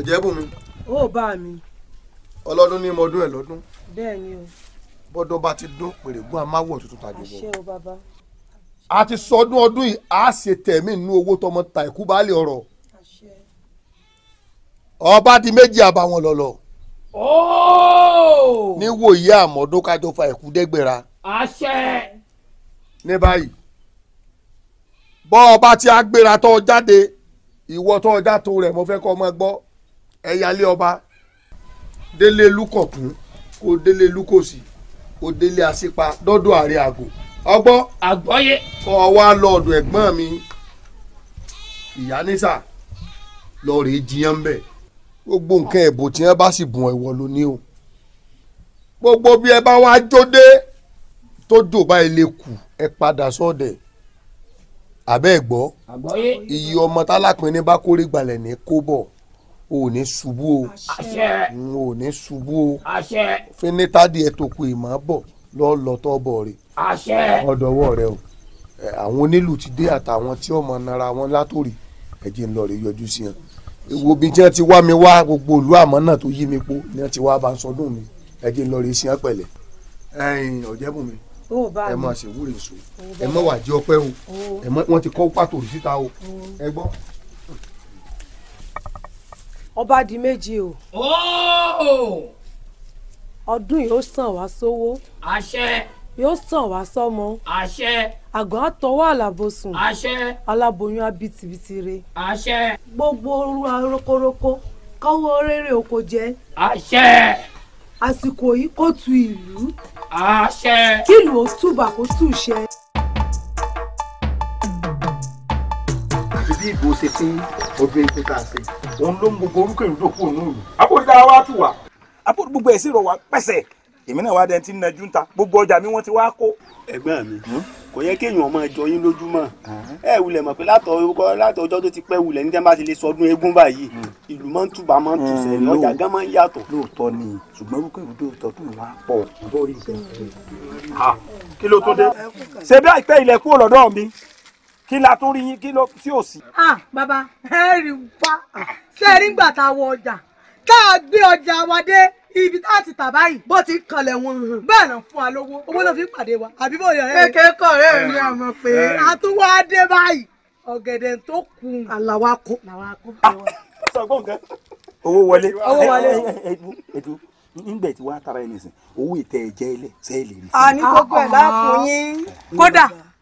ọ̀jẹ́ bùnmi. ó bá mi. ọlọ́dún ní mọdún ẹ̀ lọ́dún. bẹ́ẹ̀ ni o. bọ́dọ̀ bá ti dún pèrègùn amáwọ̀ tuntun tàbí wọ. àṣẹ o bàbá. a ti sọdún ọdún yìí a ṣe tẹ̀mí nínú owó tọmọ ta ìkú baálé ọ̀rọ̀. àṣẹ. ọba di méjì àbàwọn lọ̀lọ̀. ooo. níwò ìyá àmọ́dún kájọ fa ìkú dẹ́gbẹ̀ra. àṣẹ. ní báyìí bọ́ ọba tí a gbéra tó jáde ìwọ tó já tó rẹ̀ mo fẹ́ kọ́ ọmọ gbọ́ ẹ̀yálé ọba délé lúkọ̀kún kó délé lúkòsì kó délé àṣepa dọ́dọ̀ àrẹ àgò ọgbọ́ àgbọ́yé kọ́ ọ wá lọ́ọ̀dọ̀ ẹ̀gbọ́n mi ìyá nísà lọ́ọ́ rèé jiyàn bẹ́ẹ̀ gbogbo nǹkan ẹ̀bùn tí bá sì bùn ẹ̀wọ ló o gbogbo bí ẹ bá wá jóde tó jò bá ilé kù ẹ padà sọ́ọ̀dẹ̀ àbẹ́ ẹ̀ gbọ́ iye ọmọ tálákùnrin bá kórè gbalẹ̀ ní kó o ò ní ṣubú o n ò ní ṣubú o fínítàdì ẹ tó kù ìmọ̀ bọ̀ lọ́ọ́ lọ tọ́ bọ̀ rè ọ̀dọ̀wọ́ rẹ o àwọn onílù ti dé àtàwọn tí ọmọ nara wọn látòrí ẹ jẹ́ ń lọ rè yọjú sí wọn wo bí jẹ́ ti wá mi wá gbogbo ìlú àmọ́ náà tó yí mi po ni wọ́n ti wá bá ń sọdún mi ẹ ń lọ rè sí wọn pẹ̀lẹ́ ẹ̀yin ọ̀jẹ̀bùnmi ẹ máa ṣèwúre èso ẹ mọ̀ wà jẹ́ ọpẹ́ o ẹ ti kọ́ pàtó síta o ẹ gbọ́ ọba di méje o. ọdún yóò sàn wá sówó. àṣẹ. yóò sàn wá sọ́mọ. àṣẹ. àgọ́ àtọwọ́ àlàbòsùn. àṣẹ. aláboyún abitibiti àṣẹ. gbogbo oru rokoroko kọ́wọ́ rere oko jẹ́. àṣẹ. àsìkò yìí kó tu ìlú. àṣẹ. kí ó túbà kó tù ṣẹ. bí ìbò ṣe pín ọdún ẹgbẹ́ tá a ṣe òun ló ń gbogbo orúkọ ìrúdò kù nù mí. àbúrò dára wá tù wá. àbúrò gbogbo ẹ̀sìn rọ̀ wá pẹ̀sẹ̀ èmi náà wá dẹni tí ń najú ń ta gbogbo ọjà mi wọ́n ti wá kó. ẹ̀gbọ́n mi hm? kò yẹ kéèyàn ọmọ ìjọ yín lójúmọ́ hm? ẹ wulẹ̀ mọ̀ pé látọ̀ ọjọ́ tó ti pẹ́ wulẹ̀ níjẹ́ bá ti lè sọdún eégún báyìí hm. ìlú máa ń túbà máa ń túsẹ̀ ní ọjà gan máa ń yàtọ̀. lóòótọ́ ni ṣùgbọ́n wípé ìlú lóòótọ́ tó wà pọ̀ lórí ìgbà. kí ló tó dé ṣe bí àìpẹ́ ilẹ̀ kúrò lọ́dọ̀ mi kí la tún rí yín kí ló sí òsì. ah bàbá ẹ rí wa ṣé ẹ rí gbà tá a wọ ọjà tá a gbé ọjà wa dé ibi tá a ti tà báyìí bó ti kanlẹ̀ wọn hàn bẹ́ẹ̀ náà fún wa lówó owó náà fi pàdé wa àbí bó yọ ẹ. kékeré kọ ẹ rí àmọ́ pé a tún wá dé báyìí ọ̀gẹ̀dẹ̀ tó kun àlàwà kó. owó wọlé owó wọlé nígbà tí wàá tara ẹni sìn owó ìtẹ̀ ẹ̀jẹ̀ ẹlẹ̀ sẹ́ẹ̀lì rí. a ní gbogbo ẹ̀ láàfin yín ah, ah. kódà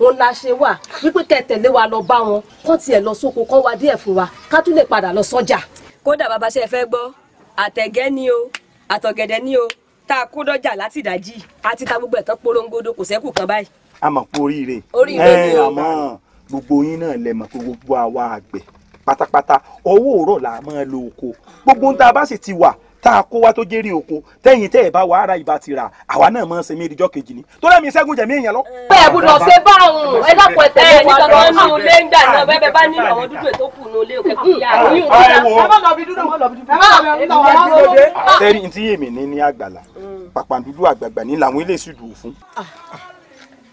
òun la ṣe wà wípé kẹ́ tẹ̀lé wa lọ bá wọn kán tiẹ̀ lọ sóko kán wa díẹ̀ fún wa ká tún lè padà lọ sọ́jà. kódà bàbá ṣe fẹ́ gbọ́ àtẹ̀gẹ́ ni o àtọ̀gẹ̀dẹ̀ ni o tá a kó dọ́jà láti ìdájí àti ta gbogbo ẹ̀tọ́ polongodo kò sẹ́kù kan báyìí. a mọ̀ pé oríire ẹ àmọ́ gbogbo yín náà lẹ mọ̀ pé gbogbo àwa àgbẹ̀ pátápátá owó òrọ̀ là máa lo oko gbogbo ń ta bá sì ti wà tá a kó wá tó jẹ́rìí oko tẹ́yìn tẹ́ ẹ̀ bá wàá ra ìbá ti rà àwa náà máa ń sinmi ìdíjọ́ kejì ni tó lẹ́mìí sẹ́gun jẹ̀mí èèyàn lọ. bẹ́ẹ̀ gbọ́dọ̀ ṣe bá òun ẹ dákun ẹ̀tẹ́ ẹ̀ nígbà tó ń nù lé ńgbà náà bẹ́ẹ̀ bá nílò àwọn dúdú ètò kù nù lé òkè kù yá àyùn ah, ìdíjà. Ah, ẹ má lọ bí dúdú ẹ má lọ bí dúdú. ẹ má lọ bí dúdú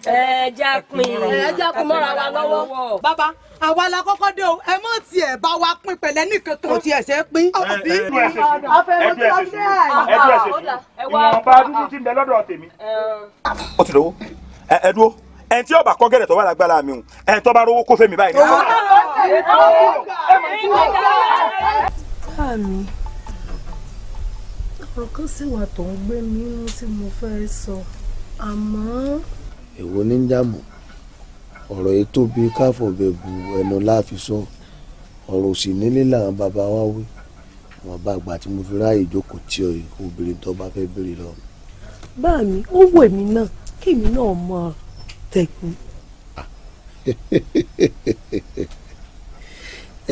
ẹ já pin ẹ já pin mọ́ra wa lọ́wọ́. bàbá àwa la kọ́kọ́ dé o ẹ mọ̀ tí ẹ bá wa pín pẹ̀lẹ́ nìkan kan. o ti ẹsẹ̀ pín. àbí afẹ́rẹ́ tí wọ́n ṣe ẹ̀. ẹdú ẹsẹ̀ sí ìwọ̀nba dúdú ti ń bẹ lọ́dọ̀ tèmi. ó ti dọ̀wọ́ ẹ dúró ẹ̀ tí ọba kọ́ gẹ̀rẹ̀ tó wà lágbára mi o ẹ̀ tó bá rówó kó fẹ́ mi báyìí. káàmì ọ̀rọ̀ kan sì wà tó ń gbé mi tí mo fẹ́ sọ àmọ́ èwo ní jàmù ọ̀rọ̀ yìí tóbi káfọ̀bẹ̀ bu ẹnu láàfin sọ ọ̀rọ̀ òsì nílé làwọn bàbá wa wí wọn bá gbà tí mo fi ráàyè jókòó tí ọ yìí obìnrin tó bá fẹ́ béèrè lọ. bá mi ó wù èmi náà kí èmi náà mọ tẹ̀kú.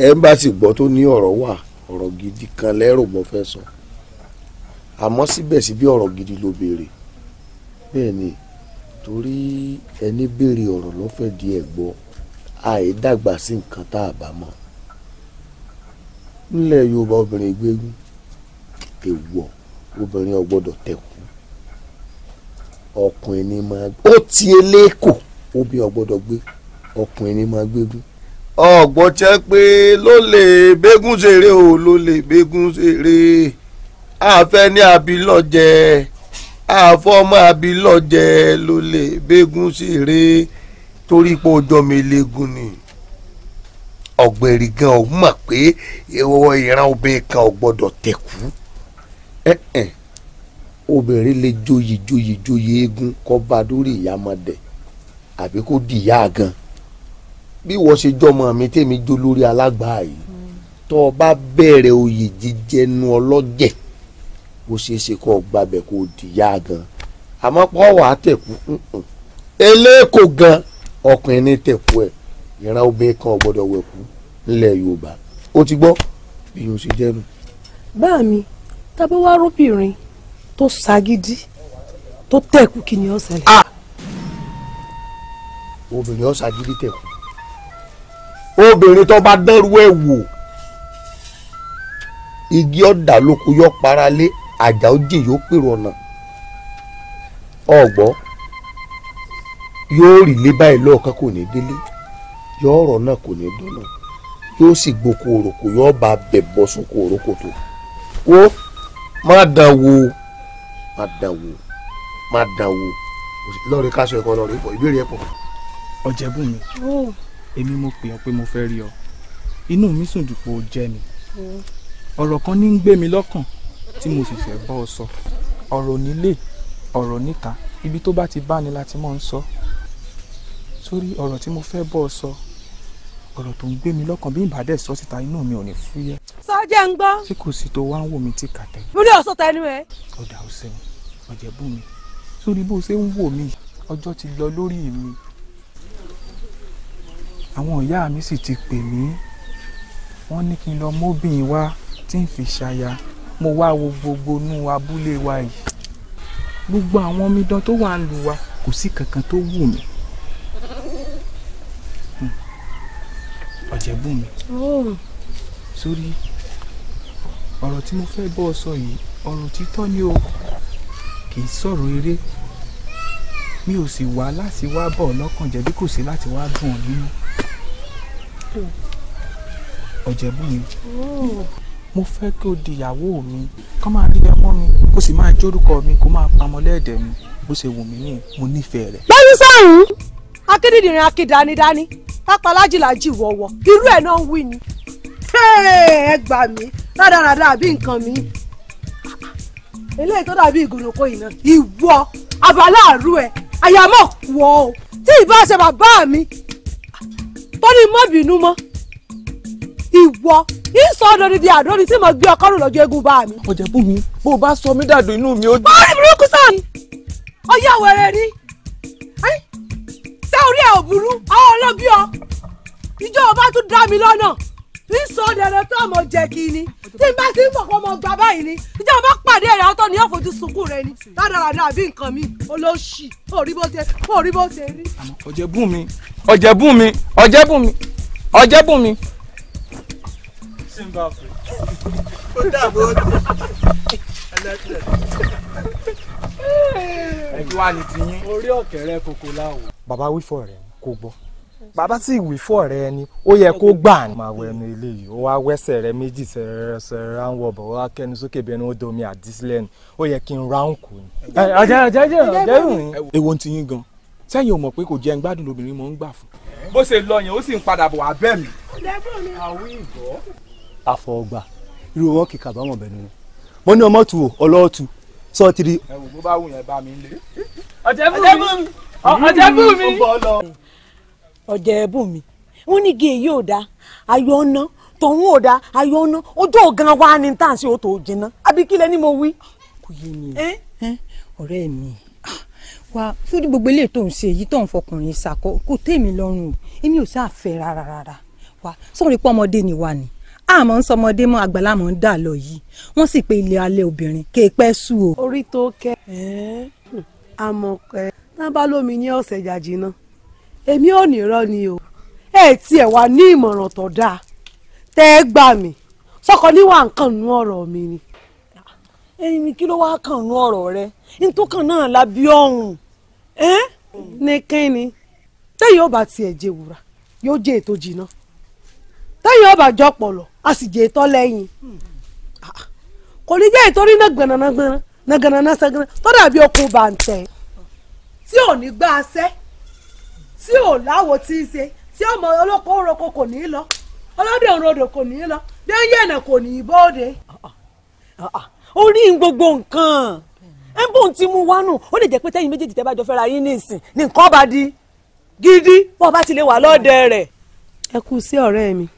ẹ ń bá sì gbọ́ tó ní ọ̀rọ̀ wà ọ̀rọ̀ gidi kan lẹ́rù mo fẹ́ sọ àmọ́ síbẹ̀síbẹ̀ ọ̀rọ̀ gidi ló béèrè bẹ́ẹ̀ ni torí ẹni béèrè ọ̀rọ̀ lọ́fẹ̀ẹ́ di ẹ̀ gbọ́ àìdàgbà sí nǹkan tá a bá mọ̀ nílẹ̀ Yorùbá obìnrin gbégún èèwọ̀ obìnrin ọgbọ́dọ̀ tẹ̀kú ọkùnrin ni máa ó ti eléèkó obi ọgbọ́dọ̀ gbé ọkùnrin ni máa gbégún. ọ̀gbọ́n jẹ́ pé ló lè bégún ṣeré o ló lè bégún ṣeré àfẹ́ ní abilọ́jẹ́ àfọmọ abilọjẹ ló lè bẹgùn sí rè torí pé ọjọ́ mi legun ni ọ̀gbẹ̀rì gan ò mọ̀ pé ìran obìnrin kan ò gbọ́dọ̀ tẹ̀kú obìnrin lè joyè joyè joyè eégún kọ́ bá dórí ìyàmọ̀dẹ̀ àbí kó di ìyá gan bí wọ́n ṣe jọmọ mi tèmi jó lórí alágbàá yìí hmm. tó o bá bẹ̀rẹ̀ oyè jíjẹnu ọlọ́jẹ̀ ó ṣeé ṣe kó o gbàbẹ̀ kó o dìyà gan àmọ́ pọ́ wàá tẹ̀kú eléèkó gan ọkùnrin ní tẹ̀kú ẹ̀ ìran obìnrin kan gbọ́dọ̀ wẹ̀kú nílẹ̀ Yorùbá ó ti gbọ́ bí yóò ṣe jẹ́nu. bá mi tàbí wàá rúbìnrin tó ṣagídí tó tẹ̀kú kí ni ó ṣẹlẹ̀. Ah! obìnrin ó ṣagídí tẹ̀kú obìnrin tó bá dánrú ẹ̀ wò igi ọ̀dà lóko yọ paralé àjà ó jè yóò pèrò ọ̀nà ọ̀gbọ́ yóò rí lé báyìí lọ́ọ̀kan kò ní délé yóò ọ̀rọ̀ náà kò ní dọ́nà yóò sì gboko òròkò yóò bá bẹ̀ bọ́ sóko òròkò tó wó má dán wò má dán wò má dán wò lọ́ọ̀rẹ́ káṣọ ẹ̀kọ́ lọ́ọ̀rẹ́ pọ̀ ìbéèrè ẹ̀ pọ̀. mi èmi mo pè ọ́ pé mo fẹ́ rí ọ inú mi sùn mi ọ̀rọ̀ kan ní ń gbé tí mo sì fẹ́ bọ́ ọ sọ ọ̀rọ̀ nílé ọ̀rọ̀ níta ibi tó bá ti bá ni la ti ń sọ sórí ọ̀rọ̀ tí mo fẹ́ bọ́ ọ sọ ọ̀rọ̀ tó ń gbé mi lọ́kàn bí ìbàdẹ̀ sọ síta inú mi ò ní fúyẹ́. sọjẹ́ ń gbọ́. tí kò sì tó wá ń wò mí tí kàtẹ́. mo ní ọ̀sán tẹnu ẹ. ọ̀dà ò sẹ́wọ̀n ọ̀jẹ̀ bù mí sórí bó ṣe ń wò mí ọjọ́ ti lọ lórí mi àwọn ìyá mi sì ti pè mí wọ́n ní kí n lọ móbìn wá tí n fi ṣaya mo wá wo gbogbo inú abúlé wa yìí gbogbo àwọn omidan tó wà ń lu wa kò sí kankan tó wù mí hmm. ọ̀jẹ̀bù mi oh. sórí ọ̀rọ̀ tí mo fẹ́ bọ́ ọ sọ yìí ọ̀rọ̀ títọ́ ni o kì í sọ̀rọ̀ eré mi ò sì wá láti wá bọ̀ lọ́kàn jẹ́ kò sí láti wá dùn ọ́ nínú hmm. ọ̀jẹ̀bù mi. Oh mo fẹ́ kí o di ìyàwó mi kó máa rí ẹmọ́ mi kó sì máa jórúkọ mi kó máa pamọ́ lẹ́ẹ̀dẹ̀ mi bó ṣe wù mí nìyẹn mo nífẹ̀ẹ́ rẹ̀. lórí sọ́run akédèdìrín akédanidání pápá lájìlájì wọ̀wọ̀ irú ẹ̀ náà wí ni. ẹ gbà mí rádaràdà àbí nǹkan mi eléyìí tó dàbí ìgòròkó yìí náà ìwọ abala àrú ẹ àyàmọ wọ ọ tí ìbá bàbá mi tó ní mọ́bìnú mọ́ ìwọ ìsọdọ níbi àdó ni tí mo gbé ọkọ rò lọ́jọ́ eégún bá mi. ọjà bú mi bó o bá sọ mí dàdó inú mi ó. bá a burúkú sàn ni ọyá ni ṣé orí ẹ ò burú àwọn ọlọ́bí ọ ìjọ ọba tún dá mi lọ́nà ìsọdẹ̀rẹ̀ tó ọmọ jẹ kí ni tí n bá ti ń bọ̀ kọ́ ọmọ gbà báyìí ni ìjọ ọba pàdé ẹ̀rẹ̀ ọtọ́ ni yóò fojú sunkún rẹ ni dáradára àbí nǹkan mi olóṣì kò bó ṣe kò rí bó ṣe rí. ọ̀jẹ̀bùn mi ọ̀jẹ̀bùn mi ọ̀jẹ̀bùn mi ọ̀jẹ̀bùn mi tí ń bá fún un. ó dàbò ó dé ẹlẹ́tẹ̀. kòkó láwọ̀. bàbá wífọ̀ rẹ̀ kò gbọ́ bàbá sì wí fún ọ̀rẹ́ ó yẹ kó gbà ní. máa wọ ẹnu ilé ó wá wẹ́sẹ̀ rẹ méjì sẹ̀rẹ̀ sẹ̀rẹ̀ à ń wọ̀ wá kẹ́nu sókè bí ẹni ó domi àdísílẹ̀ ni ó yẹ kí n ra òǹkù ni. ọjà ọjà jẹ ọjà ìrìn. èwo ti yín gan sẹ́yìn ò mọ̀ pé kò jẹ́ gbádùn lóbìnrin mọ̀ ń gbà fún. bó ṣe lọ yẹn ó sì ń padà bọ̀ abẹ́ mi. àwọn ìbọ̀ àfọ̀ọ̀gbà irú wọn kì kàbámọ̀ bẹ̀nu ni mo ní ọmọ tu ọlọ́ọ̀tu sọ ti rí. ẹ wò bó bá wù yẹn bá mi lé. ọ̀jẹ̀bù mi ọ̀jẹ̀bù mi wọ́n ní gé èyí ò dá ayọ̀ ọ̀nà tọ̀hún ò dá ayọ̀ ọ̀nà ojú ọ̀gán wa ni tá à ń ṣe òtò jìnnà abikilẹ̀ ni mo wí. kò ọ̀rẹ́ mi wa sórí gbogbo eléyìí tó ń ṣe èyí tó ń fọkùnrin ṣàkó kò tèmi lọ́rùn èmi ò sáà fẹ́ rárá rárá wa sọ̀rọ̀ pé ọmọdé ni wa ni àmọ́ ń sọmọdé mọ́ àgbàlámọ̀ ń dà lọ yìí wọ́n sì pé ilé alẹ́ obìnrin kì í pẹ́ sùn o. orí tó kẹ àmọ́ ẹ tán bá lómi ní ọ̀sẹ̀ jàjì náà èmi ò ní irọ́ ni o ẹ tiẹ̀ wá ní ìmọ̀ràn tó dáa tẹ́ ẹ gbà mí sọkọ níwà nǹkan nú ọ̀rọ̀ mi ni. ẹyin kí ló wáá kàn nú ọ̀rọ̀ rẹ nítòkàn náà la bí ọ̀hún. ní kínni tẹ́yìn ó tiẹ̀ jẹ́ wúrà yóò jẹ́ ètò jìnnà. tẹ́yìn ọba jọ pọ̀lọ̀ a sì jẹ́ ìtọ́ lẹ́yìn kò ní jẹ́ ìtorí náà gbẹ̀nàgbẹ̀nà nàgànàná sẹ́gànà tó dàbí okùn tí ò ní gbá tí ò láwo tí tí ọmọ olóko kò ní í lọ ọlọ́dẹ òrodò kò ní í lọ kò ní í bóde. gbogbo nǹkan ẹ̀bùn tí mo wá nù ó lè jẹ́ pé tẹ́yìn méjèèjì bá jọ yín ní ní nǹkan ti lè wà lọ́ọ̀dẹ rẹ̀. ẹ kú sí ọ̀rẹ́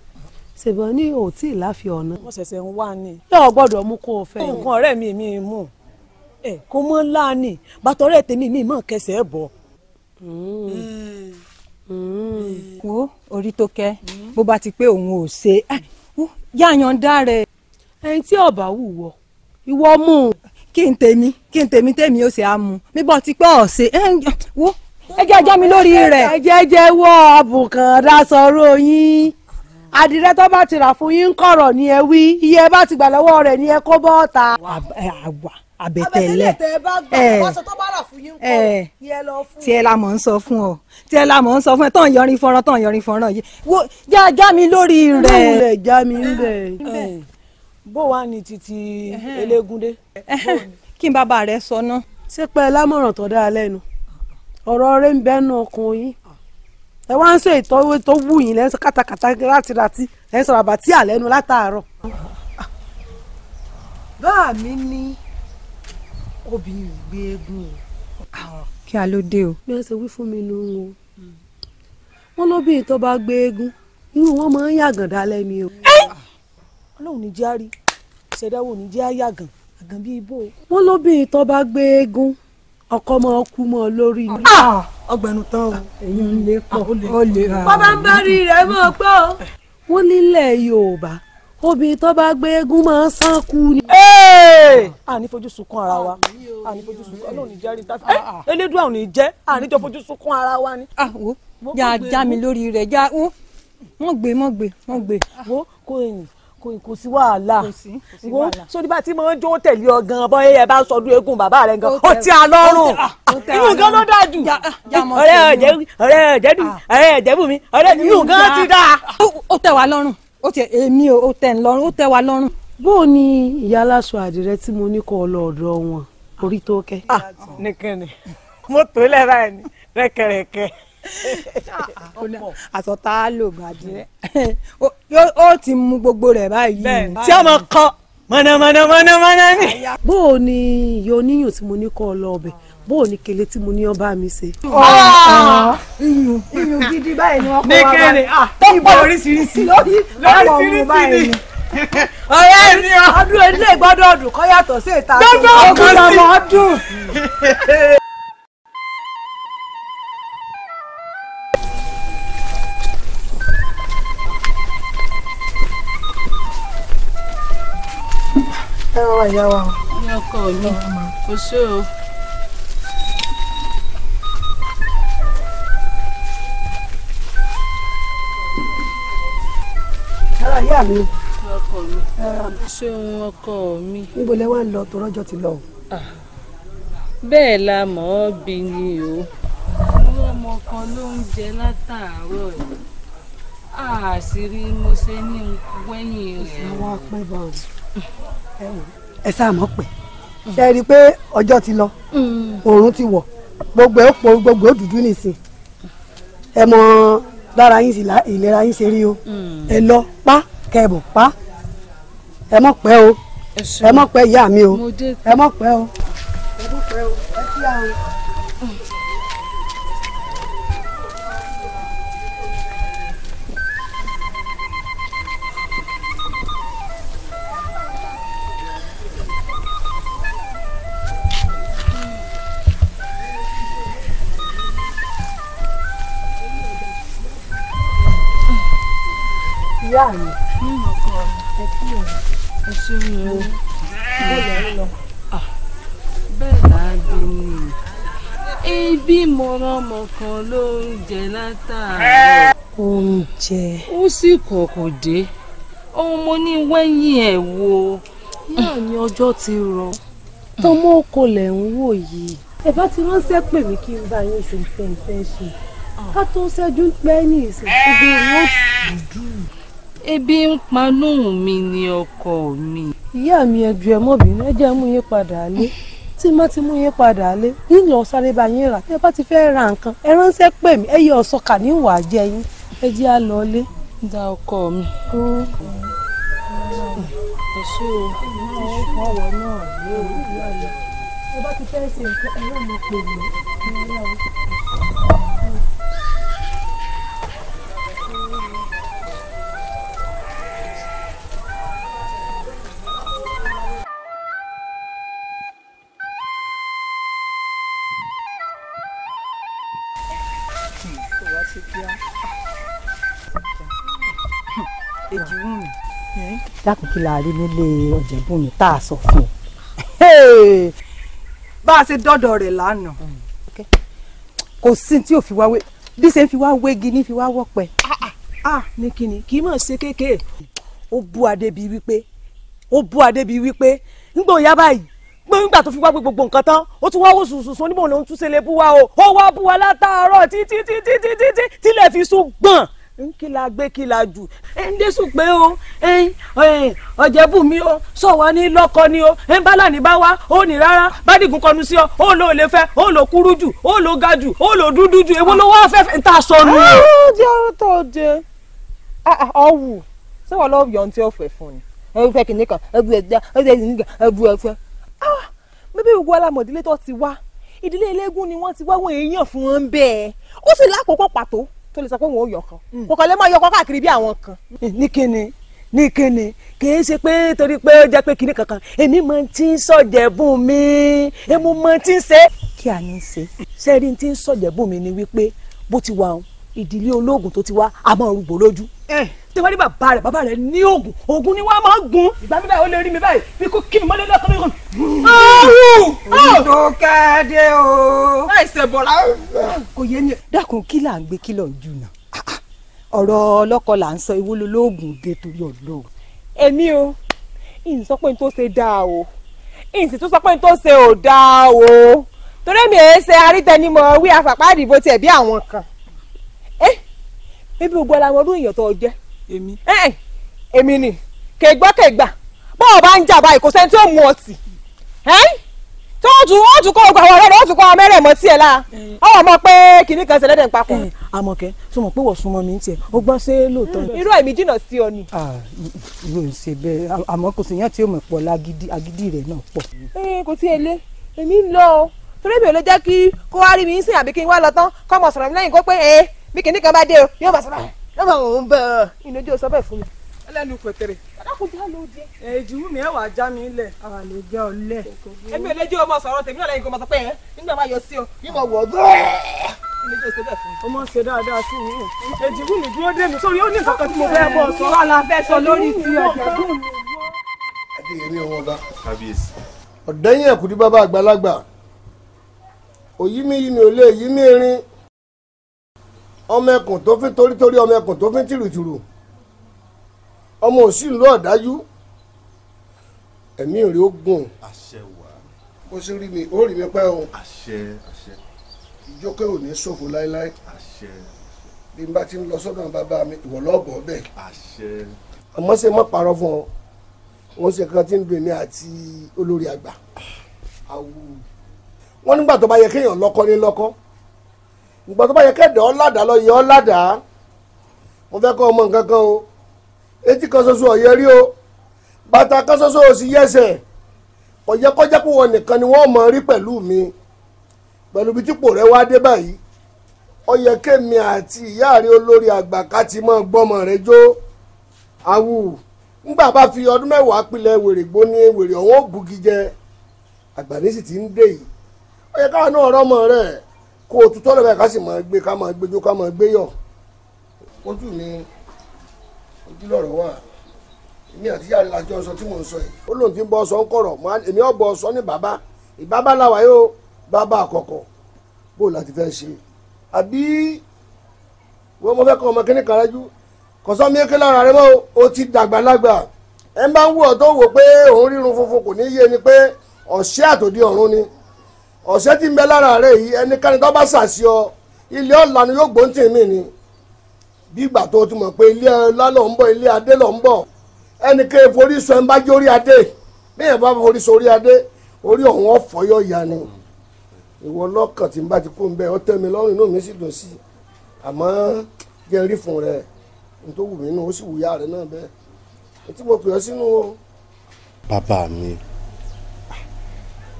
ṣèbọn ní ò tí ì láfi ọ̀nà. wọ́n ṣẹ̀ṣẹ̀ ń wá ni. yóò gbọ́dọ̀ mú kó o fẹ́. nǹkan ọ̀rẹ́ mi mi mú ẹ kó mọ́ ni? bàtọ́rẹ́ tèmi mi mọ̀ kẹsẹ̀ bọ̀. Hmm. Hmm. Hmm. wo orí tó kẹ bó bá ti pé òun ò ṣe yáyan dáre. ẹni tí ọba wù wọ ìwọ mú un. kí n tèmi kí n tèmi tèmi ó ṣe á mu níbo ti pé ọ̀sẹ̀ wo ẹ jẹ́ ajá mi lórí rẹ̀. ẹ jẹ́ jẹ́ wọ́ abùkàn dá sọ̀rọ̀ yín àdìrẹ tó bá ti rà fún yín kọ̀rọ̀ ni ẹ wí iye bá ti gbà lọ́wọ́ rẹ̀ ni ẹ kó bọ́ ta. àwa àbẹ̀tẹ̀lẹ̀ ẹ tiẹ̀ la mọ̀ ń sọ fún ọ tiẹ̀ la mọ̀ ń sọ fún ẹ tán yọrin fọ́nrán tán yọrin fọ́nrán yìí wo já já mi lórí rẹ̀. ilé já mi ń bẹ̀. bó wàá ní títí elégúndé. kí n bàbá rẹ sọ náà. ṣé pẹ́ lámọ̀ràn tó dáa lẹ́nu ọ̀rọ̀ rẹ̀ ń bẹ́nu ọkùnrin ẹ wá ń ṣe ìtọ́wé tó wù yín lẹ́sọ̀ kátàkátà rátìrátì ẹ̀ sọ̀rọ̀ àbàtì àlẹ́nu látàárọ̀. báà mi ní obìnrin gbé eégún o. kí a ló dé o. bí wọ́n ṣe wí fún mi nù o wọ́n lóbìnrin tó bá gbé eégún irú wọn máa ń yàgàn dálẹ́ mi o. ọlọ́run ní járí ìṣẹ̀dáwò ní jẹ́ àyàgàn àgàn bíi ibò. wọ́n lóbìnrin tó bá gbé eégún ọkọ máa kú mọ́ lórí ni. Ah! ọgbẹnu tán o. èyí ń lé ó lè ra. bàbá ń bá rẹ̀ mọ̀ pé o. wọ́n nílẹ̀ yorùbá obìnrin tó bá gbé eégún máa ń sán kú ni. àní fojú sunkún ara wa àní fojú sunkún ọlọ́run ní jẹ́rìí táfi eh! ah, elédùn àwọn ò ní jẹ́ fojú sunkún ara wa ni. Ah, yà á já mi lórí rẹ̀ já wọ́n gbé wọ́n gbé wọ́n gbé. Ah, wo kò yìn kò sí wàhálà wo sórí bá tí mo ń jó tẹ̀lé ọ gan bọ́ ẹ bá sọdún bàbá rẹ gan ó ti ah, inú gan ló dáa jù eh, ọ̀rẹ́ ọ̀jẹ̀ ọ̀rẹ́ ọ̀jẹ̀ dùn ah. ọ̀rẹ́ ọ̀jẹ̀ bù mí ọ̀rẹ́ inú gan ti dáa. ó tẹ́ wa lọ́rùn ó tẹ́ èmi ó tẹ́ lọ́rùn ó tẹ́ wa lọ́rùn. bó o ìyá aláṣọ àdìrẹ tí mo ní kọ́ lọ wọn orí tó kẹ́. Ah, nìkan ni mo tó lẹ́ra ẹ̀ ní rẹ́kẹ̀rẹ̀kẹ̀ àtọ̀tá lògbàdì rẹ̀ ó ti mú gbogbo rẹ̀ báyìí tí ọmọ kan mọ̀nàmọ̀nàmọ̀nàmọ̀nà ni. bó o ní iye oníyùn tí mo ní kọ́ ọ lọ ọbẹ̀ bó o ní kele tí mo ní ọba mi ṣe. Ah! Ah! iyùn iyùn gidi báyìí ni wọ́n kọ́ wá báyìí. tó pọ̀ lóríṣiríṣi lóríṣiríṣi ni ọ̀rẹ́ mi ọdún ilé gbọ́dọ̀ ọdún kọ́ yàtọ̀ sí ìta tó ń bọ̀ ọdún ọdún. ẹ wá ìyá wa o. ní ọkọ mi kò sí o. ara ìyá mi. ọkọ mi ṣé òun ọkọ mi. níbo lẹ wá ń lọ tó rọjò ti lọ o. Ah. bẹ́ẹ̀ la mọ̀ ọ́ bí ni o. irú ọmọ kan ló ń jẹ látàárọ̀ yìí àṣírí mo ṣe ní wẹ́yìn rẹ̀. ìṣòwò apẹ́ bá a. ẹ sáà mọ̀ pé mm. ṣe rí i pé ọjọ́ ti lọ oòrùn mm. ti wọ̀ gbogbo ẹ̀ pọ̀ gbogbo dúdú nìsín ẹ mọ lára yín ìlera yín ṣe rí o mm. ẹ lọ pa kẹbọ pa ẹ mọ̀ pẹ́ o ẹ mọ̀ pẹ́ ìyá mi o ẹ mọ̀ pẹ́ o ẹ mọ̀ pẹ́ o ẹ ti àwọn. ọlọ́mọ kan ló ń jẹ látàárọ̀. oúnjẹ. ó sì kọ̀kọ̀ dé ohun mo ní wẹ́yìn ẹ̀ wo náà ni ọjọ́ ti rọ tọmọ oko lẹ̀ ń wò yìí. ẹ bá ti ránṣẹ́ pè mí kí n bá yín ṣe nǹkan ṣe ká tó ṣẹ́jú pẹ́ ní ìsìn gbogbo owó dùdú. ebi ń panú mi ni ọkọ mi. ìyá mi ẹjọ́ ẹ mọ̀bí mẹ́jẹ̀ mú yín padà lé. tí má ti mú yín padà lé yín lọ sáré bá yín rà tẹ́ bá ti fẹ́ ra nǹkan ẹ ránṣẹ́ pè mí ẹ yẹ kà ní jẹ yín ẹ jẹ́ à da ọkọ mi. ẹ ṣe o ọwọ náà yóò ẹ bá ti ẹ yóò mọ pè dákun kí la rí nílé ọ̀jẹ̀bùn yìí tá a sọ fún un. bá a ṣe dọ́dọ̀ rẹ̀ lánàá kò sí tí ò fi wá wé bí ṣe ń fi wá wégi ní fi wá wọ́pẹ́. ní kíni kì í mọ̀ ṣe kéèké ó bú adé bíi wípé ó bú adé bíi wípé nígbà òyà báyìí gbọ́n nígbà tó fi wá gbogbo nǹkan tán ó tún wá wò sùn sùn sùn níbo lòún tún lè bú wa o ó wá bú wa látàárọ̀ títí títí títí tílẹ̀ fi sùn gbọ̀n kí la gbé kí la jù ndésù pé o ọ̀jẹ̀bùnmi o sọ̀wọ́ ní lọ́kọ ni o bálà ní bá wá ó ní rárá bádìgún kọnu sí ọ ó lò lè fẹ́ ó lò kúrú jù ó lò ga jù ó lò dúdú jù èwo ló wá fẹ́ ta sọnù. ó ah, jẹ́ ó tó ah, ah, ntí ọ̀fẹ́ fún ni ẹ̀rù fẹ́ kìnìún kan ẹ̀rù ẹ̀dá ẹ̀rù ẹ̀dá ẹ̀rù ẹ̀fẹ́. bíbí ìwọ alamọ̀dílé tó ti wá ìdílé eléégún ni wọ́n ti wá wọ́n èèyàn fún wọn bẹ́ẹ̀ ó sì lákòókò pàtó tó lè sọ pé òun ò yọkan hmm. kò kàn lè máa yọkan káàkiri bí àwọn kan. Hmm, ní kíni ní kíni kìí ṣe pé torí pé ó jẹ́ pé kinní kankan èmi mọ tí ń sọ̀jẹ̀bùn mi èmi mọ tí ń ṣe. kí a ní í ṣe sẹ́rí tí ń sọ̀jẹ̀bùn mi ni wípé bó ti wà ìdílé ológun tó ti wá a máa rúgbó lójú. Eh, tí wọ́n rí bàbá rẹ̀ bàbá rẹ̀ ní oògùn oògùn ni wọ́n máa ń gun ìgbà mi báyìí ó lè rí mi báyìí bí kò kí mi mọ́lẹ́ lọ́kàn lọ́kàn. òdo káde o. ẹsẹ̀ bọ̀lá. kò yé ni dákun kí là ń gbé kí lọ jù nà ah, ah! ọ̀rọ̀ ọlọ́kọ là ń sọ ìwúlò lóògùn dé torí ọ̀dọ́. èmi o ìyìn sọ pé n tó ṣe dáa o ìyìn sì tún sọ pé n tó ṣe ò dáa o torí mi èé ṣe arítẹnimọ̀ wí àfàpá ìdìbò tiẹ̀ bí àwọn kan. ẹ eh! bíbí gbogbo ara wọn ọdún ìyọ̀tọ̀ jẹ́ èmi. ẹ èmi ni kègbọ́ kègbà bó o bá ń jà báyìí kò sẹ́ni tí ó mu ọtí tó o tún o tún kó o gba àwọn ọ̀rẹ́ rẹ̀ o tún kó àwọn mẹ́rẹ̀ mọ́ tiẹ̀ la ọwọ́ eh. mọ̀ pé kìnní kan ṣẹlẹ̀ dẹ̀ ń papọ̀. Eh, àmọ̀kẹ́ tó mọ̀ pé wọ́n súnmọ́ mi ń tiẹ̀ ó gbọ́ sí lóòótọ́. irú ẹ̀mí jìnnà sí ọ ni. Ah, irú ò ṣe bẹ́ẹ̀ àmọ́ kò sèyàn tí ó mọ̀ pọ̀ lágídí agídí rẹ̀ náà pọ̀. ee eh, kò tí ì lé èmi ń lọ o torí mi ò lè jẹ́ kí kó wá rí mi ń sìn àbí kí n wá lọ tán kọ́ mọ̀ sọ̀rọ̀ mi lẹ́yìn kó pé ee bí kìnní kan bá mọ̀ sọ̀rọ̀ lọ́wọ́ àwọn ń bẹ ìnájú ọ̀sán bẹ́ẹ̀ fún mi. ẹlẹ́nu pẹ̀tẹ̀rẹ̀. adákùnjá ló jẹ. ẹ ìjìwú mi ẹ wàá já mi lẹ. ara ló jẹ ọ lẹ. ẹbí ẹlẹ́jọ́ ọmọ sọ̀rọ̀ tèmi náà lẹ́yìn kó máa nígbà máa yọ sí ọ yìí máa wọ̀ ọ́ o mọ ṣe dáadáa sí mi èjìwú mi dúró dé mi sórí ó ní nǹkan tí mo fẹ́ bọ̀ sọ. wà á fẹ́ sọ lórí ti ọ̀jọ̀gbọ́n ọ̀dẹ́yìn ẹ̀kú ní àgbàlagbà òyí mi mi ò lè yí mi rin ọmọ ẹkùn tó fi torítorí ọmọ ẹkùn tó fi tìrùtìrù ọmọ òsínlú ọ̀dájú ẹ̀mí rẹ̀ ó gùn ó sì rí mi ó rí mi pẹ́ o ìjókòó ò ní ṣòfò láéláé bí n bá ti ń lọ sọ́dọ̀ bàbá mi ìwọ lọ́ọ̀bọ̀ bẹ́ẹ̀ àmọ́ ṣe mọ́ parọ́ fún ọ wọ́n ṣe kan tí ń bèmí àti olórí àgbà ah. wọ́n nígbà tó bá yẹ kéèyàn lọ́kọ́ ní lọ́kọ́ ìgbà tó bá yẹ kẹ́dẹ̀ ọ̀làdá lọ yẹ ọ̀làdá mo fẹ́ kọ́ ọmọ nǹkan kan o etí kan ṣoṣo ọ̀yẹ́ rí o bàtà kan ṣoṣo ò sí yẹsẹ̀ kò yẹ kọjá pé wọn nìkan ni wọ́n mọ̀ rí pẹ̀lú mi pẹ̀lú bí típò rẹ wá dé báyìí ó yẹ kémi àti ìyá rẹ olórí àgbà ká ti mọ gbọ́mọ rẹ jó awù ńgbà bá fi ọdún mẹ́wàá pilẹ̀ wèrè gbóni wèrè ọ̀wọ́n ògùn gíjẹ àgbà ní sì ti ń dè yìí ó yẹ káwọn náà rọ́mọ rẹ̀ kó o tutọ́ lọ́bẹ̀ ká sì máa gbé ká máa gbẹjọ́ ká máa gbéyọ̀ ojú mi ojú lọ́rọ̀ wà èmi àti yàrá ìlàjọ tí mò ń sọ yìí ó lóun ti ń bọ sọ ń ní bàbá ìbábá yóò bàbá àkọ́kọ́ bó láti fẹ́ ṣe àbí mo fẹ́ kọ́ ọmọ kíní ọ̀sẹ̀ tí ń bẹ lára rẹ̀ yìí ẹnikẹ́ni tó bá ṣàṣì ọ ilé ọ̀la ni yóò gbóǹtì mí ni bí ìgbà tó ti mọ̀ pé ilé ọlá ló ń bọ̀ ilé adé ló ń bọ̀ ẹnikẹ́ni forí sọ ẹ̀ ń bá jẹ́ orí adé bẹ́ẹ̀ bá forí sọ orí adé orí ọ̀hún ọ̀fọ̀ yọ̀ ya ni ìwọ lọ́kàn tí n bá ti kú nbẹ ọ tẹ́ mi lọ́rùn inú mi sì dùn sí i àmọ́ jẹ́ rí fún rẹ n tó wù mí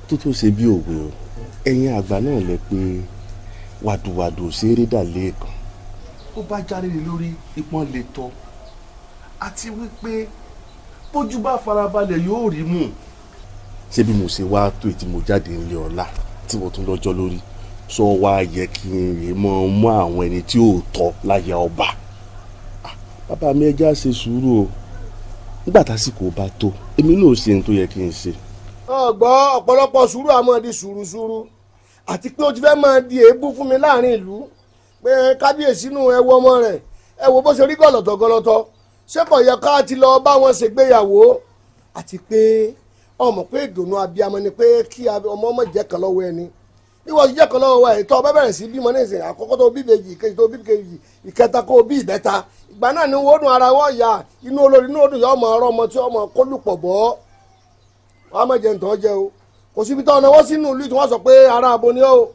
tó tó ṣe bí òwe o ẹ̀yin àgbà náà lẹ pé wàdùwàdù ṣeré dà lẹ́ẹ̀kan. ó bá jáde lórí ìpọ́n lè tọ́ àti wípé bójú bá farabalẹ̀ yóò rí mú. ṣé bí mo ṣe wá tó ètí mo jáde nílé ọ̀la tí wọ́n tún lọ́jọ́ lórí sọ wá yẹ kí n lè mọ mọ àwọn ẹni tí ò tọ́ láyà ọba. Ah, bàbá mi ẹja ṣe sùúrù o nígbà tásìkò bá tó èmi náà ṣe ohun tó yẹ kí n ṣe. ọgbọ́n ọ̀pọ̀lọpọ̀ sùúrù àmọ́ di sùúrù sùúrù. àti pé o ti fẹ́ máa di èébú fún mi láàrin ìlú pé kábíyèsí nù ẹ ọmọ rẹ̀ ẹ bó ṣe rí ṣé kò yẹ ká ti lọ bá wọn ṣègbéyàwó àti pé ọmọ pé ìdùnnú abiyamọ ni pé kí ọmọ ọmọ ẹni bí wọn ti ní ìsìn àkọ́kọ́ tó bí tó bí ìkẹta kó bí ìbẹ́ta ìgbà ara yà inú olórí inú ọmọ ọmọ tí kò síbi tó náwó sínú ìlú tí wọ́n sọ pé ará abo ni ó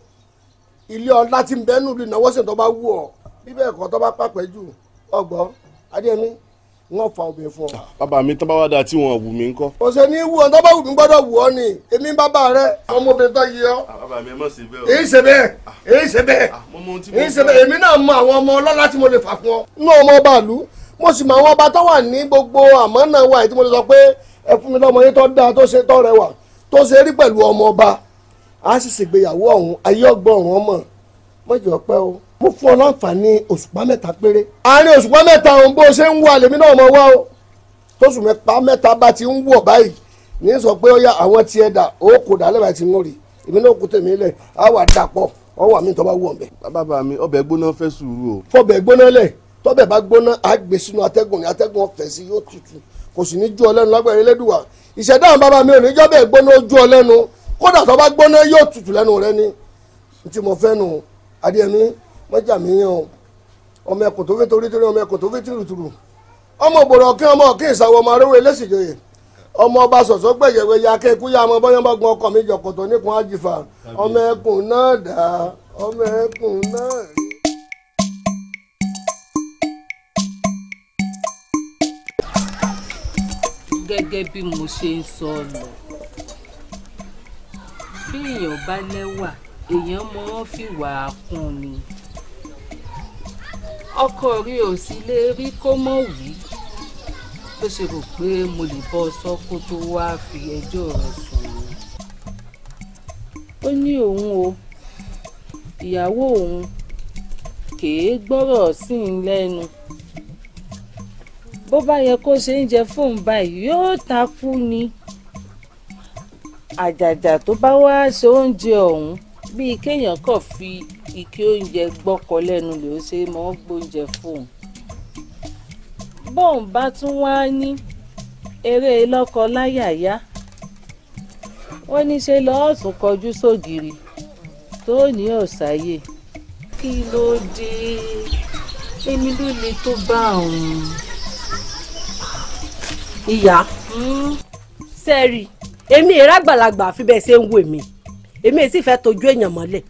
ilé ọlá ti ń bẹ́nu ìlú náwó sì tó bá wù ọ́ bí bẹ́ẹ̀ kọ́ tó bá pàpẹ́ jù ọgbọ́n adéyẹmí wọn fa ọbẹ̀ fún ọ. bàbá mi tó bá wá dáa tí wọn wù mí ńkọ́. kò sẹ́ wù ọ́ tó bá wù mí gbọ́dọ̀ wù ọ́ ni èmi bàbá rẹ ọmọbìnrin tó yẹ ọ́. Ah, bàbá mi ẹ mọ̀ sí bẹ́ẹ̀ o. èyí ṣe bẹ́ẹ̀ ah, èyí ṣe bẹ́ẹ̀ ah, èyí ṣe bẹ́ẹ̀ èmi náà mọ àwọn ọmọ ọlọ́lá tí mo lè fà fún ọ. inú ọmọ bàálù mo sì mọ àwọn ọba tó wà ní gbogbo àmọ́ náà wà tí mo lè sọ pé ẹ fún mi lọ́mọ yín tó dáa tó ṣe tó rẹwà tó ṣe rí pẹ̀lú ọmọ ọba a sì ṣègbéyàwó ọ̀hún ayé ọgbọ̀rún ọmọ mọ̀jọ́ pẹ́ o mo fún ọ láǹfààní òṣùpá mẹ́ta péré àárín òṣùpá mẹ́ta òun bó ṣe ń wà lèmi náà mọ̀ wá o tóṣù mẹ́ta mẹ́ta bá ti ń wọ̀ báyìí ní sọ pé ó yá àwọn tiẹ̀ dà ó kò dà lẹ́bàá ti ń rì èmi náà kú tèmi lẹ̀ á wà dàpọ̀ ọwọ́ àmì tó bá wù ọ̀bẹ. bàbá mi ọbẹ̀ gbóná fẹ́ sùúrù o. fọbẹ̀ gbóná lẹ̀ tọ́bẹ̀ bá gbóná á gbé sínú atẹ́gùn ní atẹ́gùn ọ̀fẹ́ sí ìṣẹ̀dá àwọn bàbá mi ò ní jọ́bẹ̀ gbóná ojú ọ lẹ́nu kódà tó bá gbóná yóò tutù lẹ́nu rẹ ni tí mo fẹ́ nu adéyẹmí mọ́jà mi yàn ọmọ ẹkùn tó fi torí torí ọmọ ẹkùn tó fi tìrùtìrù ọmọ òbòrò ọkẹ́ ọmọ ọkẹ́ ìsàwọ̀ ọmọ arẹ́wò eléṣìjòyè ọmọ ọba sọ̀sọ́ gbẹ̀yẹ̀wé ya kẹ́kú ya ọmọ bọ́yán bá gun ọkọ̀ mi jọ̀kọ̀tọ̀ nípọn àjìfà ọmọ ẹkùn náà dá ọmọ ẹkùn náà. gẹ́gẹ́ bí mo ṣe ń sọ lọ bí èèyàn bá lẹ́wà èèyàn mọ́ ọ́n fìwà kún ni ọkọ rí ò sí lè rí kó mọ̀ wí bó ṣe rò pé mo lè bọ́ sọ kó tó wáá fi ẹjọ́ rẹ̀ sùn mí. ó ní òun o ìyàwó òun kèé gbọ́rọ̀ sí i lẹ́nu bó bá yẹ kó ṣe ń jẹ fóun báyìí yóò takú ni àjàjà tó bá wá ṣe oúnjẹ ọ̀hún bíi kéèyàn kàn fi ike oúnjẹ gbọ́kọ lẹ́nu lè ó ṣe mọ́ gbóúnjẹ fóun bóun bá tún wá ní eré lọ́kọ láyàyá wọ́n ní ṣe lọ́ọ́ tún kọjú sógiri tó ní ọ̀sáyè kí ló dé èmi ló le tó bá òun. ìyá sẹ́ẹ̀rì èmi ìrágbàlagbà àfi bẹ́ẹ̀ ṣe ń wò mí èmi fẹ́ t'ojú èèyàn mọ́lẹ̀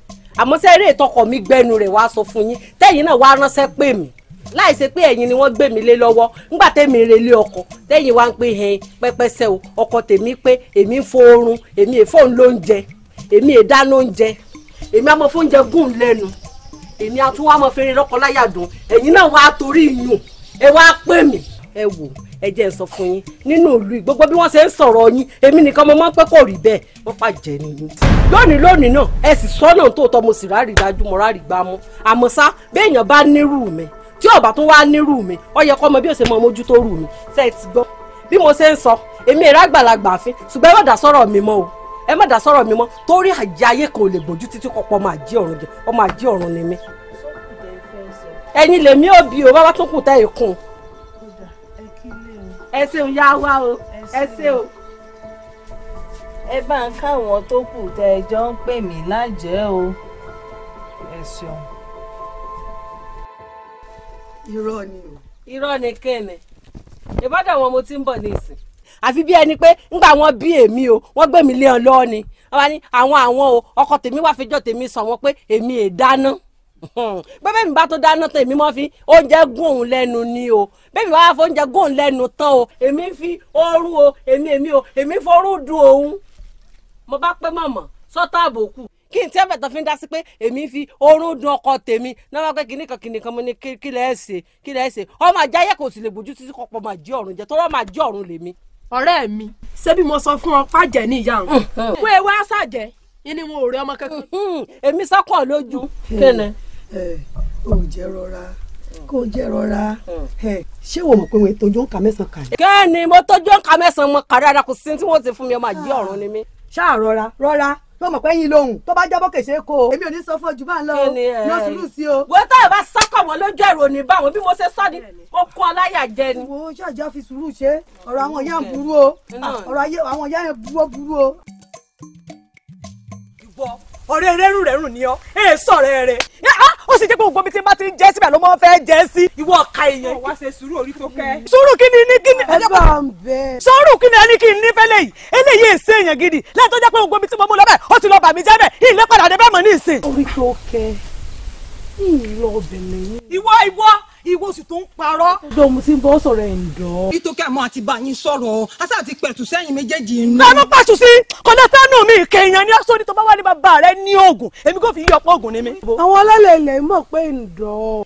àmọ́ sẹ́ẹ̀rì ìtọkọ̀ mi gbẹnu rẹ̀ wá sọ fún yín tẹ́yìn náà wá ránṣẹ́ pè mí láì ni wọ́n gbé mi lé lọ́wọ́ tẹ́mi ọkọ̀ tẹ́yìn wá ń pè o ọkọ̀ tèmi pé èmi ń èmi èmi èdáná oúnjẹ èmi àmọ́ fóúnjẹ gùn lẹ́nu èmi àtúwọ́ àmọ́ lọ́kọ̀ láyàdùn náà wá torí ẹ wò ẹ jẹ́ ń sọ fún yín nínú ìlú yìí gbogbo bí wọ́n ṣe ń sọ̀rọ̀ yín èmi nìkan mo máa ń pẹ́ kò rí bẹ́ẹ̀ wọ́n pàjẹ́ nìyí. lónìí lónìí náà ẹ sì sọ́nà tó tọ́ mo sì ráàrí dájú mo ráàrí gbá mú àmọ́ ṣá béèyàn bá nírú mi tí ò bá tún wá nírú mi ó yẹ kó mọ bí ó ṣe mọ mójútó rù mi ṣe ti gbọ́ bí mo ṣe ń sọ èmi èrè àgbàlagbà fín ṣùgbọ́n ẹ má dá sọ̀rọ̀ o ẹ má dá sọ̀rọ̀ mi mọ́ torí àjẹ ayé kan ò lè gbójú títí kọ́pọ̀ ọmọ àjẹ ọ̀run jẹ ọmọ àjẹ ọ̀run ni mí ẹ̀yin lèmi ò bí o bàbá tó kù tẹ́ ìkún ẹ ṣeun yá wá o ẹ ṣe o. ẹ bá ń káwọn tó kù tẹ ẹ jọ ń pè mí lájẹ́ o. ẹ ṣeun. irọ́ ni o. irọ́ ni kẹ́ni ìbádàn wọn mo ti ń bọ̀ ní ìsìn àfi bí ẹni pé ńgbà wọn bí èmi o wọn gbé mi lé ọ lọ ni wọn bá ní àwọn àwọn o ọkọ tèmi wàá fẹjọ́ tèmi sọ wọn pé èmi è dáná. bẹ́ẹ̀ mi bá tó dáná tán èmi fi oúnjẹ gún òun lẹ́nu ni o bẹ́ẹ̀ mi bá fọ oúnjẹ gún òun lẹ́nu tán o èmi fi ooru o èmi èmi o èmi forú òun mo bá pẹ́ mọ̀mọ́ àbòkù fi ń dá sí pé èmi fi dun ọkọ tèmi náà wá pé kinní kan kinní kan mo ní kí lẹ́ ẹ̀ ṣe kí lẹ́ ẹ̀ ṣe ọmọ kò sì lè bójú títí kọ́pọ̀ máa jẹ máa jí ọ̀run lèmi. ọ̀rẹ́ mi ṣé bí mo sọ fún ọ pàjẹ́ ní ìyá ò jẹ́ rọra mm. kò jẹ́ rọra mm. ṣé wò mọ̀ pé wọ́n tọ́jú òǹkà mẹ́sàn-án kà ní. kẹ́ni mo tọ́jú òǹkà mẹ́sàn-án mo kà dáadáa kò sí tí wọ́n ti fún mi ọmọ àjí ah. ọ̀run ni mí. ṣáà rọra rọra ló mọ̀ pé yín lóhùn tó bá jábọ́ kèsè kó o. èmi ò ní sọ fún ojú bá ń lọ o yóò eh, sùúrù sí o. wo táyọ̀ bá sákọ̀ wọn lójú ẹ̀rọ ní báwọn bí mo ṣe sọ ni ó kún ọláyà jẹ ni. wo ṣáàjà fi sùúrù ṣe ọ̀rọ̀ àwọn ìyá ń burú o mm. ọ̀rọ̀ àwọn ìyá yẹn burú o ọ̀rẹ́ rẹ́rùn rẹ́rùn ni ọ́ ẹ̀ sọ̀rẹ́ rẹ̀ ah, ó sì jẹ́ pé gbogbo mi ti bá ti ń jẹ́ síbẹ̀ ló máa ń fẹ́ jẹ́ sí ìwọ ọ̀ka èèyàn. wá ṣe sùúrù orí tó kẹ́. sùúrù kí ni ní kí ni. ẹ bá ń bẹ. sùúrù kí ni ẹni kí ni nífẹ̀ẹ́ lẹ́yìn eléyìí èsì èèyàn gidi lẹ́yìn tó jẹ́ pé gbogbo mi ti mọ́ mú lọ́bẹ̀ ó ti lọ bà mí jẹ́ bẹ̀ ìlẹ́pàdà dé bẹ́ẹ̀ mọ́ ní ìsìn. orí tó kẹ́ ìlọ bẹ̀rẹ̀ yín. ìwọ ìwọ ìwọ sì tún ń parọ́. ọdọ mo ti ń bọ sọ̀rọ̀ ẹ ǹdọ. ìtòkè àmọ́ àti bàyín sọ̀rọ̀ aṣá àti pẹ̀tù sẹ́yìn méjèèjì inú. lọ́nà pàṣù sí kọ́dá tánú mi kẹ̀yàn ni aṣọ ni tó bá wà ní bàbá rẹ ní oògùn èmi kò fi yí ọ̀pọ̀ oògùn ni mi. àwọn alálẹ̀ ilẹ̀ mọ̀ pé ǹdọ́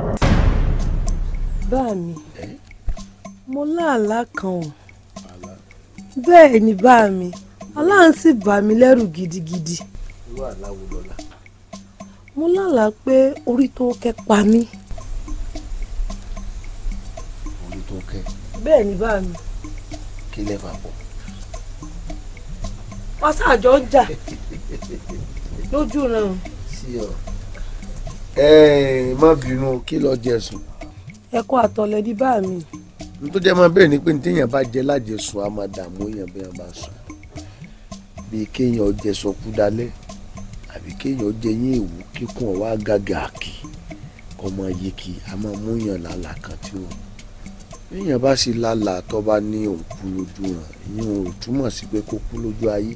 bá mi mo láàlá kan o bẹ́ẹ̀ ni bá mi aláǹsì bà mí lẹ́rù gidigidi. irú àláwo lọ́la. mo lálàá pé orí tó kẹ́ pa mí. orí tó kẹ́. bẹ́ẹ̀ ni bá mi. kí lẹ́ bá bọ̀. wọ́n ṣàjọ ń jà lójú náà. sí ẹ má bínú kí lọ jẹ sùn ẹkọ àtọlẹ ní bá mi. n tó jẹ́ máa bẹ̀rẹ̀ ni pé téèyàn bá jẹ lájẹsùn á máa dààmú èèyàn bí wọ́n bá sùn bíi kéèyàn jẹ sọkú dalẹ̀ àbí kéèyàn jẹ yín èwú kíkún ọ̀wá gàgàkì ọmọ yìíkì a máa mú yàn lálàá kan tí ó èèyàn bá sì lálàá tó bá ní òun kú lójú ràn ìyẹn ò túmọ̀ sí pé kó kú lójú ayé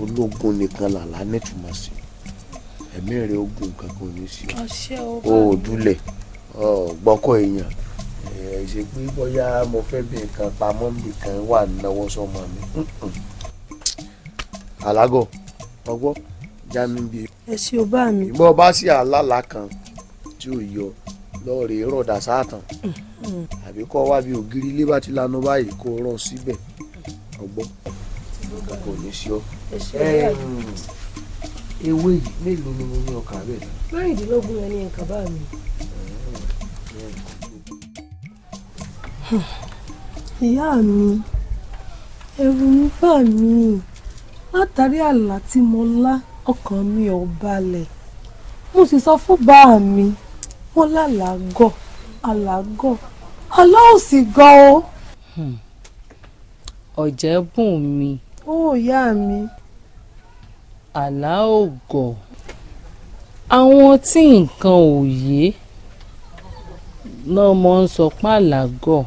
ológun nìkan làlá nítumọ̀ sí ẹ̀mí rẹ̀ ogun kankan ò ní sí o ò dúlẹ̀ gbọ́kọ̀ èèyàn ṣe pé bóyá mo fẹ́ bí nǹkan pamọ́ nìkan wà náwó sọmọ mi. alágọ̀ ọgbọ́ já mi bí. ẹ ṣe o bá mi. ìbọn bá sí àlálà kan tí ò yọ lọ́ọ̀rẹ́ rọ̀dà sáàtàn àbí kọ́ wá bí ògiri ilé bá ti lanu báyìí kó rọ̀ síbẹ̀ ọgbọ́n kò ní sí ọ. ewé yìí mélòó ni mo ní ọkà bẹ́ẹ̀. márùndínlógún ẹni nǹkan bá mi. ìyá mi ẹ̀rù ń bà mí látàrí àlá tí mo lá ọkàn mi ò balẹ̀ mo sì sọ fún bàá mi wọ́n lálàágọ̀ àlágọ̀ àlá ò sì gọ̀ o. Hmm. ọ̀jẹ̀ bùn mi. ó ìyá mi. àlá ò gọ̀ àwọn tí nǹkan ò yé náà mọ̀ ń sọ pàlágọ̀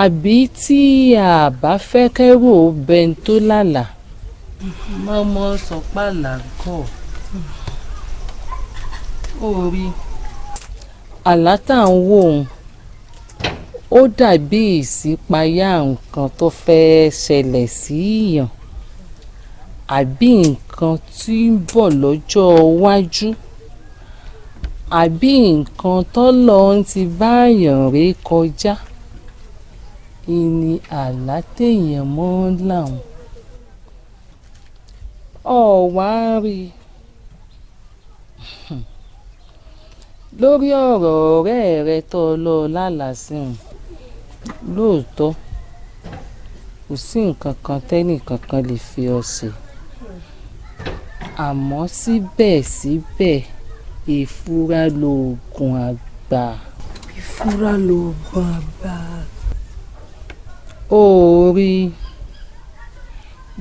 àbí tí a bá fẹ́ kẹ́rù ó bẹni tó lálàá. mọ́mọ́ sọ pààlà gọ̀ ó rí. àlá tá à ń wò ó ó dàbí ìṣípayá nǹkan tó fẹ́ẹ́ ṣẹlẹ̀ sí èèyàn àbí nǹkan tí ń bọ̀ lọ́jọ́ iwájú àbí nǹkan tọ́lọ́ ń ti báyàn ré kọjá. Ja ìní àlá téèyàn mọ́ làwọn ọ̀wá ń rí lórí ọ̀rọ̀ ọ̀rẹ́ rẹ tó lọ lálàsìn lóòótọ́ kò sí nǹkan kan tẹ́nìkan kan lè fi ọ ṣe àmọ́ síbẹ̀síbẹ̀ ìfura lóògùn àgbà. ìfura lóògùn àgbà oòrí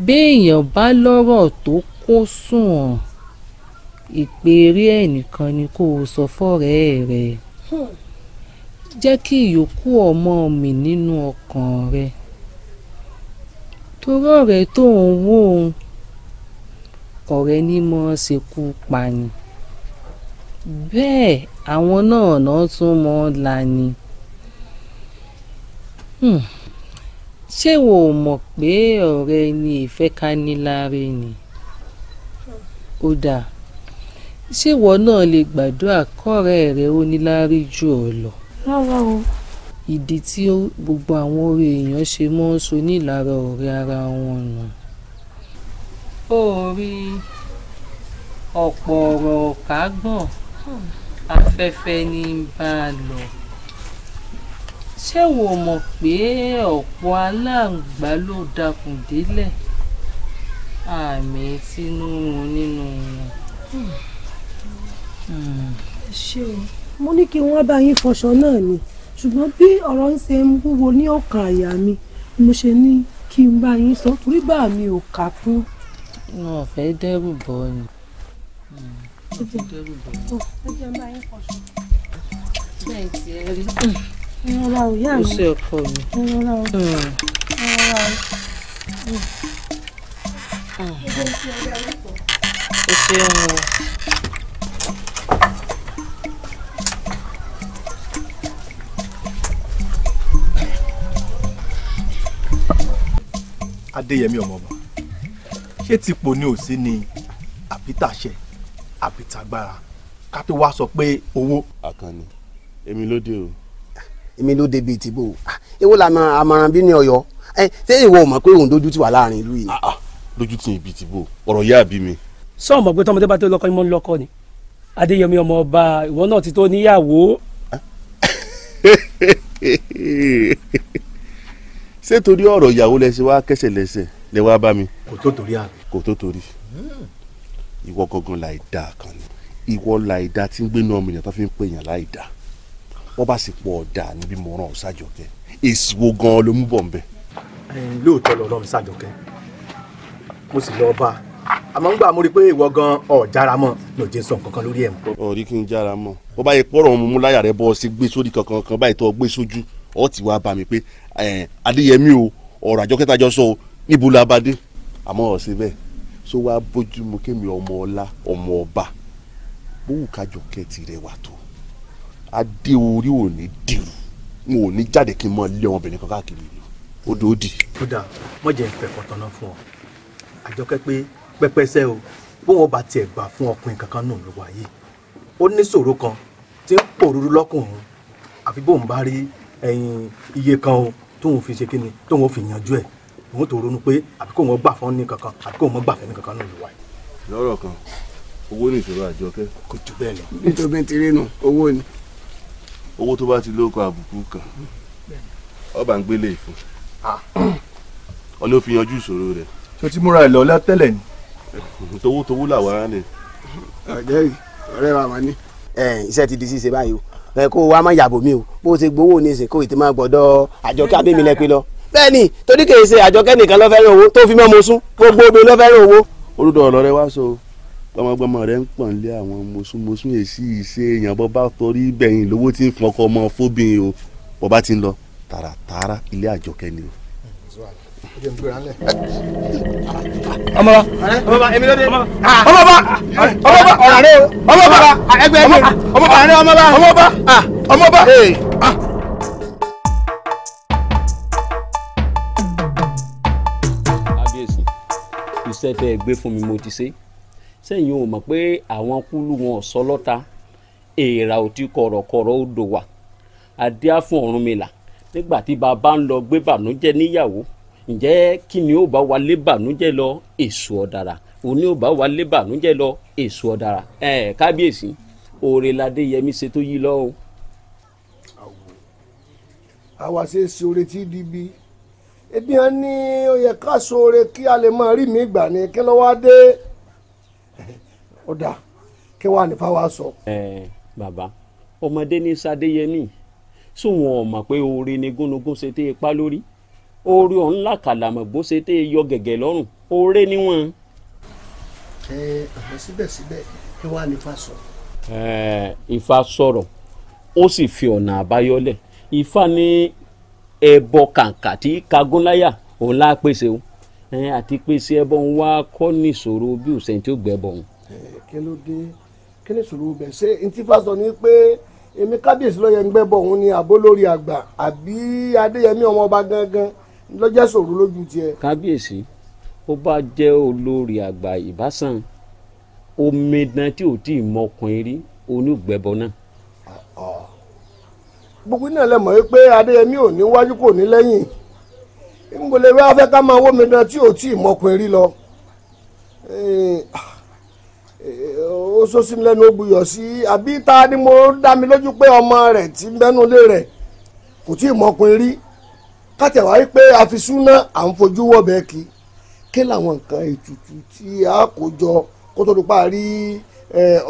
béèyàn bá lọ́rọ̀ tó kó sùn ìpèrè ẹ̀ nìkan ni kó o sọ fọ́rẹ̀ẹ́ rẹ hmm. jẹ́ kí ìyókù ọmọ mi nínú ọkàn rẹ torí ọ̀rẹ́ tó ń wò ó ọ̀rẹ́ ní mọ́ ṣe kú pani bẹ́ẹ̀ àwọn náà náà tún mọ́ lani. Hmm ṣé wo ò mọ̀ pé ọ̀rẹ́ ni ìfẹ́ ká ní láre ni ó dáa ṣé ìwọ náà lè gbàdúrà kọ́rẹ́ rẹ ó ní láre jù ọ lọ. o. ìdí tí gbogbo àwọn orí èèyàn ṣe mọ́ ń so nílara ọ̀rẹ́ ara wọn nù. ó rí ọ̀pọ̀ ọ̀rọ̀ ọ̀kágbọ̀n hmm. afẹ́fẹ́ ní bá a lọ ṣé wo mọ̀ pé ọ̀pọ̀ aláǹgbá ló dakùn délẹ̀ àmì Tinubu nínú wọn. Hmm. ṣé o mo ní kí wọ́n bá yín fọṣọ náà ni ṣùgbọ́n bí ọ̀rọ̀ ń ṣe ń wúwo ní ọkàn àyà mi mo ṣe ní kí n bá yín sọ torí bá mi ò kà kún. wọn ò fẹ́ dẹ́rù bọ́ ni. ẹ jẹ́ bá yín fọṣọ. bẹ́ẹ̀ tiẹ̀ rí ìrora ò yá mi. ó ṣe ọkọ mi. o ò hmm. ìrora ò. ó ṣe ń wọ. adéyẹmí ọmọọba ṣé tipò ni ò sí ni àbítàṣẹ àbítàgbára ká tó wá sọ pé owó. àkànni èmi ló dé o èmi ló débi ìtìbò ah, ewo la mọ àmọ̀ràn bí ní ọ̀yọ́ ẹ eh, ṣé ìwọ ò mọ̀ pé òun dojú ti wà láàrin ìlú yìí. Ah, ah, dojú ti ibi ìtìbò ọ̀rọ̀ yá àbí mi. sọ mọ̀ pé tọmọdé bá tó lọ́kọ ni mo ń lọ́kọ ni adéyẹmí ọmọ ọba ìwọ náà ti tó níyàwó. ṣé torí ọ̀rọ̀ ìyàwó lẹ́sẹ̀ wá kẹsẹ̀ lẹ́sẹ̀ lẹ wá bá mi. kò tó torí àbí. kò tó torí ìwọ gangan láì dáa kan ni ìwọ láì dáa tí ń gbénu ọmọ èèyàn tó fi ń pè èèyàn láì dáa wọ́n bá sì pọ̀ ọ̀dà níbi mo ràn ọ́ sàjọkẹ́ èsì wo gan-an ló mú bọ̀ ń bẹ̀. lóòótọ́ lọ́rọ̀ mi sàjọkẹ́ mo sì lọ bá a àmọ́ ń gbà mo rí i pé ìwọ gan ọ̀ jára mọ́ ní òjì sọ nǹkan kan lórí ẹ̀ mọ́. ọ̀rí kí n jára mọ́ bó bá yẹ pọ́rọ̀ mu láyà rẹ bọ́ sí gbé sórí kankan kan báyìí tó gbé sójú ọ̀ ti wá bá mi pé adéyẹmí o ọ̀rọ̀ àjọkẹ́ta jọ sọ o níbo la bá dé àmọ́ ọ̀ sí bẹ́ẹ̀ so wá bójú mu kémi ọmọ ọlá ọmọ ọba bówù kájọ kẹ́ tirẹ̀ tó adé orí ò ní dìrù n ò ní jáde kí n mọ ilé ọmọbìnrin kan káàkiri ìlú ó dòó dì. kódà mo jẹ́ ìfẹ́ kọ̀tọ̀nà fún ọ àjọkẹ́ pé pẹpẹsẹ o bó wọn bá tiẹ̀ gbà fún ọkùnrin kankan náà ló wà yìí ó ní ṣòro kan tí ń pòrúurú lọ́kùnrin àfi bóun bá rí ẹyin iye kan o tóun fi ṣe kíni tóun fi yanjú ẹ̀ òun tó ronú pé àbí kóun gbà fún ní kankan àbí kóun gbà fún ní kankan náà ló wà yìí. lọ́rọ̀ kan owó ní ìṣòro àjọkẹ́. kò jù bẹ́ẹ̀ lọ. nítorí tí rí nu owó ni owó tó bá ti lóko àbùkù kan ọba ń gbélé ìfún e ah. ọ ló fi yanjú ìṣòro rẹ. tó ti múra ìlọ látẹ̀lẹ̀ ni. towó towó làwa ni. ọ̀jẹ̀ ọ̀rẹ́ wa máa ní. iṣẹ́ ti di ṣíṣe báyìí o kó o wá má yàbò mi o bó o ṣe gbowó ní ìsìn kó o ti máa gbọ́dọ̀ àjọkẹ́ abémi lẹ́pẹ́ lọ. bẹ́ẹ̀ni torí kèé ṣe àjọkẹ́ nìkan lọ́fẹ́rẹ́ owó tó fi mọ́ mo sún gbogbo obìnrin lọ́fẹ́rẹ́ owó. olùdó ọ̀rọ̀ rẹ wá sọ o gbọmọgbọmọ rẹ ń pọ̀ nílé àwọn mosúmosún èsì ìṣe èèyàn bọ́ bá torí bẹ̀yìn lówó tí ń fún ọkọ ọmọ fóbìn o bọ́ bá ti ń lọ tààràtààrà ilé àjọkẹ́ ni o. ọmọba ọmọba èmi ló dé ọmọba ọmọba ọ̀rọ̀ rẹ o ọmọba ẹgbẹ́ mi ọmọba ọmọba ọmọba ọmọba. Ah, ah. kábíyèsí iṣẹ́ tẹ́ ẹ gbé fún mi mo ti ṣe é sẹ́yìn ò mọ̀ pé àwọn kúlù wọn ò sọ lọ́ta èèrà ò ti kọ̀rọ̀kọ̀rọ̀ ó dò wà adé á fún Ọ̀rúnmìlà nígbà tí bàbá ń lọ gbé bànújẹ́ níyàwó ǹjẹ́ kí ni ó bá wa lé bànújẹ́ lọ èso ọ̀dàrà òní ò bá wa lé bànújẹ́ lọ èso ọ̀dàrà ẹ̀ kábíyèsí òòrè ládé yẹmí ṣe tó yí lọ o. àwa ṣe sore tí dibi ebi hàn ní ó yẹ kí a lè máa rí mi gbà ní kí ló wá dé. ó dáa kí wàá ní fáwọn sọ. ẹ bàbá ọmọdé ní sadéyẹmí sùnwọn ọmọ pé oore ni gúnugún ṣe tẹ lórí oore yọ lọ́rùn oore ni ẹ kí wàá ní fa sọ. ẹ Ifá sọrọ ó sì fi ọ̀nà àbáyọlẹ̀ Ifá ní ẹbọ kàǹkà tí kagúnláyà òun lápèsè o àti pèsè ẹbọ ń wá kọ́ bí òsèǹtì Eh, kí ló dé kí ni sùúrù bẹ̀ ṣe ntí fásitọ̀ ni pé èmi kábíyèsí ló yẹ ń gbẹ́bọ̀ òun ni àbó lórí àgbà àbí adéyẹmí ọmọọba gangan lọ́jọ́ sòrò lójú tiẹ̀. kábíyèsí ó bá jẹ́ olórí àgbà ìbásàn omidan tí ò tí ì mọkùnrin rí onígbẹ̀bọ náà. Ah, ah. gbogbo náà lè mọ̀ pé adéyẹmí ò ní wájú kò ní lẹ́yìn ń gbọ́dọ̀ wá fẹ́ ká máa wómidan tí ò tí ì mọkùnrin rí lọ. Eh, ah ó sọ́sí lẹ́nu ó buyọ̀ sí àbí ta ni mo dá mi lójú pé ọmọ rẹ̀ ti ń bẹ́nu lé rẹ̀ kò tí ì mọkùnrin rí kátẹ̀ wáyé pé àfisúná à ń fojú wọ̀bẹ̀ kí kí làwọn nǹkan ètùtù tí a kò jọ kó tó dupá rí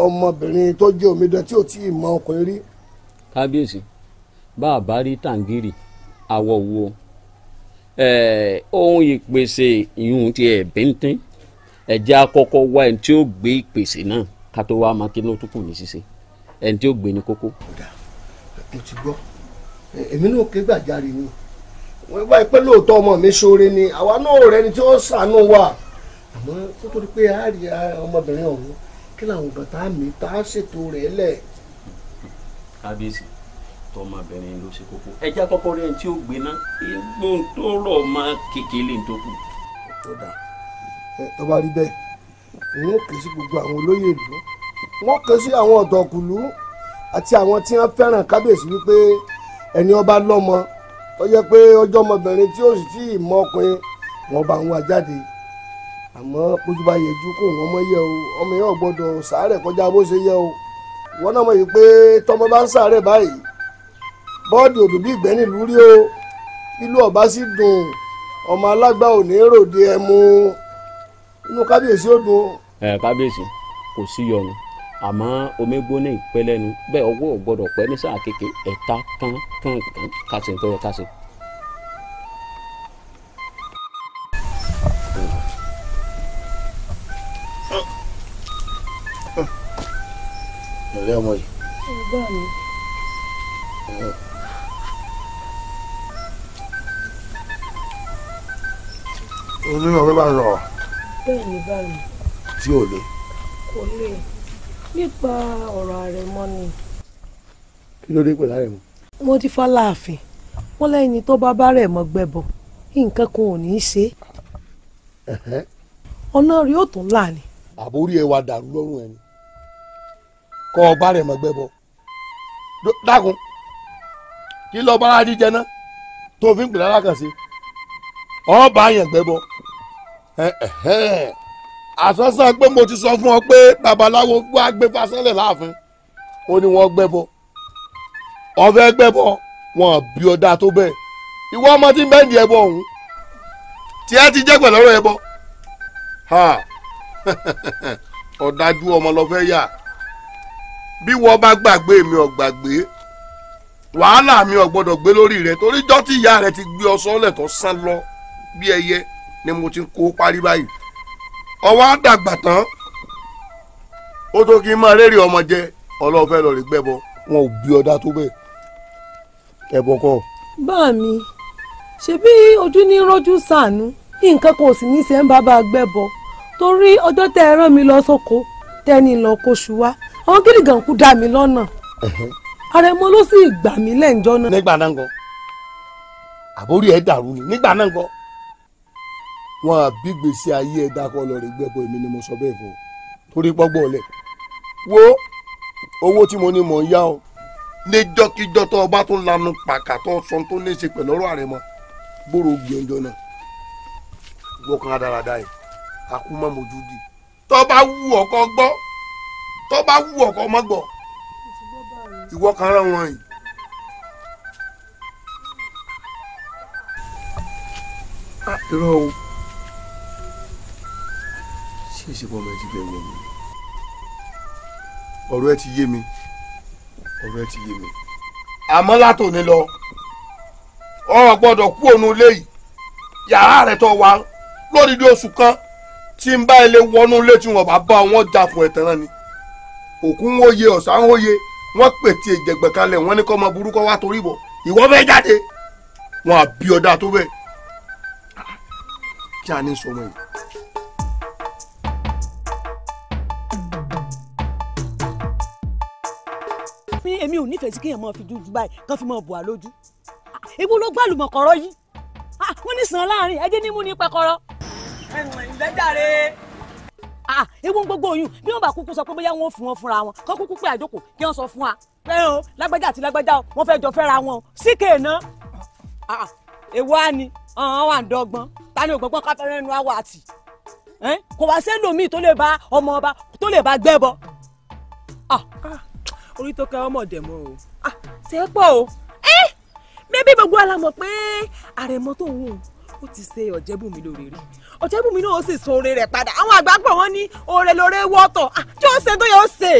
ọmọbìnrin tó jẹ́ omidan tí ò tí ì mọ ọkùnrin rí. kábíyèsí bá a bá rí tàǹgìrì àwọ̀ wo ohun ìpèsè ìhun ti bíntín ẹ jẹ́ àkọ́kọ́ wá ẹni tí ó gbé ìpèsè náà ká tó wá máa kí ló tún kù ní ṣíṣe ẹni tí ó gbé ní kókó. mo ti gbọ́ èmi náà ké gbàjarè ni wọ́n wá pé lóòótọ́ ọmọ mi ṣoore ni àwa náà rẹ ni tí ó ṣàánú wa àmọ́ kó tó di pé a rí ọmọbìnrin ọ̀hún kí làwọn ọ̀gá tá a mi tá a ṣètò rẹ̀ lẹ̀. kábíyèsí tọmọbìnrin ló ṣe kókó ẹjẹ àkọ́kọ́ rẹ tí ó gbé ná egbò tó rọ máa kékeré tó kù tó bá rí bẹ́ẹ̀ wọn ké sí gbogbo àwọn olóyè ìlú wọn ké sí àwọn ọ̀dọ́kùlú àti àwọn tí wọn fẹ́ràn kábíyèsí wípé ẹni ọba lọ́mọ tó yẹ pé ọjọ́ ọmọbìnrin tí ó sì tí ì mọ ọkùnrin wọn bá wọn jáde àmọ́ pójú bá yẹjú kó wọn mọ yẹ o ọmọ yẹn ò gbọ́dọ̀ sàárẹ̀ kọjá bó ṣe yẹ o wọn náà mọ̀ yìí pé tọmọ bá ń sàárẹ̀ báyìí bọ́ọ̀dì òdò bí ìgbẹ́ nílùú o ìlú ọba sì dùn ọmọ alágbá ò ní ròde ẹmu inú kábíyèsí ó do. ẹ kábíyèsí kò sí yọnu àmọ́ omi gbóná ìpẹlẹnu bẹ́ẹ̀ ọwọ́ ò gbọ́dọ̀ pẹ́ ní sáà kéke ẹ̀ta kán kán kán kásìn tó yẹ kásìn. ìrẹ́ ọmọ yìí. ẹgbẹ́ mi. olú náà fẹ́ bá sọ̀rọ̀. bẹ́ẹ̀ ni báyìí. tí ò le. kò lè, nípa ọ̀rọ̀ àrẹ̀mọ ni. kí ló dé pẹ̀lú àrẹ̀mọ. wọ́n ti fá láàfin wọ́n lẹ́yìn tó bá bá rẹ̀ mọ́ gbẹ́bọ̀ nǹkan kan ò ní í ṣe. ọ̀nà rí ò tún là ni. àbórí ẹ wa dàrú lọ́rùn ẹni kọ́ ọ bá rẹ̀ mọ́ gbẹ́bọ̀ dákun kí lọ́ọ́ bá rà jíjẹ náà tó fi ń pè lára kàn sí ọ̀ọ́ bá yàn gbẹ́bọ̀. àsánsán pé mo ti sọ fún ọ pé babaláwo wá gbé fasánlẹ̀ láàfin ó ní wọ́n gbẹ́bọ ọ̀fẹ́ gbẹ́bọ wọn bí ọ̀dà tó bẹ́ẹ̀ ìwọ ọmọ tí ń bẹ́ǹdì ẹbọ ọ̀hún tí ẹ ti jẹ́ pẹ̀lú ọ̀rọ̀ ẹbọ ọ̀dájú ọmọ lọ fẹ́ yà bí wọ́n bá gbàgbé mi ò gbàgbé wàhálà mi ò gbọ́dọ̀ gbé lórí rẹ̀ torí jọ́ ìyá rẹ̀ ti gbé ọ sọ́lẹ̀ tó sán lọ bí ẹyẹ ni mo ti ń kó parí báyìí ọwọ́ á dàgbà tán ó tó kí n máa rérè ọmọ jẹ ọlọ́fẹ́ lọ rí gbẹ́bọ wọn ò bí ọdá tó bẹ́ẹ̀ ẹ̀bọ kọ. bá mi ṣebí ojú ní rọ́jú sànú nǹkan kò sì ní í ṣe ń bábà gbẹ́bọ torí ọjọ́ tẹ ẹ rán mi lọ sóko tẹ́ni lọ kóṣù wá àwọn gírígàn kú dá mi lọ́nà àrẹ̀mọ ló sì gbà mí lẹ́ǹjọ́ náà. nígbà náà ń gọ àbórí ẹ dàrú ni nígbà náà ń gọ wọn àbígbèsè ayé ẹ̀dá kan lọ rè gbẹ́bọ èmi ni mo sọ bẹ́ẹ̀ fún ọ torí pọ́gbọ́n lẹ̀ wo owó tí mo ní mò ń yá o níjọ́kíjọ́ tó ọba tó lanu pàkà tó sọ tó ní í ṣe pẹ̀lú ọ̀rọ̀ àrẹ̀mọ gbòòrò gbòòjọ náà gbọ́kàn adarada yìí àkúmọ̀ mojú di tó bá wù ọkọ gbọ́ tó bá wù ọkọ mọ́ gbọ́ ìwọ kan rán wọn yìí. Ah, irọ́ o ṣé ìṣèpọ̀ ọmọ ẹ ti bẹ̀rù ẹ̀mí ọ̀rọ̀ ẹ ti yé mi ọ̀rọ̀ ẹ ti yé mi àmọ́ látòní lọ ọ gbọ́dọ̀ kú òun ilé yìí yàrá rẹ̀ tó wà lódìdí oṣù kan tí ń bá ilé wọnú ilé tí wọn bá bá wọn jà fún ẹ̀tàn náà ni òkú ń wòye ọ̀sán ń wòye wọ́n pètè ìjẹ̀gbẹ̀ kalẹ̀ wọ́n ní kọ́ ọmọ burúkọ wá torí bọ̀ ìwọ fẹ́ jáde wọn àbí ọ̀dà tó bẹ̀ kí a ní sọmọ yìí. èmi ò nífẹ̀ẹ́ sí kéèyàn máa fi jújú báyìí kán fi máa bò á lójú ewu ló gbàlùmọ̀ kọ̀rọ̀ yìí wọ́n ní sàn láàrin ẹjẹ́ ní mú ní pẹ́kọ́rọ́. ìgbẹ́jàre. ewu gbogbo oyún bí wọ́n bá kúkú sọ pé bóyá wọ́n fún wọn fúnra wọn kán kúkú pé àjókò kí wọ́n sọ fún wa pé o lágbájá àti lágbájá o wọ́n fẹ́ jọ fẹ́ra wọn síkè ná. ewu orí tó ká ọmọ dẹ̀mọ́ o tẹ́ pọ̀ o mẹ́bí gbogbo ala mọ̀ pé àrẹ̀mọ tó ń wò ó ti ṣe ọ̀jẹ̀bùnmi lóore rí ọ̀jẹ̀bùnmi náà ó sì sun oore rẹ̀ padà àwọn àgbà pọ̀ wọ́n ní oore lóore wọ́tọ̀ tí ó ṣe tó yẹ ó ṣe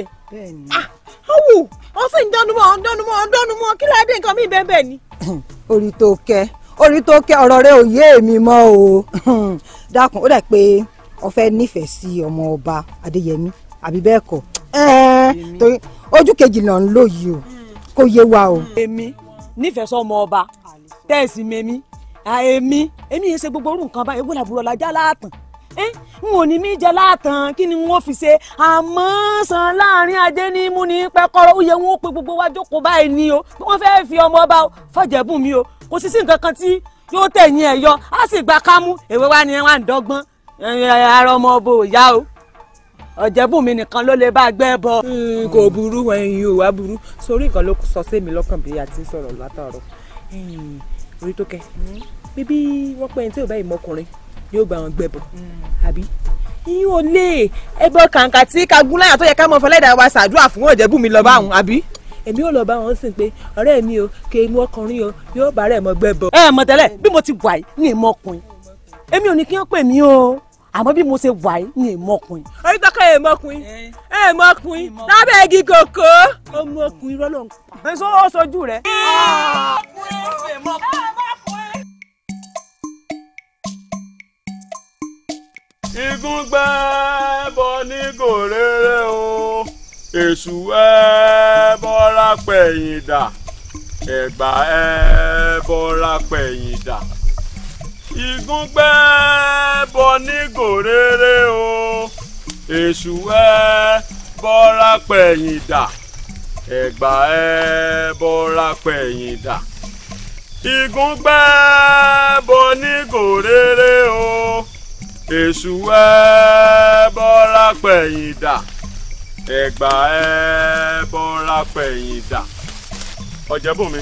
ó wù ó sì ń dánumọ́ ń dánumọ́ ń dánumọ́ kí ló nǹkan mi bẹ́ẹ̀ bẹ́ẹ̀ ni. orí tó kẹ́ orí tó kẹ́ ọ̀rọ̀ rẹ ò yé èmi mọ́ o dákun ó dà pé o fẹ́ nífẹ̀ẹ́ sí ọmọ ọba adéyẹmí àbí bẹ́ẹ̀ kọ́ torí ojú kejì là ń lò yìí o hmm. kò yé wa o. Hmm. èmi nífẹ̀ẹ́ sọmọ ọba tẹ́ẹ̀sì mẹ́mí èmi èmi yẹn ṣe gbogbo orú nǹkan báyìí wọ́n làbúrò làjà láàtàn n ò ní mí jẹ láàtàn kí ni wọn fi ṣe àmọ́ san láàrin ajé ní mú ní pẹ́kọ́rọ́ ó yẹ wọn ó pe gbogbo wa jókòó báyìí ni o bí wọ́n fẹ́ẹ́ fi ọmọ ọba fọ̀jẹ̀bùn mi o kò sí sí nǹkan kan tí yóò tẹ̀yìn ẹ̀ yọ á sì gba kámú èwe wa ni wọn à ń dọ́gbọ́n ara ọmọ ọba ò o ọ̀jẹ̀bùnmi nìkan ló lè bá gbẹ́ bọ. Hmm, kò burú ẹyin ò wá burú sórí nǹkan ló sọ sí mi lọ́kàn bí a ti ń sọ̀rọ̀ látàrọ̀ hmm, orí tó kẹ hmm, bíbí wọ́n pẹ́ ẹni tí ò bá ìmọkùnrin yóò gba àwọn gbẹ̀bọ̀ àbí yín ò lè ẹbọ kàǹkà tí kagúnláyà tó yẹ ká mọ fọlẹ́dà wa ṣàdúrà fún ọ̀jẹ̀bùnmi lọ bá àwọn àbí èmi ò lọ bá wọn sìn pé ọ̀rẹ́ mi o kè mú ọkùnrin o yóò bá rẹ̀ mọ́ gbẹ́bọ̀. ẹ mọ̀ tẹ́lẹ̀ bí mo ti wà ní ìmọ̀ èmi ò ní kí wọ́n pè mí o àmọ́ bí mo ṣe wà yìí ni èèmọ̀ ọkùnrin. orí tọ́ka èèmọ̀ ọkùnrin èèmọ̀ eh. ọkùnrin lábẹ́ igi kòkó ọmọ ọkùnrin rọ́ ló ń pa. èso ó sojú rẹ. igun gbẹ bọ ní gòrèrè o èṣù ẹ bọra pẹ̀yìn dà ẹ̀gbà ẹ bọra pẹ̀yìn dà ìgúngbẹ́ bọ ní gòrèrè o èṣù ẹ bọ́ra pẹ̀yìn dà ẹ̀gbà ẹ bọ́ra pẹ̀yìn dà ìgúngbẹ́ bọ ní gòrèrè o èṣù ẹ bọ́ra pẹ̀yìn dà ẹ̀gbà ẹ bọ́ra pẹ̀yìn dà ọ̀jẹ̀bùnmi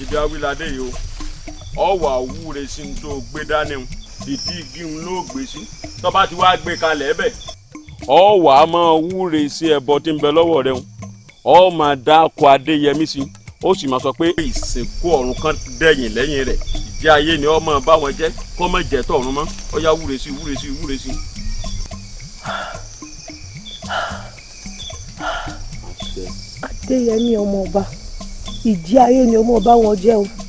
ìdí awíládé yìí o ọwọ́ àwúre sí ní tó gbé dání o ìdí igi ń ló gbé sí tó bá ti wá gbé kalẹ̀ ẹ̀bẹ̀. ọwọ́ a máa wúre sí ẹbọ tí ń bẹ lọ́wọ́ rẹ o ọ máa dáko adéyẹmí sí ó sì máa sọ pé ìsìnkú ọ̀run kan dẹ̀yìn lẹ́yìn rẹ̀ ìdí ayé ni ọmọ báwọn jẹ́ kọ́ mọ̀ jẹ́ tọ̀run mọ́ ó yá wúre sí wúre sí wúre sí. adéyẹmí ọmọ ọba ìdí ayé ni ọmọ báwọn jẹ́ o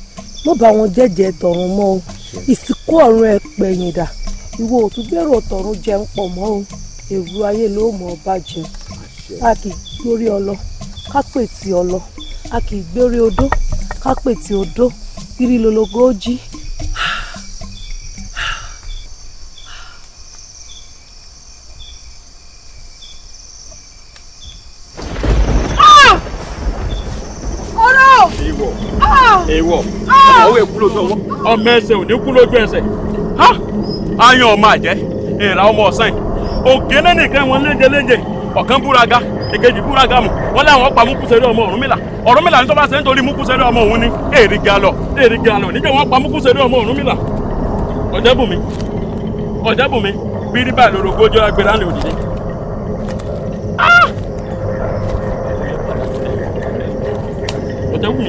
mo bá wọn jẹ́jẹ́ tọ̀run mọ́ o ìsìnkú ọ̀run ẹ̀ pẹ̀yìndà ìwọ ò tún gbèrò tọ̀run jẹun pọ̀ mọ́ o èrú ayé ló mọ̀ ọ́ bàjẹ́ a kì í gbórí ọlọ ká ọlọ a kì í gbórí odó ká odó kiri lologó jí e èkú lójú ọwọ́ ọmọ ẹsẹ̀ ò ní kú lójú ẹsẹ̀ ha ayan ọmọ àjẹ́ ìrà ọmọ ọ̀sán òkè wọn léje léje ọ̀kan búraga èkejì búraga mọ̀ wọ́n láwọn pa múkúsẹ́rí ọmọ Ọ̀rúnmìlà Ọ̀rúnmìlà ní tó bá ṣe nítorí múkúsẹ́rí ọmọ òun ni èrì lọ èrì lọ níjẹ́ wọ́n pa ọmọ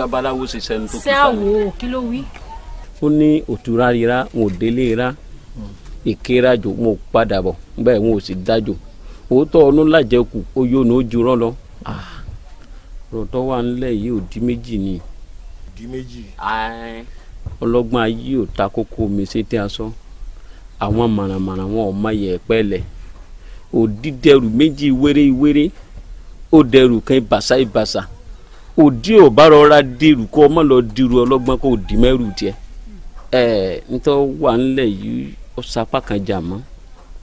babaláwo ṣe sẹ́nu tó kú sálẹ̀. sáwo kí ló wí. ó ní òtúrá rira n ò délé ra ìkéra jò n ò padà bọ̀ bẹ́ẹ̀ ò sì dájò òótọ́ ọ̀nù làjẹkù ó yóò ní ó jurọ́ lọ. Ah, rọ̀tọ́ ńlẹ̀ yìí ò méjì ni. méjì. ọlọ́gbọ́n ayé ò ta kókó mi ṣe tí a sọ àwọn màràmàrà wọn ò má yẹ ẹ̀pẹ́ lẹ̀ méjì wéré wéré ó dẹrù kan ìbàṣà ìbàṣà. òdì ò bá rọra dìrù kó ọmọ lọ dìrù ọlọgbọn kó dì mẹ́rù tiẹ̀ ẹ nítọ́ wà yìí ó sapá kan jà mọ́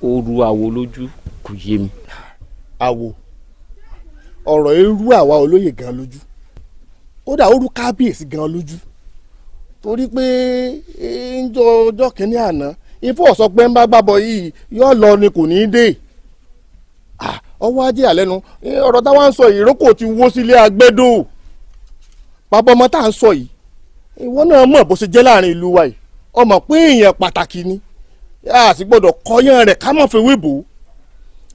ó ru àwo lójú kò yé mi. àwo ọ̀rọ̀ eru àwa olóyè gan lójú kódà ó rú kábíyèsí gan lójú torí pé ńjọ ọjọ́ kìíní àná ifo ọ̀sọ́ ń bá gbàbọ̀ yìí ni kò ní í dé ọwọ́ ajé àlẹ́nu ọ̀rọ̀ táwọn ń sọ ìrókò ti wó sílé agbẹ́dọ̀. bàbá ọmọ tá à ń sọ yìí ìwọ náà mọ̀ bó ṣe jẹ́ láàrin ìlú wa yìí ọmọ pé èèyàn pàtàkì ni a sì gbọ́dọ̀ kọyán rẹ̀ ká mọ̀ fi wíbò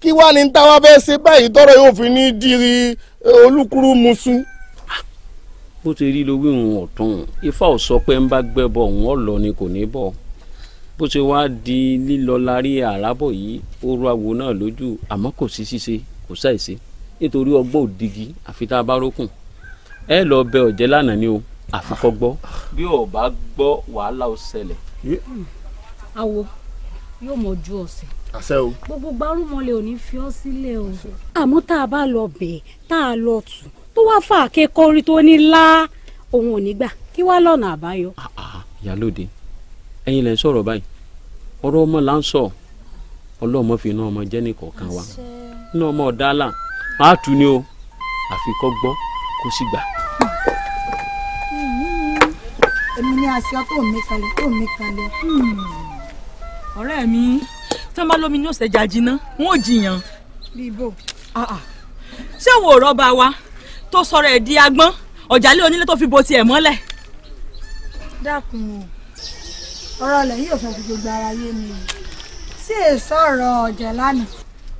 kí wàá ní táwa fẹ́ ṣe báyìí tọrọ yóò fi ní diri eh, olúkúrú musu. bó ti rí lówí òun ọ̀tún ifá ò sọ pé ń bá gbẹ́bọ̀ òun ọ̀lọ́ ni kò ní bọ̀ bó ṣe wá di lílọ lárí àràbọ̀ yìí ó rọ àwo náà lójú àmọ́ kò sí ṣíṣe kò sáì ṣe nítorí ọgbọ́n òdigi àfi tá a bá rókùn ẹ lọ bẹ ọ̀jẹ̀ lánàá ni o àfikọ́ gbọ́. bí o bá gbọ́ wàhálà ó ṣẹlẹ̀. awo yóò mọ ju ọ̀sẹ̀. àṣẹ o. gbogbo gbarumọlẹ ò ní fi ọ sílẹ̀ o. àmọ́ tá a bá lọ bẹ̀ tá a lọ tù tó wá fà kékọ́rí tó ní lá òun ò ní gbà kí wá lọ́nà àbáyọ. ìyálòde ẹ̀yin lẹ ń sọ̀rọ̀ báyìí ọ̀rọ̀ ọmọ là ń sọ ọlọ́mọ fi iná ọmọ jẹ́ nìkọ̀ọ̀kan wa iná ọmọ ọ̀dàlà máa tù ní o àfi kọ́ kó sì gbà. ní aṣọ tó mi kalẹ̀ tó mi kalẹ̀. Hmm. ọ̀rẹ́ mi tí wọ́n bá lómi ní òsè jà jiná ò jiyàn. bíbò. Ah, ah. ṣé wo rọ́bà wa tó sọ̀rọ̀ ẹ̀ di agbọ́n ọ̀jálẹ̀ onílé tó fi bo tiẹ̀ mọ́lẹ̀. dákun o ọ̀rọ̀ ọ̀lẹ̀ yìí ò fẹ́ fi gbogbo ara yé mi o sí èso ọ̀rọ̀ ọ̀jẹ̀ lánàá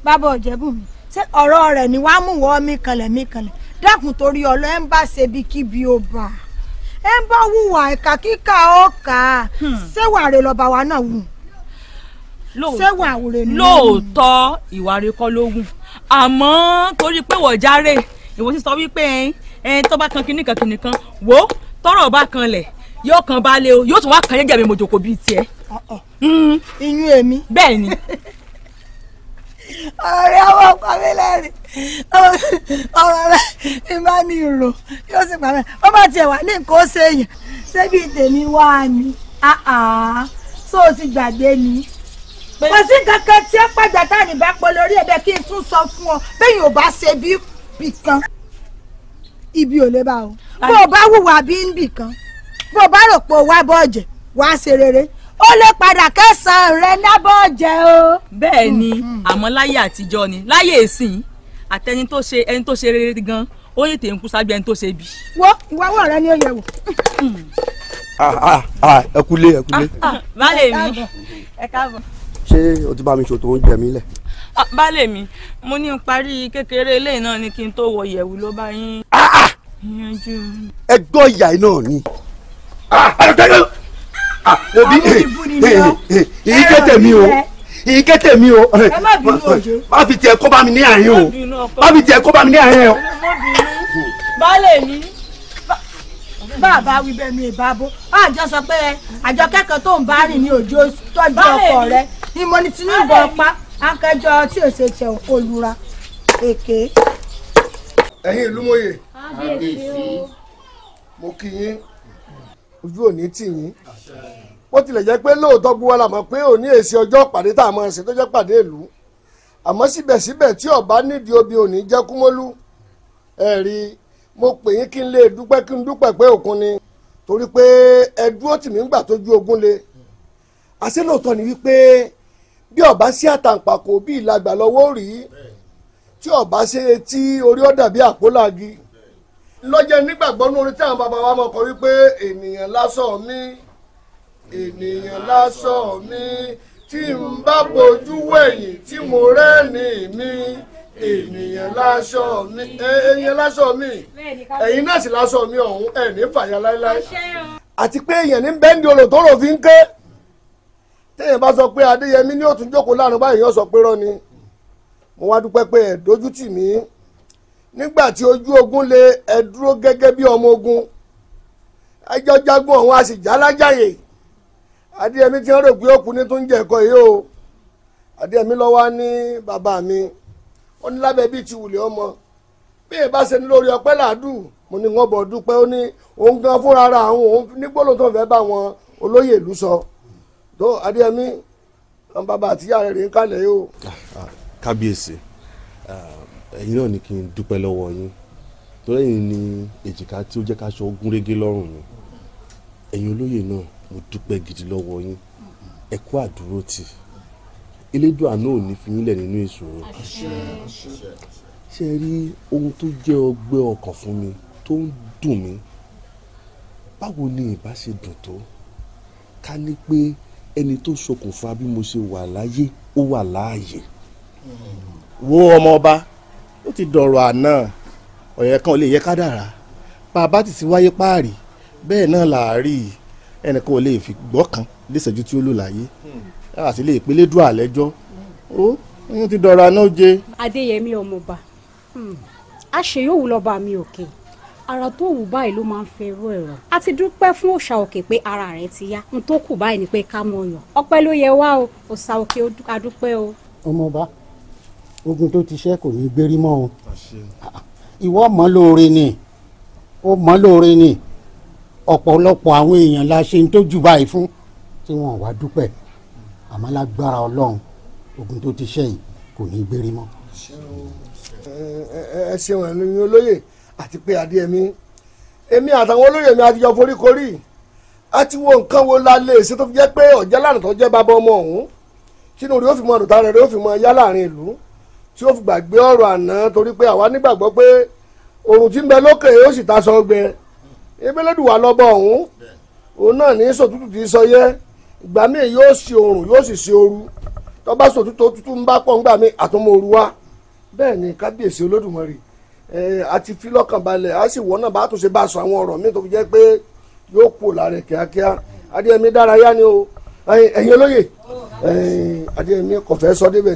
bàbá ọ̀jẹ̀bù mi ṣé ọ̀rọ̀ rẹ̀ ni wàá mú wọ́ mi kanlẹ̀ mi kanlẹ̀ dákun torí ọlọ́ ẹ̀ ń bá ṣe bí kíbi ó bá a ẹ ń bá wùwà ẹ̀ka kíkà ọ̀ka hmm. ṣéwà rẹ lọ́ba wa náà wù ṣéwà rẹ náà lóòótọ́ ìwà rẹ kọ́ ló wù àmọ́ torí pé wọ́n járe ìwọ ti sọ wípé ẹ tó bá kan kinní kan kinní kan wò ó tọrọ bá kan lẹ̀ yóò kan balẹ̀ o yóò tún wá kan yẹ́gẹ́ mi mojoko bíi tiẹ̀. Hmm. iyún èmi. bẹ́ẹ̀ ọ̀rẹ́ ọmọ ọkọ mi lẹ́rìn ọ̀rọ̀ rẹ ni má ní ìrò yóò sì pàmẹ́ ó bá tiẹ̀ wà ní nǹkan ó ṣe èèyàn ṣébi tèmi wá ni ṣó o ti gbàgbé ni kò sí kankan tá à ní bá pọ̀ lórí ẹ̀bẹ̀ kí n tún sọ fún ọ bẹ́yìn ò o bó o bá wùwà o bá rò pé o wá ó lè padà kẹsàn-án rẹ lábọ́ jẹ o. bẹ́ẹ̀ ni hmm, hmm. àmọ́ láyé àtijọ́ ni láyé ìsìn àtẹni tó ṣe ẹni tó ṣe rere gan ó yẹ tèmi kú sábẹ́ ẹni tó ṣe bí. wo ìwọ́wọ́ rẹ ni ó yẹ wò. Ah, ah, ah, ẹ kúlé ẹ kúlé. baálé mi ẹ káàbọ̀. ṣé o ti bá mi ṣètò oúnjẹ mi lẹ̀. baálé mi mo ní n parí kékeré eléyìí náà ni kí n tó wọ ìyẹ̀wù ló bá yín. ẹ gbọ́ ìyá iná ni òbí èyí kẹ́tẹ̀ mi eh, eh, eh, o èyí kẹ́tẹ̀ mi o má fi tiẹ̀ kó bá mi ní àárín o má fi tiẹ̀ kó bá mi ní àárín o. baálé mi bàbá wí bẹ́ẹ̀ mi ìbábo àjọ sọ pé àjọ kẹ́kọ̀ọ́ tó ń bá rìn ní òjò tọ́jú ọkọ rẹ ni mo ní tinubu ọpá akẹjọ tí òṣè tẹ olùra èké. ẹ̀yin ìlú mòye mo kí yín ojú òní tì yín bó tilẹ̀ jẹ́ pé lóòótọ́ gbogbo la mọ̀ pé òní èsì ọjọ́ pàdé tá a máa ṣe tó jẹ́ pàdé ìlú àmọ́ síbẹ̀síbẹ̀ tí ọba nídìí obì òní jẹ́ kúmọ́lú ẹ rí mo pè yín kí n lè dúpẹ́ kí n dúpẹ́ pé òkun ni torí pé ẹ dúró tì mí ń gbà tójú ogun le àṣé lóòótọ́ ni wípé bí ọba sí àtàǹpàkò bí ìlàgbà lọ́wọ́ rí tí ọba ṣe etí orí ọ̀dà bí àpólàgì lọ́jẹ́ nígbàgbọ́ ní orin tí àwọn bàbá wa mọ̀ kọ́ wípé ènìyàn lásán mi ènìyàn lásán mi tí n bá bojú wẹ̀yìn tí mo rẹ́ni mi ènìyàn lásán mi ènìyàn lásán mi ẹ̀yin náà sì lásán mi ọ̀hún ẹ̀ ní fàyà láéláé. àti pé èèyàn ní bẹ́ńdì olò tó rò fi ń ké téèyàn bá sọ pé adéyẹmí ní òtún jókòó lánàá báyìí yóò sọ pé rọ́ mo wá dúpẹ́ pé ẹ̀ dójú mí nígbà tí ojú ogun lé ẹ dúró gẹ́gẹ́ bí ọmọ ogun ẹjọ́ jagun ọ̀hún a sì já lájàyè adéyẹmí tí wọ́n rò pé òkú ní tó ń jẹ ẹ̀kọ́ yìí o adéyẹmí ló wà ní bàbá mi ó ní lábẹ́ bíi ti wùlẹ̀ ọmọ bí èyí ṣe ní lórí ọpẹ́ làádùn mo ní wọ́n bọ̀ dúpẹ́ ó ní òun gan fúnra ara àwọn òun nígbòlò tó ń fẹ́ bá wọn olóyè ìlú sọ tó adéyẹmí lọ́n bàbá àtìyá rẹ̀ rìn kalẹ̀ yìí o. kábíyèsí ẹ̀yin náà ni kí n dúpẹ́ lọ́wọ́ yín torí ẹ̀yin ni èjìká tí ó jẹ́ ká aṣọ ogún régé lọ́rùn mi ẹ̀yin olóyè náà mo dúpẹ́ gidi lọ́wọ́ yín ẹ kú àdúró tì elédùà náà ò fi yín lẹ̀ nínú ìṣòro ṣe rí ohun tó jẹ́ ọgbẹ́ ọkàn fún mi tó ń dùn mí báwo ni ìbá ṣe dùn tó ká ní pé ẹni tó ṣokùnfà bí mo ṣe wà láyé ó wà láàyè wo ọmọ ọba ó ti dọ̀rọ̀ àná ọ̀yẹ̀ kan ò lè yẹ ká dára bàbá ti ti wáyé páàrí bẹ́ẹ̀ náà là á rí ẹnìkan ò lè fi gbọ́ kan léṣẹ́jú tí ó lò láyé yàrá sí lè pélé dùn àlẹ́jọ́ ó oyún ti dọ̀rọ̀ àná oje. adéyẹmí ọmọọba àṣeyọ̀wù hmm, lọ́ba mi òkè ara tó wù báyìí ló máa ń fẹ́ irú ẹ̀rọ. a ti dúpẹ́ fún òòṣà òkè pé ara rẹ̀ ti yá n tó kù báyìí ni pé ká mọ̀ yàn ọpẹ́ ló yẹ wá o òòṣà òkè adúpẹ́ o. ọmọọba ogun tó ti ṣẹ́ kò ní gbérí mọ́ o ìwọ mọ́ lóore ni ó mọ́ lóore ni ọ̀pọ̀lọpọ̀ àwọn èèyàn la ṣe ń tójú báyìí fún tí wọ́n wá dúpẹ́ àmọ́ lágbára ọlọ́run ogun tó ti ṣẹ́ yìí kò ní gbérí mọ́. ẹ ṣeun ẹ̀mí mi olóyè àti pé adéẹmí èmi àtàwọn olóyè mi àtijọ́ foríkorí àti wo nǹkan wo la lè ṣe tó fi jẹ́ pé ọ̀jẹ́ lánàá tó jẹ́ bàbá ọmọ ọ̀hún tínú rẹ̀ ó fi mọ àdùtà rẹ̀ rẹ̀ ó fi mọ yá láàrin ìlú. tí ó fi gbàgbé ọ̀rọ̀ àná torí pé àwa nígbàgbọ́ pé òrùn tí ń bẹ lókè ó sì ta sọ gbẹ wà lọ́bọ̀ ọ̀hún òun náà ní sòtútù tí sọ yẹ ìgbà míì yóò ṣe òrùn yóò sì ṣe oru tọba sòtútù ń bá pọ̀ ńgbà bẹ́ẹ̀ ni kábíyèsí olódùmarè àti fi lọ́kàn balẹ̀ á sì wọ́n náà bá ṣe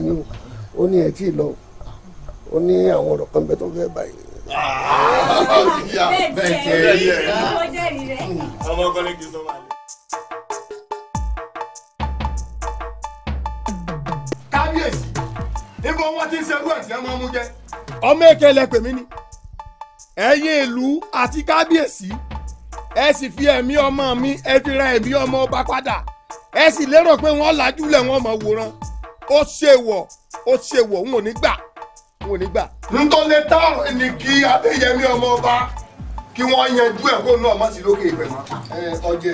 bá ó ní ẹ tí ì lọ ó ní àwọn ọ̀rọ̀ kan bẹ tó fẹ́ báyìí. bẹ́ẹ̀ jẹ́ rẹ̀ ọmọ ọkọ kábíyèsí ibo wọn ti ń ṣerú ẹ̀ tí ẹ máa mú jẹ. ọmọ èké lẹ́pẹ̀ mi ni ẹ̀yin ìlú àti kábíyèsí ẹ sì fi ẹ̀mí ọmọ mi ẹ fi ra ẹ̀mí ọmọ ọba padà ẹ sì lérò pé wọ́n lajú lẹ̀ wọ́n mọ̀ wòran ó ṣèwọ̀ ó ṣe wò ń ò ní gbà ń ò ní gbà. ntọ́lẹ̀ táwọn ẹni kí adéyẹmí ọmọ ọba kí wọ́n yanjú ẹ̀ kó náà má sí lókè ìpè mọ́. ọjẹ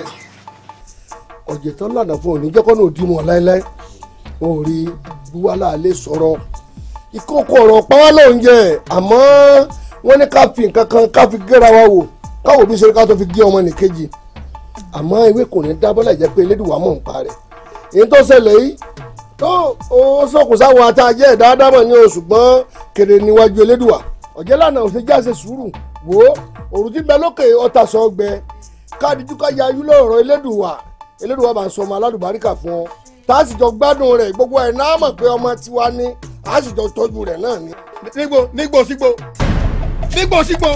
ọjẹ tán lànà fún òní jẹ́kọ́ náà dì mọ́ láéláé ó rí wàhálà lè sọ̀rọ̀ ìkókó ọ̀rọ̀ pàwọ́ ló ń jẹ àmọ́ wọ́n ní ká fi nǹkan kan ká fi gẹ́ra wa wò káwọ́ bí sori ká tó fi gé ọmọ nìkejì àmọ́ ewé kò ní dábọ́lá ìjẹ́ pé elédùnwá mọ̀ ń pa rẹ̀ èyí tó ṣẹlẹ̀ yìí tó o sọkùn sáwọn atajẹ́ ìdáadáa mọ̀ ní o ṣùgbọ́n kèrè níwájú elédùà ọ̀jẹ́ lànà òfin jáse sùúrù wò ó òrùn tí ń bẹ káàdìjú ká ya ayú lọ́rọ̀ elédùà elédùà bá ń sọ ọmọ aládùbáríkà fún ọ tá a sì jọ gbádùn rẹ̀ gbogbo ẹ̀ náà mọ̀ pé ọmọ tiwa ni a sì jọ tọ́jú rẹ̀ náà ni. nígbò nígbò sígbò nígbò sígbò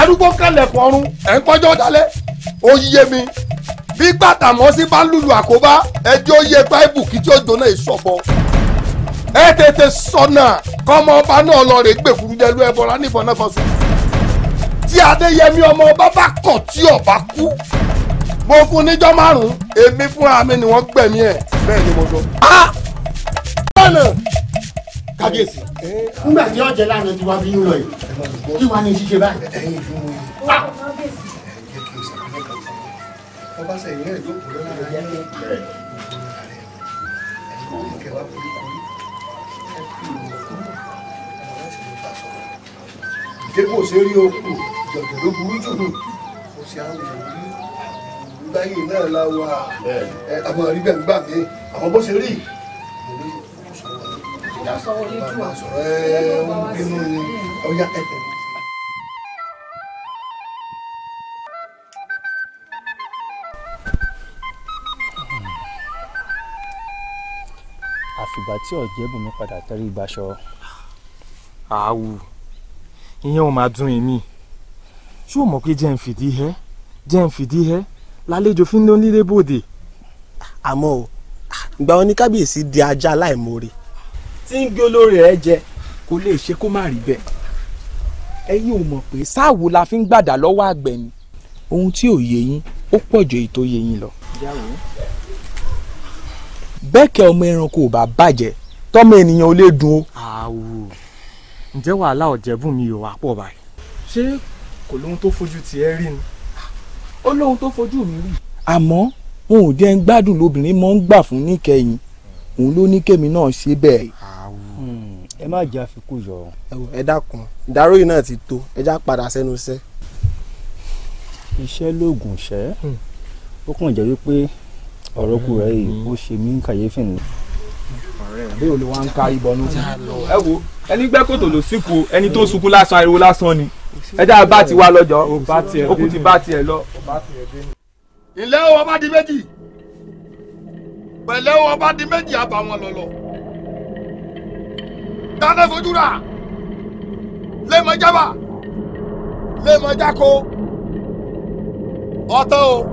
arúgbó kalẹ̀ kọrun ẹ̀ ń pọ́jọ́ dalẹ̀ ó yé mi bí gbàtàmọ́sí bá lùlù àkóbá ẹjọ́ yẹ báìbù kí tí ó jóná ìṣọ̀bọ. ẹ tètè sọnà kọ́mọ ọba náà lọ rè gbèkúrú jẹ́lú ẹbọra níbọn náà fọ́sùn. tí adéyẹmí ọmọ ọba bá kọ̀ tí ọba kú mo fún níjọ́ márùn-ún èmi fúnra mi ni wọ́n gbẹ̀mí ẹ̀ bẹ́ẹ̀ ni mo sọ. a lọ́nà kábíyèsí nígbà tí ọ̀jẹ̀ lánàá ti wá bí ń lọ yìí kí wàá ní ṣíṣe ọba sẹ̀yìn rẹ̀ tó kúrò lára yẹn ní ìpínlẹ̀ ẹ̀yìn kẹwàá kúrò kúrò ẹ̀kú ìwọ̀ kúrò ẹ̀wọ̀n sì ló bá sọ̀rọ̀. ìdẹ́kọ̀ ṣe rí okù ìjọ̀jọ̀ ló burú jù nù ó ṣe àwọn èèyàn rí gbáyé náà la wà ni ọ̀ya ẹ̀kọ́ àfìgbà tí ọ̀jẹ̀bùnmi padà tẹ́rí ìgbàṣọ. àwù ìyẹn ò máa dùn èmi ṣé o mọ̀ pé jẹ́ ń fìdí hẹ́ jẹ́ ń fìdí hẹ́ lálejò fi ń lọ nílé bòde. àmọ́ o ìgbà wọn ni kábíyèsí di ajá aláìmoore tí ń gé olórí rẹ̀ jẹ kó lè ṣe kó má rí bẹ́ẹ̀ ẹ̀yin ò mọ̀ pé sáàwù la fi ń gbàdá lọ́wọ́ àgbẹ̀ ni ohun tí ò yé yín ó pọ̀ ju èyí tó yé yín lọ. ìyá bẹ́ẹ̀kẹ́ ọmọ ẹranko ò bá bàjẹ́ tọ́mọ ènìyàn ò lè dùn o. àwò ǹjẹ́ wàhálà ọ̀jẹ̀bùn mi ò wá pọ̀ báyìí. ṣé kò lóhun tó fojú tiẹ̀ rí ni ó lóhun tó fojú mi rí. àmọ́ n ò jẹ́ ń gbádùn lóbìnrin mọ́ ń gbà fún níkẹyìn òun ló ní kémi náà ṣe bẹ́ẹ̀. ẹ má jẹ́ àfikún yọ. ẹ dákun ìdáróyìn náà ti tó ẹ já padà sẹ́nu iṣẹ́. iṣẹ́ lóògùn iṣẹ́ hmm. ó kàn jẹ́ wípé ọ̀rọ̀ kù rẹ̀ yìí ó ṣe mí kàyéfì ni. ọ̀rẹ́ mi ò lè wá ń kárí bọnú. ẹ wo ẹni gbẹ́ kòtò ló sínkù ẹni tó sunkún lásán ariwo lásán ni ẹ dáa bá ti wá lọ́jọ́ ó kù ti bá tiẹ̀ lọ. ilé wọn bá di méjì pẹ̀lẹ́ wọn bá di méjì àbàwọn lọ́lọ́ dáná fojú rà lẹ́mọ̀jábà lẹ́mọ̀jáko ọ̀tọ̀ o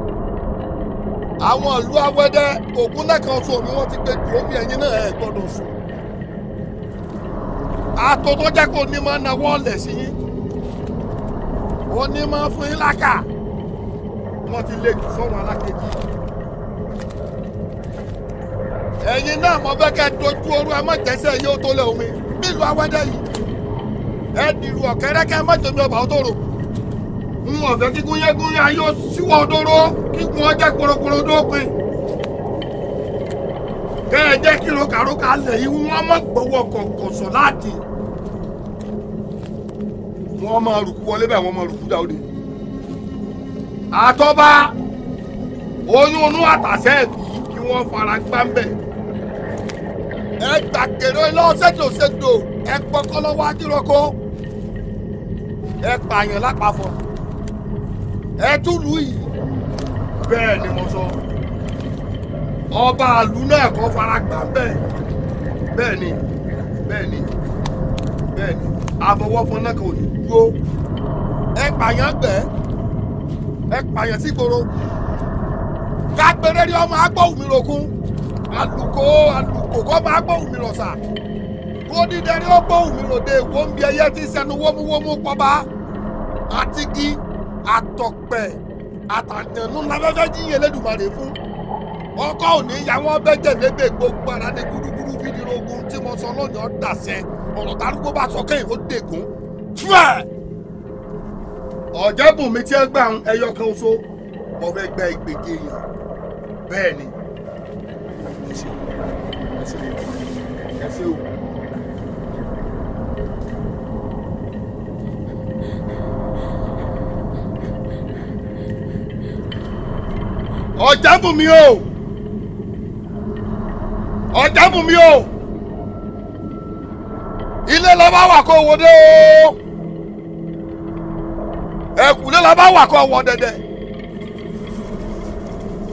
àwọn ìlú awẹ́dẹ́ ògún lẹ́kan sọ ni wọ́n ti gbé ju omi ẹ̀yìn náà ẹ̀ gbọ́dọ̀ sùn. àtò tó jẹ́ kó ní máa nawọ́ ọ̀lẹ̀ sí yín ó ní máa fún yín lákà wọ́n ti lé jù sọ́run alákejì. ẹ̀yin náà mo fẹ́ kẹ́ dojú oru ẹ má jẹ́sẹ̀ yóò tó lẹ̀ omi nílùú awẹ́dẹ́ yìí ẹ dìrú ọ̀kẹ́rẹ́kẹ́ má jẹ́mi ọba ó tó n ò fẹ́ kíkún yẹ gún yẹ ayé síwọ́ òdòdó kíkún ọjà korokoro dópin kẹ́ ẹ jẹ́ kí rokaroka lẹ̀ yìí wọ́n mọ̀ gbowó kọ̀ọ̀kọ̀sọ̀ láti wọ́n máa rùkú wọlé bẹ́ẹ̀ wọ́n máa rùkú dáwọ́dé àtọ́ba oyún inú àtàṣẹ́ ẹ̀bí kí wọ́n fara gbá ń bẹ̀ ẹ gbàgede lọ́sẹ̀dọ̀sẹ̀dọ̀ ẹ pọkọ́ lọ́wọ́ adírọ́kọ́ ẹ pààyàn lápapọ̀ ẹ tún lù yìí bẹ́ẹ̀ ni mo sọ ọba àlù náà kọ́ fara gbà bẹ́ẹ̀ bẹ́ẹ̀ ni bẹ́ẹ̀ ni bẹ́ẹ̀ ni àfọwọ́fọn náà kò ní dúró ẹ pààyàn gbẹ ẹ pààyàn sígboro kápẹ́rẹ́rì ọmọ agbóhùnmi lòkun alùkò alùkò kọ́ máa gbóhùnmi lọ̀sà kódìdẹ́rì ó gbóhùnmi lòde ìwọ́nbi ẹyẹ ti sẹnu wómúwómú pọ́ba àtigi àtọ̀pẹ̀ àtàyànnú láfẹ́fẹ́ jíyìn Elédùmarè fún ọkọ òní ya wọn bẹ́jẹ̀ lébè gbogbo ara ní gúdúgúdú fídírò ogun tí mo sọ lọ́yọ̀ọ́ dàṣẹ ọ̀rọ̀ tárúgbó bá sọ kẹ́yìn ó dègún tíwẹ̀. ọ̀jẹ̀bùnmi tí ẹ gbà ń ẹyọ kan oṣù mo fẹ́ gba ìgbèjì èèyàn bẹ́ẹ̀ ni ẹ ṣe o ẹ ṣe o. Ọ̀jábùnmí o Ọ̀jábùnmí o ilé la bá wà kó wo dé o ẹ̀kúlé la bá wà kó wọ dẹ̀dẹ̀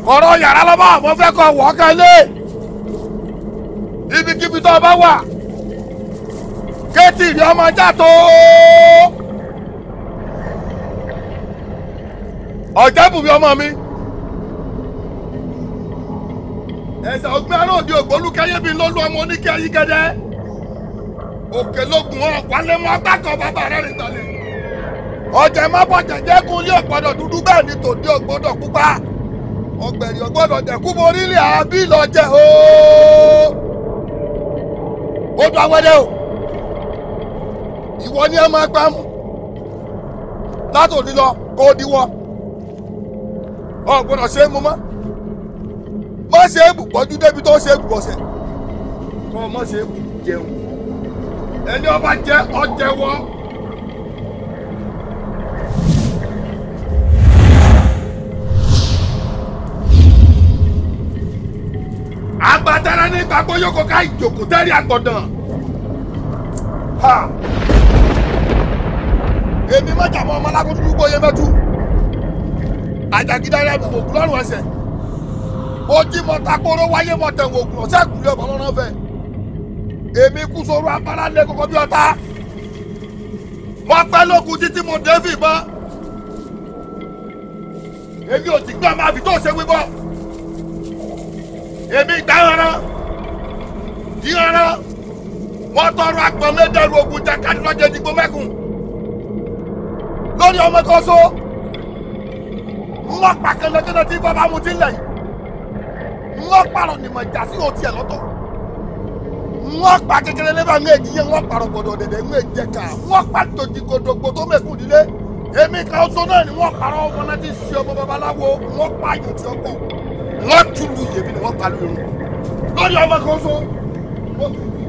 kọ̀rọ̀ yàrá la bá wà mọ́ fẹ́ kó wọ́ kálé ibikíbi tó bá wà kéétì rí ọmọ já tó. Ọ̀jábùnmí ọmọ mi. ẹ̀sà ọgbẹ́ ará òde ògbólúkẹ́yẹ́ bíi lọ́lú ọmọ oníkẹ́ ayígẹ́dẹ́ òkè lógun ọ̀pálẹ̀ mọ́ abákan bàbá rẹ̀ rìn gbalẹ̀ ọ̀jẹ̀ má bọ̀jẹ̀ jẹ́ kún ilé ọ̀gbọ́dọ̀ dúdú bẹ́ẹ̀ ni tòde ọ̀gbọ́dọ̀ pupa ọ̀gbẹ̀rì ọ̀gbọ́dọ̀ jẹ́ kú borí ilé àbí lọ́jẹ̀ ooo ó dún awẹ́dẹ́ o ìwọ ni ẹ máa gbá mu látòdì lọ kó diwọ ọ̀gbọ́dọ̀ ṣe é mu mọ́ má ṣe é bùpọ́jú débi tó ṣe é bùpọ́sẹ̀ kọ́ má ṣe é bù jẹun ẹni ọba jẹ ọjẹwọ. agbadara ní gbàgbọ́ yókò ká ìjòkó tẹ́rì àgbọ̀dàn. èmi má jàmọ́ ọmọ alákòótú gbóyè mẹ́tú àjàgídá rẹ̀ bùbò lọ́rùn ẹsẹ̀ ojí mọ̀tàkóró wáyé mọ̀tẹ̀wò ògùn ọ̀sẹ̀ ìkúlẹ̀ ọ̀bọ̀ lọ́nà fẹ́ èmi kú sóru apára lé kọ́kọ́ bí ọ̀tá mo pẹ́ lókun títí mo dé fìbọn èmi ò ti gbọ́ máa fi tó ṣe wíwọ́ èmi dáhọ́rọ́ díhọ́rọ́ mo tọrọ àgbọ̀n mẹ́dẹ̀rù ogun jẹ kádìlọ́jẹ dìgbò mẹ́kùn lórí ọmọ kan so mo tí bàbá mu ti lẹ̀ wọ́n pààrọ̀ nìmọ̀ ìjà sí òtí ẹ̀ lọ́tọ̀ wọ́n pa kékeré lẹ́bà ń èjì yẹn wọ́n pààrọ̀ gbọ̀dọ̀ dẹ̀dẹ̀ ń èjì ẹ̀ka wọ́n pa tòjì gòdògbò tó mẹ́kù nílé èmi kan oṣù náà ni wọ́n pààrọ̀ ọmọ náà ti ṣe ọmọ babaláwo wọ́n pa ayò tí ọkọ̀ wọ́n túlù yèmí ni wọ́n pa lóyún lórí ọmọ kan oṣù wọ́n túlù yèmí.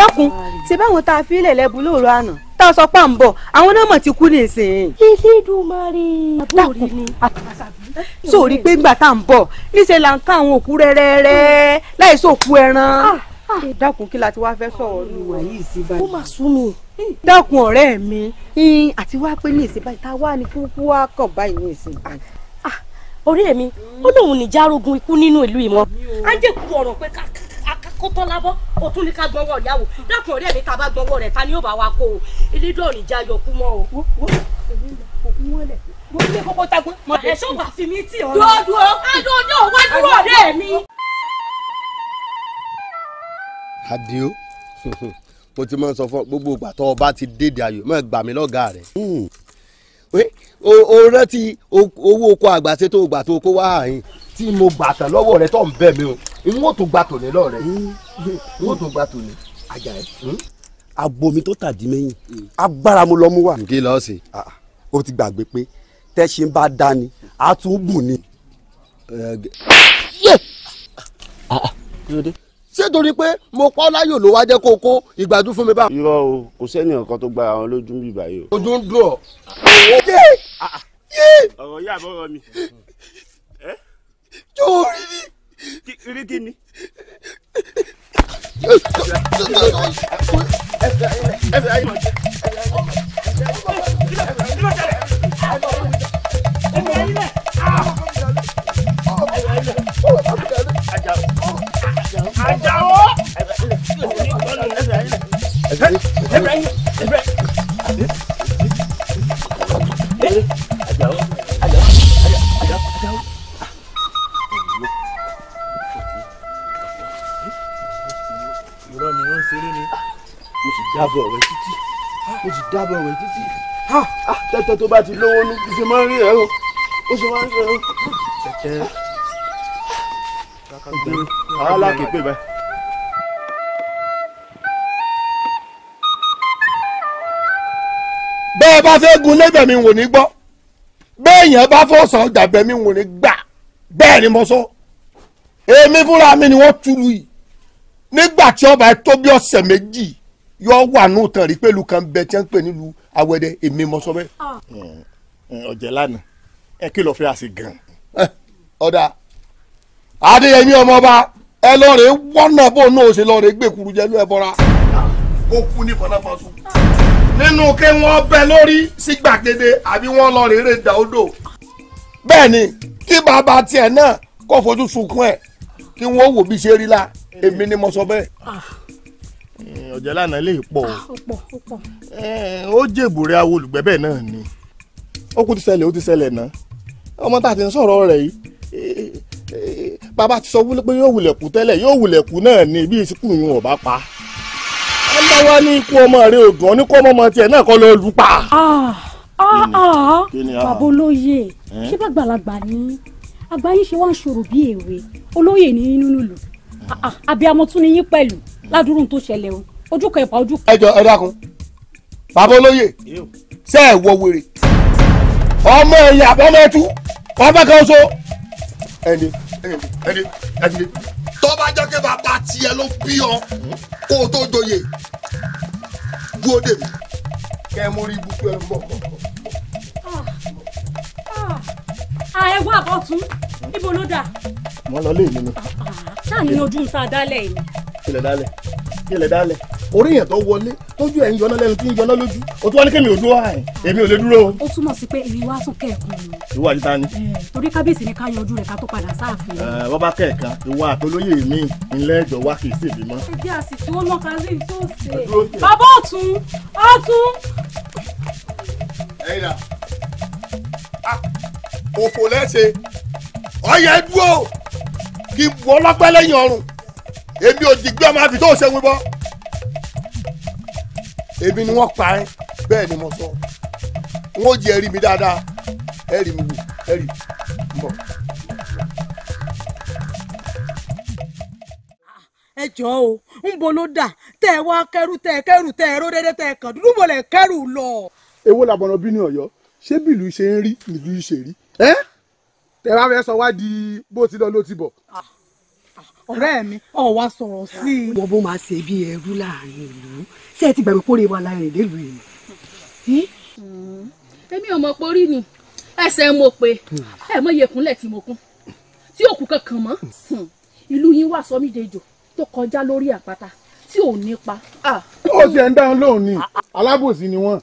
dákun ṣe báwọn tá a fi ilẹ̀ lẹ́bùn lóòrò àná tá a sọ pà ń bọ̀ àwọn náà mọ̀ ti kú nísìnyí. Elédùmarè àbúrò ni sórí pé ńgbà tá à ń bọ̀ níṣẹ́ là ń ká àwọn òkú rẹ́rẹ́rẹ́ láì sóòkú ẹran ah, ah. Eh, dákun kí la ti wá fẹ́ sọ̀rọ̀ ìwà yìí sí báyìí. ó mà sú mi. dákun ọ̀rẹ́ mi àti wá pé ní ìsìn báyìí tá a wá ní kúkú wá kàn báyìí ní ìsìn báyìí. Ah, ọ̀rẹ́ mi ó lóun ní járógun ikú nínú ìlú ìmọ̀. á jẹ́ kú akótó lábọ́ o tún ní ká gbọ́nwọ́ ìyàwó dákun ọ̀rẹ́ mi ta bá gbọ́nwọ́ rẹ̀ ta ni yóò bá wa kó o ilédò òní já yọ kú mọ́ o. mo ní kókó tagun. ẹ̀ṣọ́ bá fi mí tì ọ́. dúró dúró. adó ní òwá dúró ọ̀rẹ́ mi. adio mo ti máa ń sọ fún ọ gbogbo ìgbà tó o bá ti dédé ayò má gbà mí lọ́gàá rẹ̀ hmm. o rántí owó oko àgbàṣe tó gbà tó kó wá àyìn tí mo gbà tán lọ́wọ́ rẹ tó ń bẹ̀ mí o n ó tó gba tòní lọ́rẹ̀ n ó tó gba tòní ajá ẹ. Hmm? agbo mi tó tàdí mẹ́yìn agbára mo lọ mú wá. ǹkí lọ sí. Ah, o ti gbàgbé pé tẹ́sí bá dání a tún bù ni. Ah, ah. ṣé torí pé mo pọ́ láyò ló wá jẹ́ kó kó ìgbádùn fún mi bá. irọ́ o kò sẹ́ni ọ̀kan tó gba àwọn lójú ń bì báyìí o. ojú ń dùn ọ́. ọ̀rọ̀ yà bọ̀rọ̀ mi. jóòrí ni eré kí ni. Àjàó. Àjàó. ṣeré ni mo sì dábọ̀ rẹ títí mo sì dábọ̀ rẹ títí tẹ́tẹ́ tó bá ti lówó ní ṣe máa ń rí ẹ̀rọ ó ṣe máa ń rí ẹ̀rọ. tẹ́tẹ́ wàhálà kìí pè báyìí. bẹ́ẹ̀ bá fẹ́ gun lébẹ̀ mi wò ní gbọ́ béèyàn bá fọ́ sàn dàbẹ̀ mi wò ní gbà bẹ́ẹ̀ ni mo sọ èmi fúnra mi ni wọ́n túlù yìí nígbà tí ọba ẹ tó bí ọ̀sẹ̀ méjì yóò wà nù tán rí pẹ̀lú kan bẹ tí wọ́n ń pè nílùú awẹ́dẹ èmi mọ sọ bẹ́ẹ̀. Ah. Mm, mm, ọ̀jẹ̀ lánàá ẹ kí lọ́ọ́ fẹ́ àṣẹ gan. Eh, ọ̀dà adéyẹmí ọmọọba ẹ lọ́ọ̀rẹ́ wọ́nà bó náà ṣe lọ́ọ̀rẹ́ gbẹ̀kuru jẹ́lú ẹ bọ́ra. ó kú ní fanáfasù. Ah. nínú kí wọ́n bẹ lórí sí gbàgede àbí wọ́n lọ́ọ̀rẹ́ eré ìdá odò. bẹ́ẹ̀ ni kí bàbá tiẹ̀ náà kó fojú sunkún ẹ̀ kí wọ́n wò bí ṣe rí la èmi ni mo sọ bẹ́ẹ̀ ah. eh, ọ̀jẹ̀ lánàá lè pọ̀ ah, ó jèbù rẹ awo olùgbẹ́bẹ̀ náà ni ó kú ti ṣẹlẹ̀ ó ti ṣẹlẹ̀ náà ọmọ tá a ti ń sọ̀rọ̀ rẹ̀ yìí eh, eh, bàbá ti sọ pé yóò wulẹ̀ tẹ́lẹ̀ yóò wulẹ̀ náà ni bí ìsìnkú yìí ò bá pa wọ́n bá wá ní ikú ọmọ rẹ ògùn ọ ní kó ọmọ tiẹ̀ náà kọ́ ló lù pa. Ah, bàbá olóye ṣé bàgbàlagbà ni àgbáyé ṣe wá ń ṣòro bí èwe olóye ní nínú lò abiyamọ tún ni yín pẹ̀lú ládùúrún tó ṣẹlẹ̀ o ojú kan ìpa ojú kan. ẹ jọ ẹ dákun bàbá olóyè ṣe é wọ wèrè ọmọ ẹyìn àbọmọ ẹtú ọmọ kan so ẹni ẹni ẹni. tọ́ba jẹ́ kí bàbá tiẹ̀ ló bí ọ kó o tó joyè dúró dèbí kẹ́ ẹ mórí ibùkún ẹ ń bọ̀. Ah, ah. Ah, ẹ wá àbọ̀tún níbo ló dà. wọ́n lọ lé mi ni. táà ah, ah, ní ojú nta dálẹ̀ yìí. kílẹ̀ dálẹ̀ kílẹ̀ dálẹ̀ orí yẹn tó wọlé tójú ẹ̀ ń yọná lẹ́nu tí ń yọná lójú o tún wá ní kémi ò dúró àyìn èmi ò lè dúró o. ó túmọ̀ sí pé èmi wá tún kẹ̀kún mi. ìwọ àti ta ni. torí kábíyèsí ni ká yanjú rẹ̀ ká tó padà sáàfin. ẹ wọ́n bá kẹ̀kan ìwọ àtolóyè mi ilé ẹ̀jọ̀ wa kì í sì bímọ. ẹgbẹ́ àsìkò wọn náà kan sí tó ṣe. bàbá ọ̀tún ọ̀tún. ẹ̀yin náà òfò lẹ́sẹ̀ ọ̀yẹ́ dúró kí wọ́n lọ́pẹ́ lẹ́yìn ọ̀run èmi ò dìgbé ọmọ àfi tó ṣe wí bọ́ èmi ni wọ́n pa ẹ́ bẹ́ẹ̀ ni mo sọ wọ́n jẹ́ ẹ̀rí mi dáadáa ẹ̀rí mi wò ẹ̀rí mi bọ̀. ẹ jọ̀ọ́ o ń bo ló dà tẹ́ ẹ wá kẹ́rù tẹ́ ẹ kẹ́rù tẹ́ dédé tẹ́ kàn dúdú bọ̀lẹ̀ kẹ́rù lọ. èwo làbọ̀nà bí ní ọ̀yọ́ ṣé bílù ṣe ń rí nílùú ṣe rí ẹ tẹ bá fẹ́ sọ wá di bó ti lọ ló ti bọ̀. ọ̀rẹ́ mi ọ̀ wá sọ̀rọ̀ sí i. wọ́n bó máa ṣe bí ẹrú láàrin ìlú ṣé ẹ ti gbàgbé kórè wa láàrin ìlú yìí. èmi ò mọ̀ porí ni ẹsẹ̀ mo pe ẹ mọ iyekunlẹ̀ tí mo kún tí òkú kankan mọ́ hmm. ìlú yín wà sọmídẹjọ tó kọjá lórí àpáta tí ò nípa. ó ti ẹ̀ ń dáhùn lóhùn ni alábòsí ni wọ́n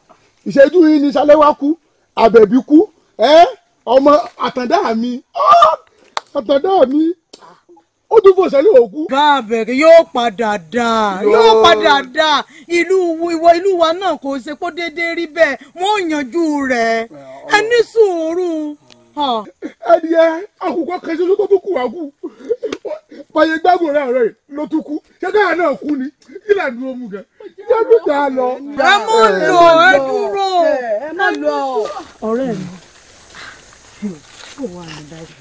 ìṣẹ́jú yìí ni ṣálẹ́wá kú àbẹ̀bí kú ẹ́. Eh? ọmọ àtàndá mi ah, àtàndá mi ó tún fò sẹ́lẹ̀ òkú. báàbẹ̀rẹ̀ yóò padà dà yóò padà dà ìlú ìwọ ìlú wa náà kò ṣe kó déédéé rí bẹ́ẹ̀ wọ́n ò yanjú rẹ̀ ẹ ní sùúrù. ẹnìyẹ àkùkọ kan ṣoṣo tó tún kù wá kù gbàgbọ́ rẹ̀ rẹ̀ ló tún kú ṣẹ́gá náà kú ni kí là ń dúró mú gan ẹ mọ̀ lọ ẹ dúró ẹ mọ̀ lọ. ọ̀rẹ́ mi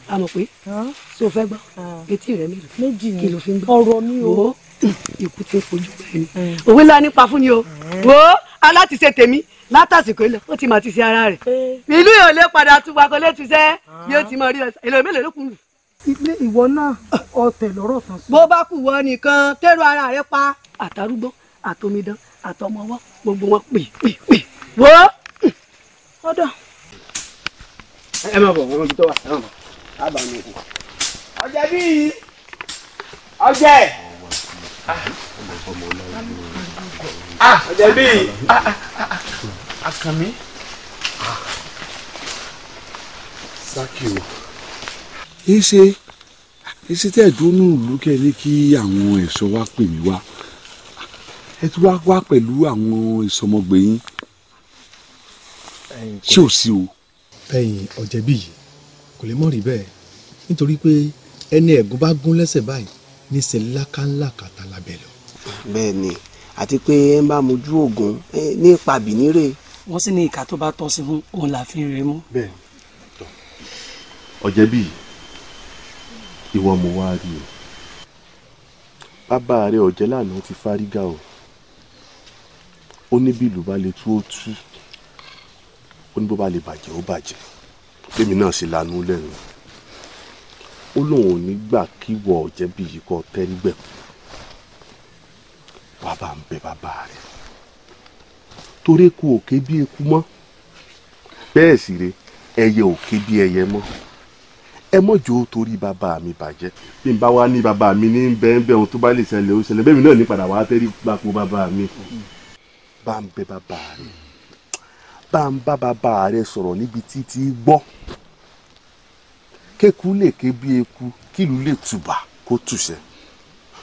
a mọ̀ pé so fẹ́ gbọ́ etí rẹ mélòó kí ló fi ń gbọ́ ọ̀rọ̀ mi o ikú ti ń fojú bẹ́ẹ̀ ni òwe ńlá nípa fún ni o wo alátiṣe tèmi látàsìkò ilẹ̀ ó ti mà ti ṣe ara rẹ̀ ìlú yóò lé padà tún wakọ̀ létí sẹ́ bí ó ti mọ rí ọ̀sẹ̀ èlò mélòó ló kún ilé ìwọ náà ọtẹ lọ́rọ̀ tán sí. bó bá kù wọ nìkan tẹ́rù ara rẹ pa àtàrúgbó àtomidan àtọmọwọ́ gbogbo wọn pè pè pè wọ́ ọ̀dọ̀ ẹ má bọ̀ ọmọ ibi tó wà ẹ má bọ̀ ábà mi kù. ọjà bíi ọjà ẹ. Ah, ọjà bíi Àkànmí. Sákì o. Ìṣe ìṣe tẹ́ ẹ̀ dúró ní ìlú kẹ́ ní kí àwọn ẹ̀ṣọ́ wa pè mí wá. Ẹ ti wá wá pẹ̀lú àwọn ìsọmọgbè yín. ò sí o? bẹ́yìn ọ̀jẹ̀bí yìí kò lè mọ̀ rí bẹ́ẹ̀ nítorí pé ẹni ẹ̀gún bá gún lẹ́sẹ̀ báyìí níṣẹ́ lákàńlá kàtà lábẹ́ lọ. bẹ́ẹ̀ ni àti pé ẹ ń bá mojú oògùn ní ipa bìnírè. wọ́n sì ní ìka tó bá tọ́ sí fún òun là fi re mú. bẹ́ẹ̀ tọ́ ọ̀jẹ̀bí ìwọ mo wá rí o bàbá rẹ ọ̀jẹ̀ lánàá ti fárígà o ó ní bí ìlú bá lè tú tú ó ní bó bá lè bàjẹ́ ó bàjẹ́ lèmi náà sì lanú lẹ́nu ó lóun ò ní gbà kí wọ ọ̀jẹ̀bí yìí kọ́ tẹ́rígbẹ̀ wá bá ń bẹ bàbá rẹ̀ torí eku òkè bí eku mọ́ bẹ́ẹ̀ sì re ẹyẹ òkè bí ẹyẹ mọ́ ẹ mọ̀jọ́ torí bàbá mi bàjẹ́ bí n bá wá ní bàbá mi ní bẹ́ẹ̀nbẹ́ẹ̀ ohun tó bá lè ṣẹlẹ̀ ó ṣẹlẹ̀ bẹ́ẹ̀ mi náà ní padà wá tẹ́rí gbàpò bàbá mi bá ń bẹ bàbá rẹ̀ bá ń bá bàbá rẹ sọ̀rọ̀ níbi títí gbọ́ kéku lè ké bí eku kílù lè tùbà kó tùṣẹ́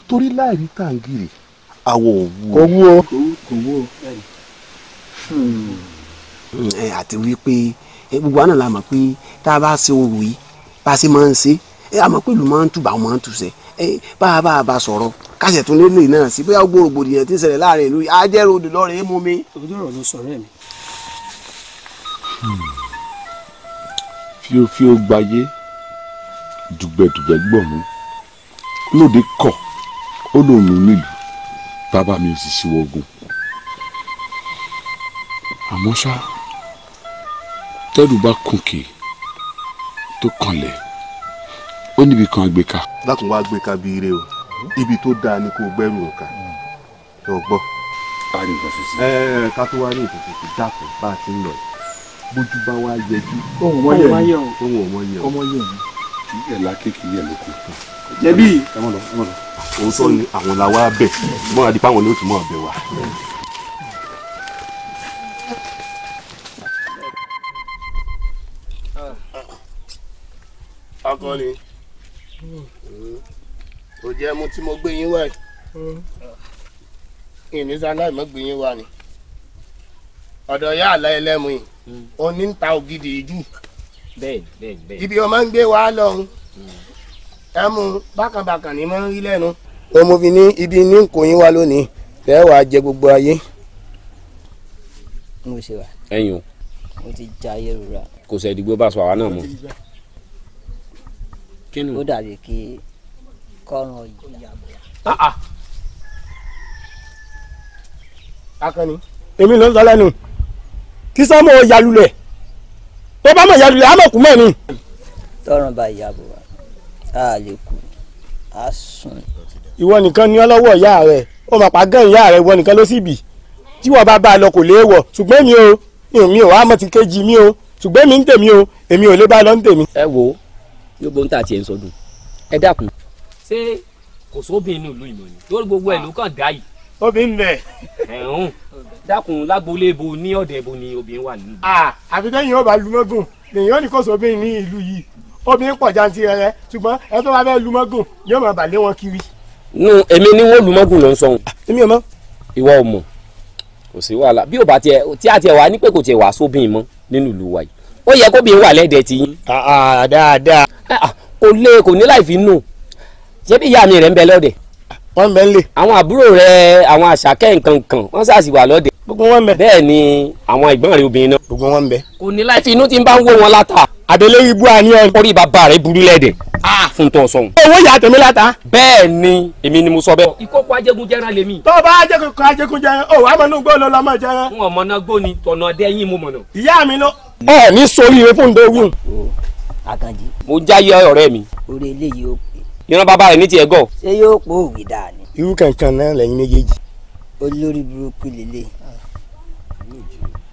torí láìrí tàǹgìrì àwọ̀ òwú o. owó o. owó o. ẹ àti wípé gbogbo àná la mọ̀ pé tá a bá ṣe orò yìí bá a ṣe máa ń ṣe é àmọ́ pẹ̀lú máa ń tùbà máa ń tùṣẹ́ bá a bá a bá sọ̀rọ̀ kásẹ̀ tún lélẹ̀ náà sí bóyá gbòrògbòdìyàn ti ṣẹlẹ̀ láàrin ìlú yìí á lọ́rẹ̀ é mú mi. òjò rọ̀ sọ̀rọ̀ ẹ̀ mi fíofíó gbayé dùgbẹ̀dùgbẹ̀ gbọ̀rún lóde kọ̀ ó lòun nílùú bàbá mi ò sì ṣíwọ́ ogun àmọ́ ṣá tẹ́rù bá kùnkè tó kanlẹ̀ ó níbi kan àgbéká. lákùn wá àgbéká bíi ire o ibi tó dáa ni kò gbẹ́rù ọ̀ka tó gbọ́. ká tó wá ní ìtòkùn dákun bá a ti ń lọ yìí bójú bá wá yẹjú ohun ọmọ yẹ ohun ọmọ yẹ ọmọ yẹ kí ẹ̀ la kékeré ẹ̀ ló kù. jẹ̀bi òótọ́ ni àwọn làwa bẹ̀ mọ́ra dípá àwọn ni ó tún mọ́ ọ̀bẹ wa. akọni ò jẹ́ mu tí mo gbé yín wá yìí ìnísàn láì mọ́ gbé yín wá ni ọ̀dọ̀ yá àlá ẹlẹ́mu yìí òní ń ta ògidì jù ibi ọmọ ń gbé wa lọ ẹmu bákàbàkàn ni mo ń rí lẹ́nu. ọmọ fi ní ibi ní nkòyín wa lónìí tẹ́ wàá jẹ gbogbo ayé. mo ṣe wa. ẹyin o. mo ti ja ayé rura. kò sẹ́ ìdìgbò bá sọ àwa náà mọ́. ó dàbí kí kọ́run ọ̀yà. Ah, ah. akọni èmi ló ń sọ lẹ́nu kí sọ́mọ́ yalulẹ̀ tó bá mọ̀ yalulẹ̀ á mọ̀ kú mọ̀ ni. tọrùn bá ìyá bò wá a lè kú a sùn. ìwọ nìkan ni ọlọ́wọ́ ìyá rẹ̀ ó mà pa gán ìyá rẹ̀ ìwọ nìkan ló sì bì tí wọ́n bá bá a lọ kò léèwọ̀ ṣùgbọ́n mi ò mi ò mi ò wá mọ̀ ti kejì mi ò ṣùgbọ́n mi ń tèmi o èmi ò lè bá lọ ń tèmi. ẹ wo yóò bó ń tà tiẹ̀ ń sọdún ẹ dákun. ṣé kò sóbìn inú ìlú ìmọ̀ ni lórí gbogbo ẹ̀ ló kàn dá yìí. obìnrin bẹ̀. ẹ̀hún dákun lágboolé bo ní ọ̀dẹ̀ bo ni obìnrin wà nínú. Ah, àfi tẹ́yìn ọba lumọ́gùn lèyàn ní kò sóbìnrin ní ìlú yìí obìnrin pọ̀ jantì rẹ̀ ṣùgbọ́n ẹ tó bá fẹ́ lumọ́gùn yóò máa bà lé wọn kiri. nu èmi ni wọn lumọ́gùn ló ń sọ. Ah, èmi ò mọ̀. ìwọ ò mọ̀ kò sí wàhálà bí ò bá tiẹ̀ tí a tiẹ̀ wà ní pé kò tiẹ̀ wà sóbìn mọ́ nínú ìlú wa yìí ó yẹ kóbìnrin wà lẹ́dẹ̀ẹ́ ti yín. Ah, dáadáa. kò lè kò ní láì fi nù ṣé bí ìyá mi rẹ̀ ń bẹ lọ́dẹ̀ wọ́n bẹ̀ ń lè. àwọn àbúrò rẹ àwọn àṣàkẹ́ nǹkan kan wọ́n sàṣì wà lọ́dẹ. gbogbo wọn bẹ. bẹ́ẹ̀ ni àwọn ìgbọ́n rẹ obìnrin náà. gbogbo wọn bẹ. kò ní láì fi inú ti ń bá ń wó wọn láta. àdélé ibú àníyàn. orí bàbá rẹ burú lẹ́dẹ̀. a ah, fún tọ sọhun. owó ìyá tèmi láta. bẹ́ẹ̀ ni èmi ni mo sọ bẹ́ẹ̀. ìkókó ajégunjẹran lèmi. tó o bá ajégunkan ajégunjẹran o wà á mọ̀nà gbó lọ́lọ́ mọ̀ n ò mọ̀nà gbó ni tọ̀nà dẹ́yìn mo mọ̀nà. ìyá mi ló. ẹ ní sori rẹ fún dogun. àkànjí. mo jáyé ọ̀rẹ́ mi. orí ìran bàbá rẹ̀ ní tiẹ̀ gọ̀. ṣé yóò pò òwì dáa ni. irú kankan náà lẹ́yìn méjèèjì. olórí burúkú lélẹ̀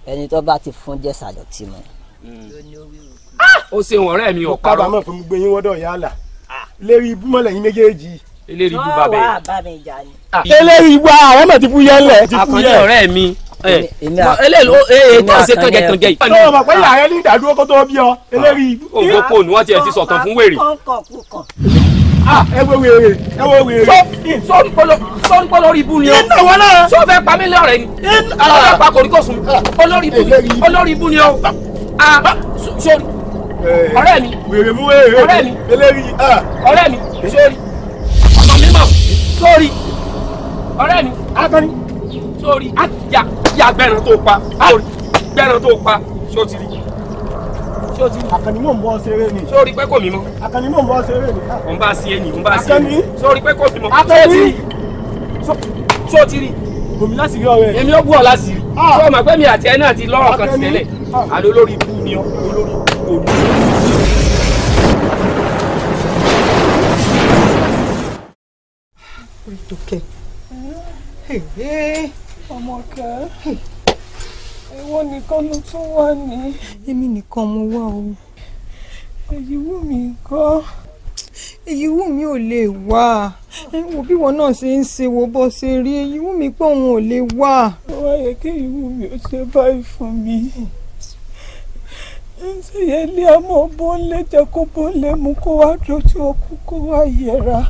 ẹni tó bá ti fún jẹ́sà lọ ti mọ̀. Ah! ó ṣe wọn ọ̀rẹ́ mi ọ̀parọ́. mo kábàámọ̀ pé mo gbé yín wọ́dọ̀ yálà lérí ibú mọ́ lẹ́yìn méjèèjì. eléri ibú bàbá yẹn. eléri ibú ah, àwọn ọmọ ti fú yẹn lẹ̀. àkànjẹ́ ọ̀rẹ́ mi eléyìí eléyìí tó ń ṣe kànjẹ kànjẹ yìí. tọ́wọ́ mọ̀ pé yàrá ẹni ìdádúró kó tó bí ọ ah. eléyìí. ògbó pòlù wọn tiẹ̀ ti sọ̀tàn fún wèrè. Ah, ẹ wo wèrè ẹ wo wèrè. sọ nípa olórí ibú ni o. iná wọn náà. sọ fẹ́ pa mí lọ́rẹ̀ ni. ọlọ́run pa kò ní kò sùn. Ah. olórí ibú ni o. sori eh, ọ̀rẹ́ mi. wèrè mú wèrè. ọ̀rẹ́ mi. eléyìí ọ̀rẹ́ mi. sori ọmọ mi mọ̀ sori ọ̀rẹ́ mi. akọni sórí á ya ya gbẹran tó pa sórí gbẹran tó pa ṣó ti rí ṣó ti rí. àkànní mò ń bọ́ ṣeré ni. sórí pé kò mímọ. àkànní mò ń bọ́ ṣeré ni. òun bá sí ẹni òun bá sí ẹni sórí pé kò mímọ. àkànní ṣó ti rí. bòmí láti rí ọ̀rẹ́. èmi ó bú ọ láti rí. sọ ah! ma pé mi àti ẹ náà ti lọ́rọ̀ kan ti tẹ́lẹ̀ ah! àlọ́ olórí ibú ni olórí òdu. orí tó kẹ́ ọmọ kan ìwọ nìkan ló tún wà ní. èmi nìkan mo wá o. èyí wù mí gan. èyí wù mí ò lè wá wo bí wọn náà ṣe ń ṣe wo bó ṣe rí èyí wù mí pé òun ò lè wá. wọ́n yẹ kí èyí wù mí ó ṣe báyìí fún mi ṣe yẹ ilé ọmọ bó ń lé jẹ kó bó ń lé mu kó wá dojú okú kó wá yẹra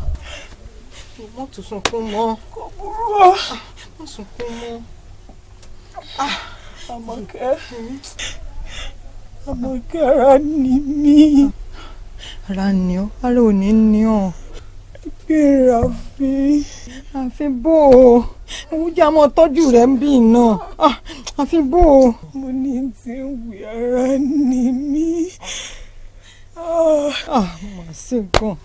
mo tún sunkún mọ́. kò burú o. mo sunkún mọ́. Ah, àmọ̀kẹ́ àmọ̀kẹ́ ara ni mí. ara ni ọ́ ara ò ní ní ọ́. ẹgbẹ́ ràfin. ràfin bò ó wújà mọ́ tọ́jú rẹ̀ ń bì náà àfin ah, bò ó. mo ní ti ń wí ara ni mí. Ah, ah ṣe gan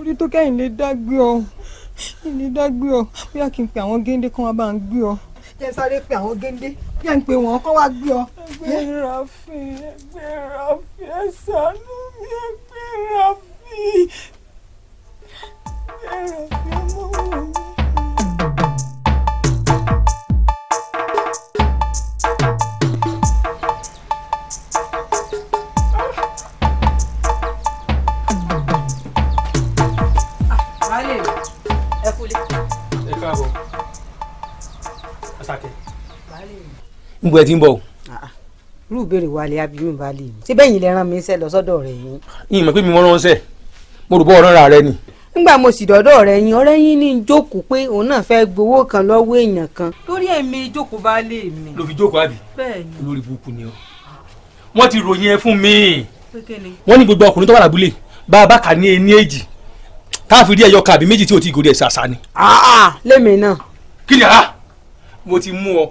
orí tó kẹ́yìn lè dá gbé ọ ìlè dá gbé ọ bóyá kí n pe àwọn géńdé kan wá bá ń gbé ọ. jẹ́ sáré pe àwọn géńdé jẹ́ n pe wọ́n kọ́ wá gbé ọ. ẹgbẹ́ rafi ẹgbẹ́ rafi ẹ ṣàánú mi ẹgbẹ́ rafi ẹgbẹ́ rafi ọmọ wọn mi. thank you ẹ ti ń bọ̀. irú ìbéèrè wa lè abiyú ìbá mi síbẹ̀ yìí lè rán mi iṣẹ́ lọ sọ́dọ̀ rẹ̀ yín. yìí mọ̀ pé mi mọ́ mo rò bọ́ ọ̀rọ̀ rẹ ni. nígbà mo sì dọ̀dọ̀ yín ọ̀rẹ́ yín ní jókòó pé òun náà fẹ́ gbowó kan lọ́wọ́ èèyàn kan. lórí ẹ̀mí jókòó mi. fi jókòó àbí. olórí burúkú ọ. ti ròyìn ẹ fún mi. ní gbogbo ọkùnrin tó káfíìrì ẹ̀yọ kàbí méjì tí o ti gòrí ẹ̀ ṣàṣà ni. Ah, ah, lèmi náà. kí ni a ah, mo ti mú ọ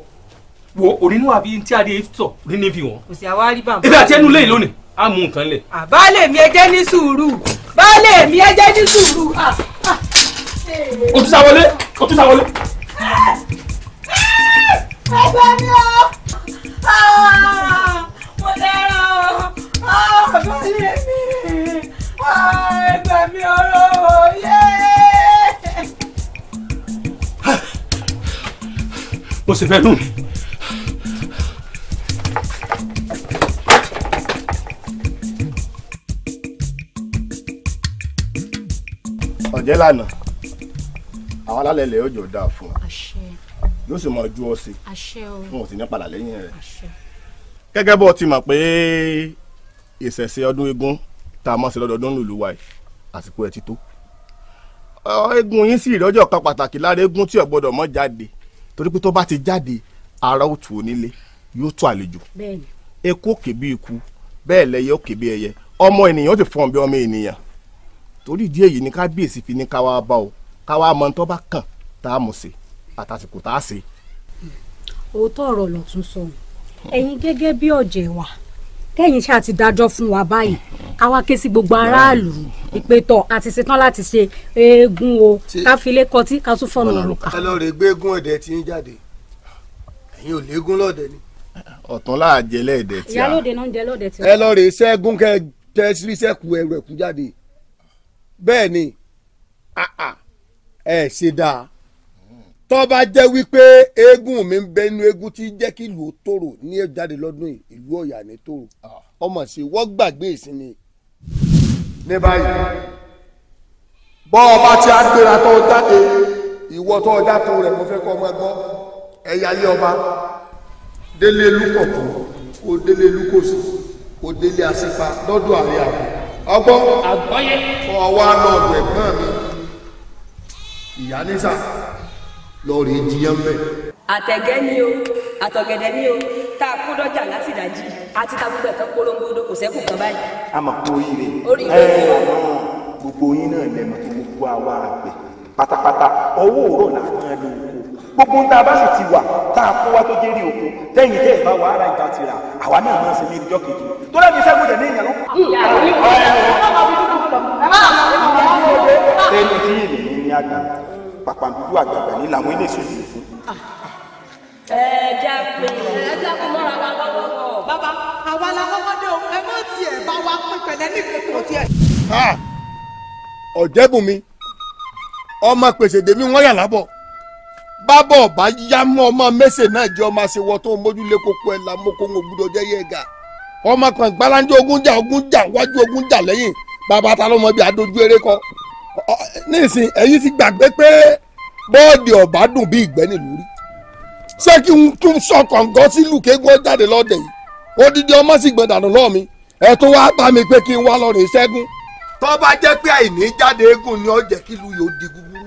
wo onínú àbí tí adé sọ nínú fi wọn. kò sí àwa rí bàbá. ibi àti ẹnu lẹ́yìn lónìí a mú nǹkan lẹ̀. àbálẹ̀ mi ẹ ní sùúrù bálẹ̀ mi ẹ ní sùúrù. Eh. o sáwọlé o sáwọlé. ẹgbẹ́ mi o mo dẹ́rọ̀ o bálẹ̀ mi ẹgbẹ́ mi ọ̀rọ̀ òye. mo sì fẹ́ nù mí. ọ̀jẹ́ lánàá àwọn alálẹ̀ ilẹ̀ yóò jọ dáa fún ọ yóò sì máa ju ọ sí fún òsì ní padà lẹ́yìn rẹ̀ gẹ́gẹ́ bó ti mọ̀ pé ìṣẹ̀ṣe ọdún eégún tá a máa ṣe lọ́dọọdún nílùú wa yìí àsìkò ẹ̀ ti tó. eégún yín sì ìrọ́jọ́ kan pàtàkì lára eégún tí ò gbọ́dọ̀ mọ́ jáde torí pé tó bá ti jáde ara ó tù onílé yóò tó àlejò. eku òkè bí ikú bẹ́ẹ̀ lẹyẹ òkè bí ẹyẹ ọmọ ènìyàn ti fọ̀n bí ọmọ ènìyàn torí ìdí èyí ni kábíyèsí fi ní káwá bá o káwá mọ tó bá kàn tá a mọ̀ sí àtàsìkò tá a ṣe. òótọ́ ọ̀rọ̀ lọ́tún sọ ẹ̀yin gẹ́gẹ́ bí ọ̀jẹ̀ wa kẹ́yìn ṣáà ti dájọ́ fún wa báyìí káwá ké sí gbogbo aráàlú ìpètò àti ṣetán láti ṣe eégún o káfílé kọtí ká tún fọnà òrùka. ẹ lọ rè gbé eégún ọ̀dẹ tí ń jáde ẹ̀yin ò léegún lọ́dẹ ni. ọ̀tún láà jẹ lẹ́ẹ̀dẹ̀ tí a a. ẹ lọ rè ṣẹ́gun kẹ tẹ síríṣẹ́kù ẹrù ẹ̀kú jáde bẹ́ẹ̀ ni ẹ ṣe dáa tó bá jẹ́ wípé eégún mi ń bẹnu eégún tí jẹ́ kí ìlú tòrò ní jáde lọ́dún yìí ìlú ọ̀yà ní tòrò ọmọ ah. sí wọ́n gbàgbé ìsinmi. ní báyìí bọ́ ọba tí a gbéra tó jáde ìwọ tó ọjà tó rẹ̀ mo fẹ́ kọ́ ọmọ ẹgbọ́ ẹ̀yà ilé ọba délé lúkọ̀kọ̀ kó délé lúkọ̀sì kó délé àṣepa lọ́dọ̀ àrẹ àbò ọgbọ́n àgbọ́yé kọ́ wa lọ́ọ̀dọ̀ ẹ̀gbọ́n mi ìyá nísà lọ́ọ̀rì jiyàn bẹ́ẹ̀. àtẹ̀gẹ́ ni o àtọ̀gẹ̀dẹ̀ ni o tá a kó dọ́jà láti dájí àti ta gbogbo ẹ̀tọ́ polongo odò kò sẹ́kù kan báyìí. a máa kó oríire ẹ ẹ àwọn gbogbo yín náà lẹ mọ̀ tó gbogbo àwa àgbẹ̀ pátápátá ọwọ́ òró là ń lo oko gbogbo ń tá a bá sì ti wà tá a kó wá tó jẹ́rìí oko tẹ́yìn tẹ́ ẹ̀ bá wà ara ìgbà ti àwa náà máa ń sinmi ìjọ kejì tó lẹ́nu iṣẹ́ tí yìí ní àgbà pàpàǹdùdù àgbàgbà ní làwọn ilé ìsòyìn fún. ẹ jẹ́ pé ẹ jẹ́ kó mọ́ra wa lọ́wọ́. bàbá àwa la kọ́kọ́ dé o ẹ má tiẹ̀ bá wa pín pẹ̀lẹ́ ní ìpínpín tiẹ̀. ọ̀jẹ̀bùnmi ọmọ pèsè dèmí wọ́n yà lábọ̀ bábọ̀ bá yá mọ́ ọmọ mẹ́sẹ̀ náà jẹ́ ọmọ àṣewọ́ tó ń mójúlé kókó ẹ̀ lámókó ń gbúdọ̀ jẹ́ yẹ́ ga ọmọ kan gbalanjẹ ogun jà ogun jà wájú ogun lẹ́yìn bàbá ta ló mọ bí adójú eré kọ́ nísìn ẹ̀yin ti gbàgbé pé bọ́ọ̀dì ọ̀bá dùn bí ìgbẹ́ nílùú rí ṣé kí n tún sọkàngọ́ sílùú kéegun jáde lọ́dẹ̀ yìí odidi ọmọ sì gbọdànù lọ́ọ̀ mi ẹ̀ tó wá bá mi pé kí n wá lọ rìn ṣẹ́gun tó bá jẹ́ pé àìní jáde eégún ni ó jẹ́ kí ìlú yóò di gúgúrú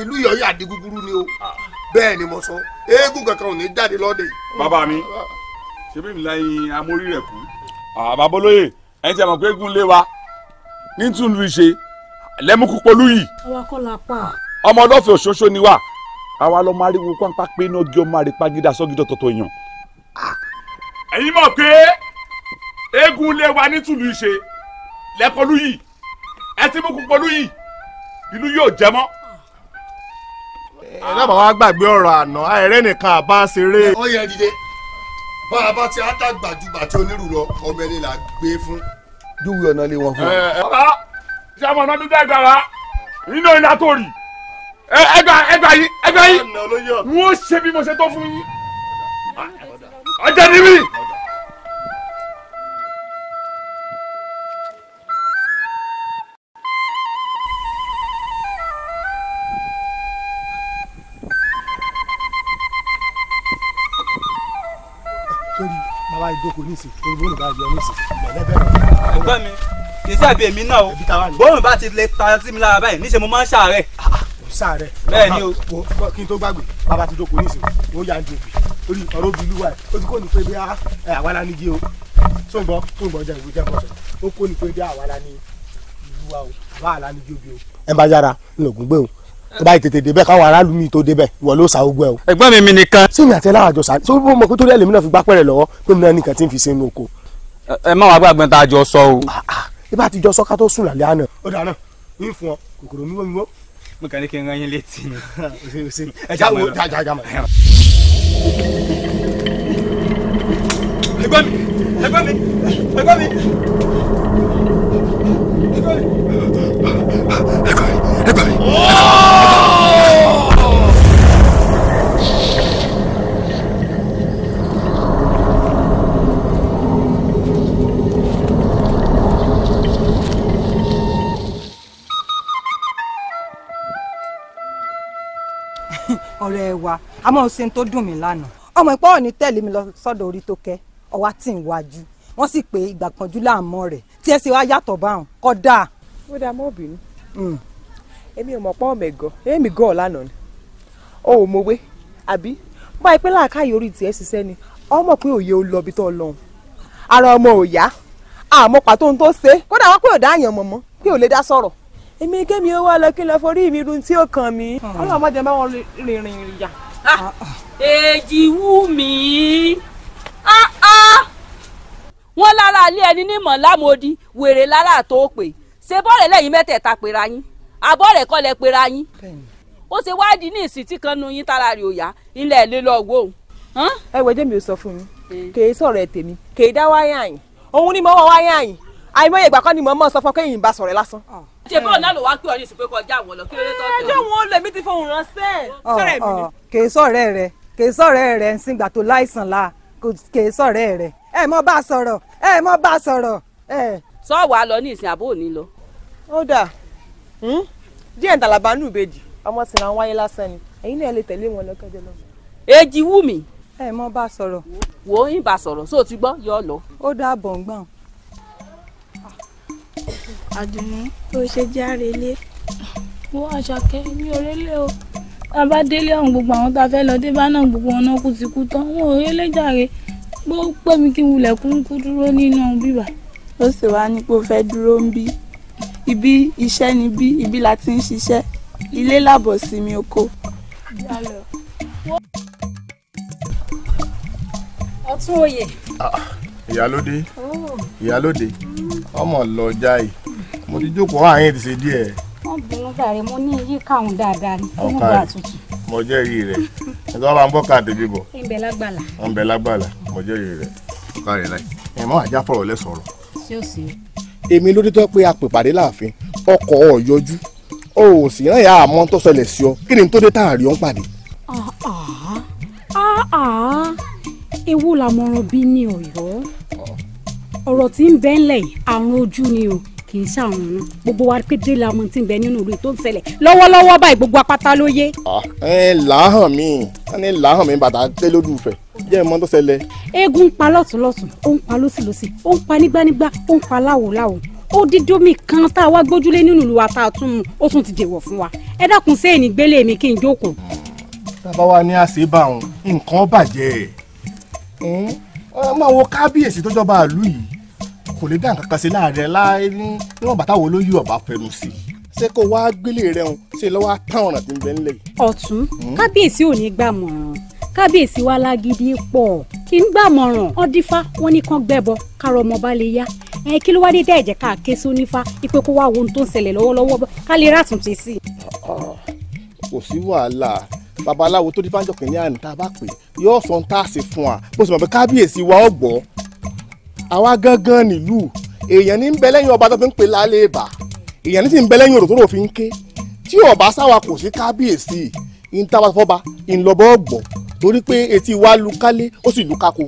ìlú yóò yà di gúgúrú ni o ah. bẹ́ẹ̀ ni mo sọ eégún kankan ò ní jáde lọ́dẹ yìí. bàbá mi ah. ṣé mi láyìn amórí rẹ̀ kú. Ah, bàbá olóyè ẹni tí pé eégún lé wa ní túnú ìṣe lẹ́mùkúpolú yìí. àwa kọ́ la pa. ọmọ ọdọ́fẹ́ òṣoṣo ni wá àwa lọ máa rí wo pàǹpà pé iná gé ọmọ àrèpá gídá sọ́gídọ̀ tọ̀tọ̀ yàn. ẹ̀yin mọ̀ pé eégún lé wa nítùlù ìṣe lẹ́kọ̀ọ́lù yìí ẹ ti mú kúpọ̀lù yìí ìlú yóò jẹ mọ́. ẹ dábàá wá gbàgbé ọ̀rọ̀ àná àìrẹ́ nìkan àbá ṣeré. ó yẹ dìde bá a bá ti á dàgbà ju bàtí onírúurọ ọmọ ẹni là gbé fún. júwe ọ̀nà lé wọn fún wa ṣé ọmọ náà dúdú ẹgbàá wa nínú iná tó rì ẹgbà ẹgbà yìí ẹgbà yìí n ó ṣe bí mo ṣe tó fún yín ọjà níbí. sórí màá wá ìdókòó nísìnyí òyìnbó nìkan àjọ nísìnyí mẹlẹbẹ. ẹgbẹ́ mi kì í sàbí èmi náà o bóun bá ti lè ta sí mi lára báyìí níṣẹ́ mo máa ń ṣàárẹ̀. Ah, ah, ṣàárẹ̀ bẹ́ẹ̀ ni o. kí n tó gbàgbé bàbá ti dókòó nísìnyí ó yá ń di òbí orí ọ̀rọ̀ òbí lúwa ẹ̀ ó ti kó ní pé bí àwa la nígi o sóńgbọ́ sóńgbọ́ jẹ́ ìwé jẹ́ bọ́sẹ̀ ó kó ní pé bí àwa la ní lúwa o àwa la nígi òbí o. ẹ bá yára ńlọgùn gbé o tó bá tètè débẹ̀ káwọn aráàlú mi tó débẹ̀ wọ́n ló sa ogun ẹ o. ẹ̀gbọ́n mi mi nìkan. sẹ́yìn àti aláwàjọ sáré sọ fún mi kó tó rí ẹlẹ́mìnà fi gbá pẹ̀rẹ̀ lọ́wọ́ pé mi náà nìkan ti ń fi sínú oko. ẹ má wàá gbàgbọ́n tá a jọ sọ o. Ah, ibà àtijọ́ sọ́ká tó sùn lálẹ́ àná. ó dáná ń fún ọ kòkòrò mímọ́ mímọ́. mo kàn ní kí n rán yín létí ni. ẹ já wo já já já mọ. ẹgbẹ́ mi ẹgbẹ́ mi ẹgbẹ́ mi ẹgbẹ́ mi ẹgbẹ́ mi. ọ̀rẹ́ wa a máa ṣe tó dùn mí lánàá. ọmọ ìpá òní tẹ̀lé mi lọ sọ́dọ̀ orí tó kẹ́ ọwá tí ń wájú wọ́n sì pé ìgbà kanjú láàmọ́ rẹ̀ tí ẹ ṣe wá yàtọ̀ báwọn kọ́ dáa. ó dáa mọ́ òbí ni hmm. èmi ò mọ̀ pọ́n ọmọ ẹ̀gọ́ èmi gọ́ lánàá ni o ò mọ̀wé àbí bá ìpín làákàyè orí tiẹ̀ ṣiṣẹ́ ni ọmọ pé òye ò lọ ibi tó lọ ara ọmọ ò yá àmọ́ pàtó ohun tó ṣe kódà wọ́n pé ò dá àyàn mọ̀mọ́ pé ò lè dá sọ̀rọ̀ èmi kémi ó wá lọ kí n lọ forí mi run tí ó kàn mí. Hmm. ọlọ́run má jẹ́ bá rìnrìn ìyà. Ah, ah, ah. èjì wú mi wọ́n lára ilé ẹni nímọ̀ lámòdì wèrè lára tó pè ṣé bọ́ọ̀rẹ̀ lẹ́yìn mẹ́tẹ̀ẹ̀ta pera yín àbọ̀rẹ̀ kọ́ lẹ pera yín ó ṣe wádìí ní ìsìn tí kan nu yín tára rè òyà ilẹ̀ lè lọ wò ó. ẹ wẹ́jẹ́ mi ò sọ fún mi kì í sọ̀rọ̀ ẹ̀ tèmi kì í dá wáyà yín òun ni mo wá wáyà yín àìmọye ìgbà kan ni mò ń mọ sọ fún kéyìn bá sọ̀rọ̀ lásán. Ah. ṣe bọ́ọ̀ náà ló wá pé ọyún ìsìnkú kọjá àwọn lọ kí ló dé tọ́ tẹ̀lé. ẹjọ́ wọn lèmi ti fohùn ránṣẹ́. Ah, ah, kì í sọ̀rẹ́ rẹ̀ kì í sọ̀rẹ́ rẹ̀ ń sìn gbà tó láìsàn la kì í sọ̀rẹ́ rẹ̀. ẹ mọ bá a sọ̀rọ̀ ẹ mọ bá a sọ̀rọ̀. sọ wàá lọ ní ìsìn àbó òní lọ. ó dà hmm? díẹ̀ ntàlàbà nù ìbejì ọmọ sì máa ń wáyé lásán ni ẹ̀yin náà lè tẹ̀lé wọn lọ́kẹ́jọ́ lọ. èjì wù mí. ẹ mọ bá a sọ̀rọ̀. wò ó yín bá a sọ̀rọ̀ sóò ti gbọ́ yọ ọ lọ. ó dà bọ̀ ń gbọ̀n àdùnmọ́ o ṣe jẹ́ àrèlé. wo àṣàkẹ́ mi ò rélé o tá a bá délé ọ̀hún gbogbo àwọn tá a fẹ́ lọ dé bá náà gbogbo ọ̀nà kù ti kú tán wọn ò rélé jàre bó pè mí kí n wulẹ̀ kún kú dúró nínú bíbà. ó sì wá ní pé o fẹ́ dúró ń bí ibi iṣẹ́ ni bí ibi la ti ń ṣiṣẹ́ ilé làbọ̀ sí mi oko. ọtún oyè. Ah, ìyálóde oh. ìyálóde ọmọ lọ jáì mo ti jókòó àárín ti ṣe díẹ̀. wọ́n bínú dàrí mo ní yí káwọn dáadáa ní nígbà tuntun. mo jẹ́ rí rẹ̀ nígbà wọn bọ́ káàdé bíbọ̀. ìbẹ̀ lágbàlá. ìbẹ̀ lágbàlá mo jẹ́ rí rẹ̀. ọ̀ká rẹ̀ láì. ẹ̀ mọ́ àjá fọ̀rọ̀ lẹ sọ̀rọ̀. sí ò sí. èmi ló dé tó pé a pè pàdé láàfin ọkọ̀ ọ̀ yọjú o ò sì rán ìyá àmọ́ tó ṣẹlẹ̀ sí ọ kí ni tó dé táàrí ọ̀ ń pàdé. ewu làmọ̀ràn bí ní ọ̀yọ́ ọ̀rọ̀ tí ń bẹ́ńlẹ̀ àrùn ojú ni o kì í ṣàrùn nù gbogbo wa pé dé la ọmọ tí ń bẹ nínú ìlú tó ń ṣẹlẹ̀ lọ́wọ́lọ́wọ́ báyìí gbogbo apáta ló yé. ẹ làáhàn mi wọn ní làáhàn mi bàtà dé lójú ìfẹ́ jẹ́ ìmọ̀ tó ṣẹlẹ̀. eégún ń pa lọ́tùnlọ́tùn ó ń pa lọ́sìlọ́sì ó ń pa nígbànígbà ó ń pa láwòláwò ó di domi kan tá a wá gbójúlé nínú ìlú wa tá a tún mu ó tún ti dèwọ̀ fún wa ẹ dákun sí èyí gbélé mi kí n jókòó. bàbá wa ní àṣebà òun nǹkan bàjẹ́ ẹ̀ máa wo kábíyèsí tó jọba ìlú yìí kò lè dá nǹkan kan sí láàrin ẹ láì níwọ̀n bàtà wo ló yí ọ̀bà fẹnu sí i ṣé kó wá gbélé rẹ hàn ṣe lọ́wọ́ tán ọ̀ràn tí ń bẹ nílẹ̀. ọ̀tún hmm? kábíyèsí ò ní gbàmọ̀ràn kábíyèsí wa lágídí pọ̀ kí n gbàmọ̀ràn ọdífá wọn ní kán gbẹ́bọ kárọ̀ ọmọ bá lè yá ẹ kí ló wá dé dẹ́ẹ̀jẹ̀ ká ké sí onífá ipe kó wá ohun tó ń ṣẹlẹ̀ lọ́wọ́lọ́wọ́ ká lè rà sí i. kò sí wàhálà babaláwo tó dífá ń àná tá a bá pè yóò sọ ohun tá a ṣe fún wa bó ṣe mọ̀ pé kábíyèsí wa ọ̀gbọ́ àwa gangan nílùú èèyàn ní ń bẹ lẹ́yìn ọba tó fi ń pe lálẹ́ ìbà èèyàn ní sì ń bẹ lẹ́yìn òròtòrò fi ń ké tí ọba sáwa kò sí kábíyèsí ń tá ọgbọ torí pé etí wa lu kálé ó sì lu kako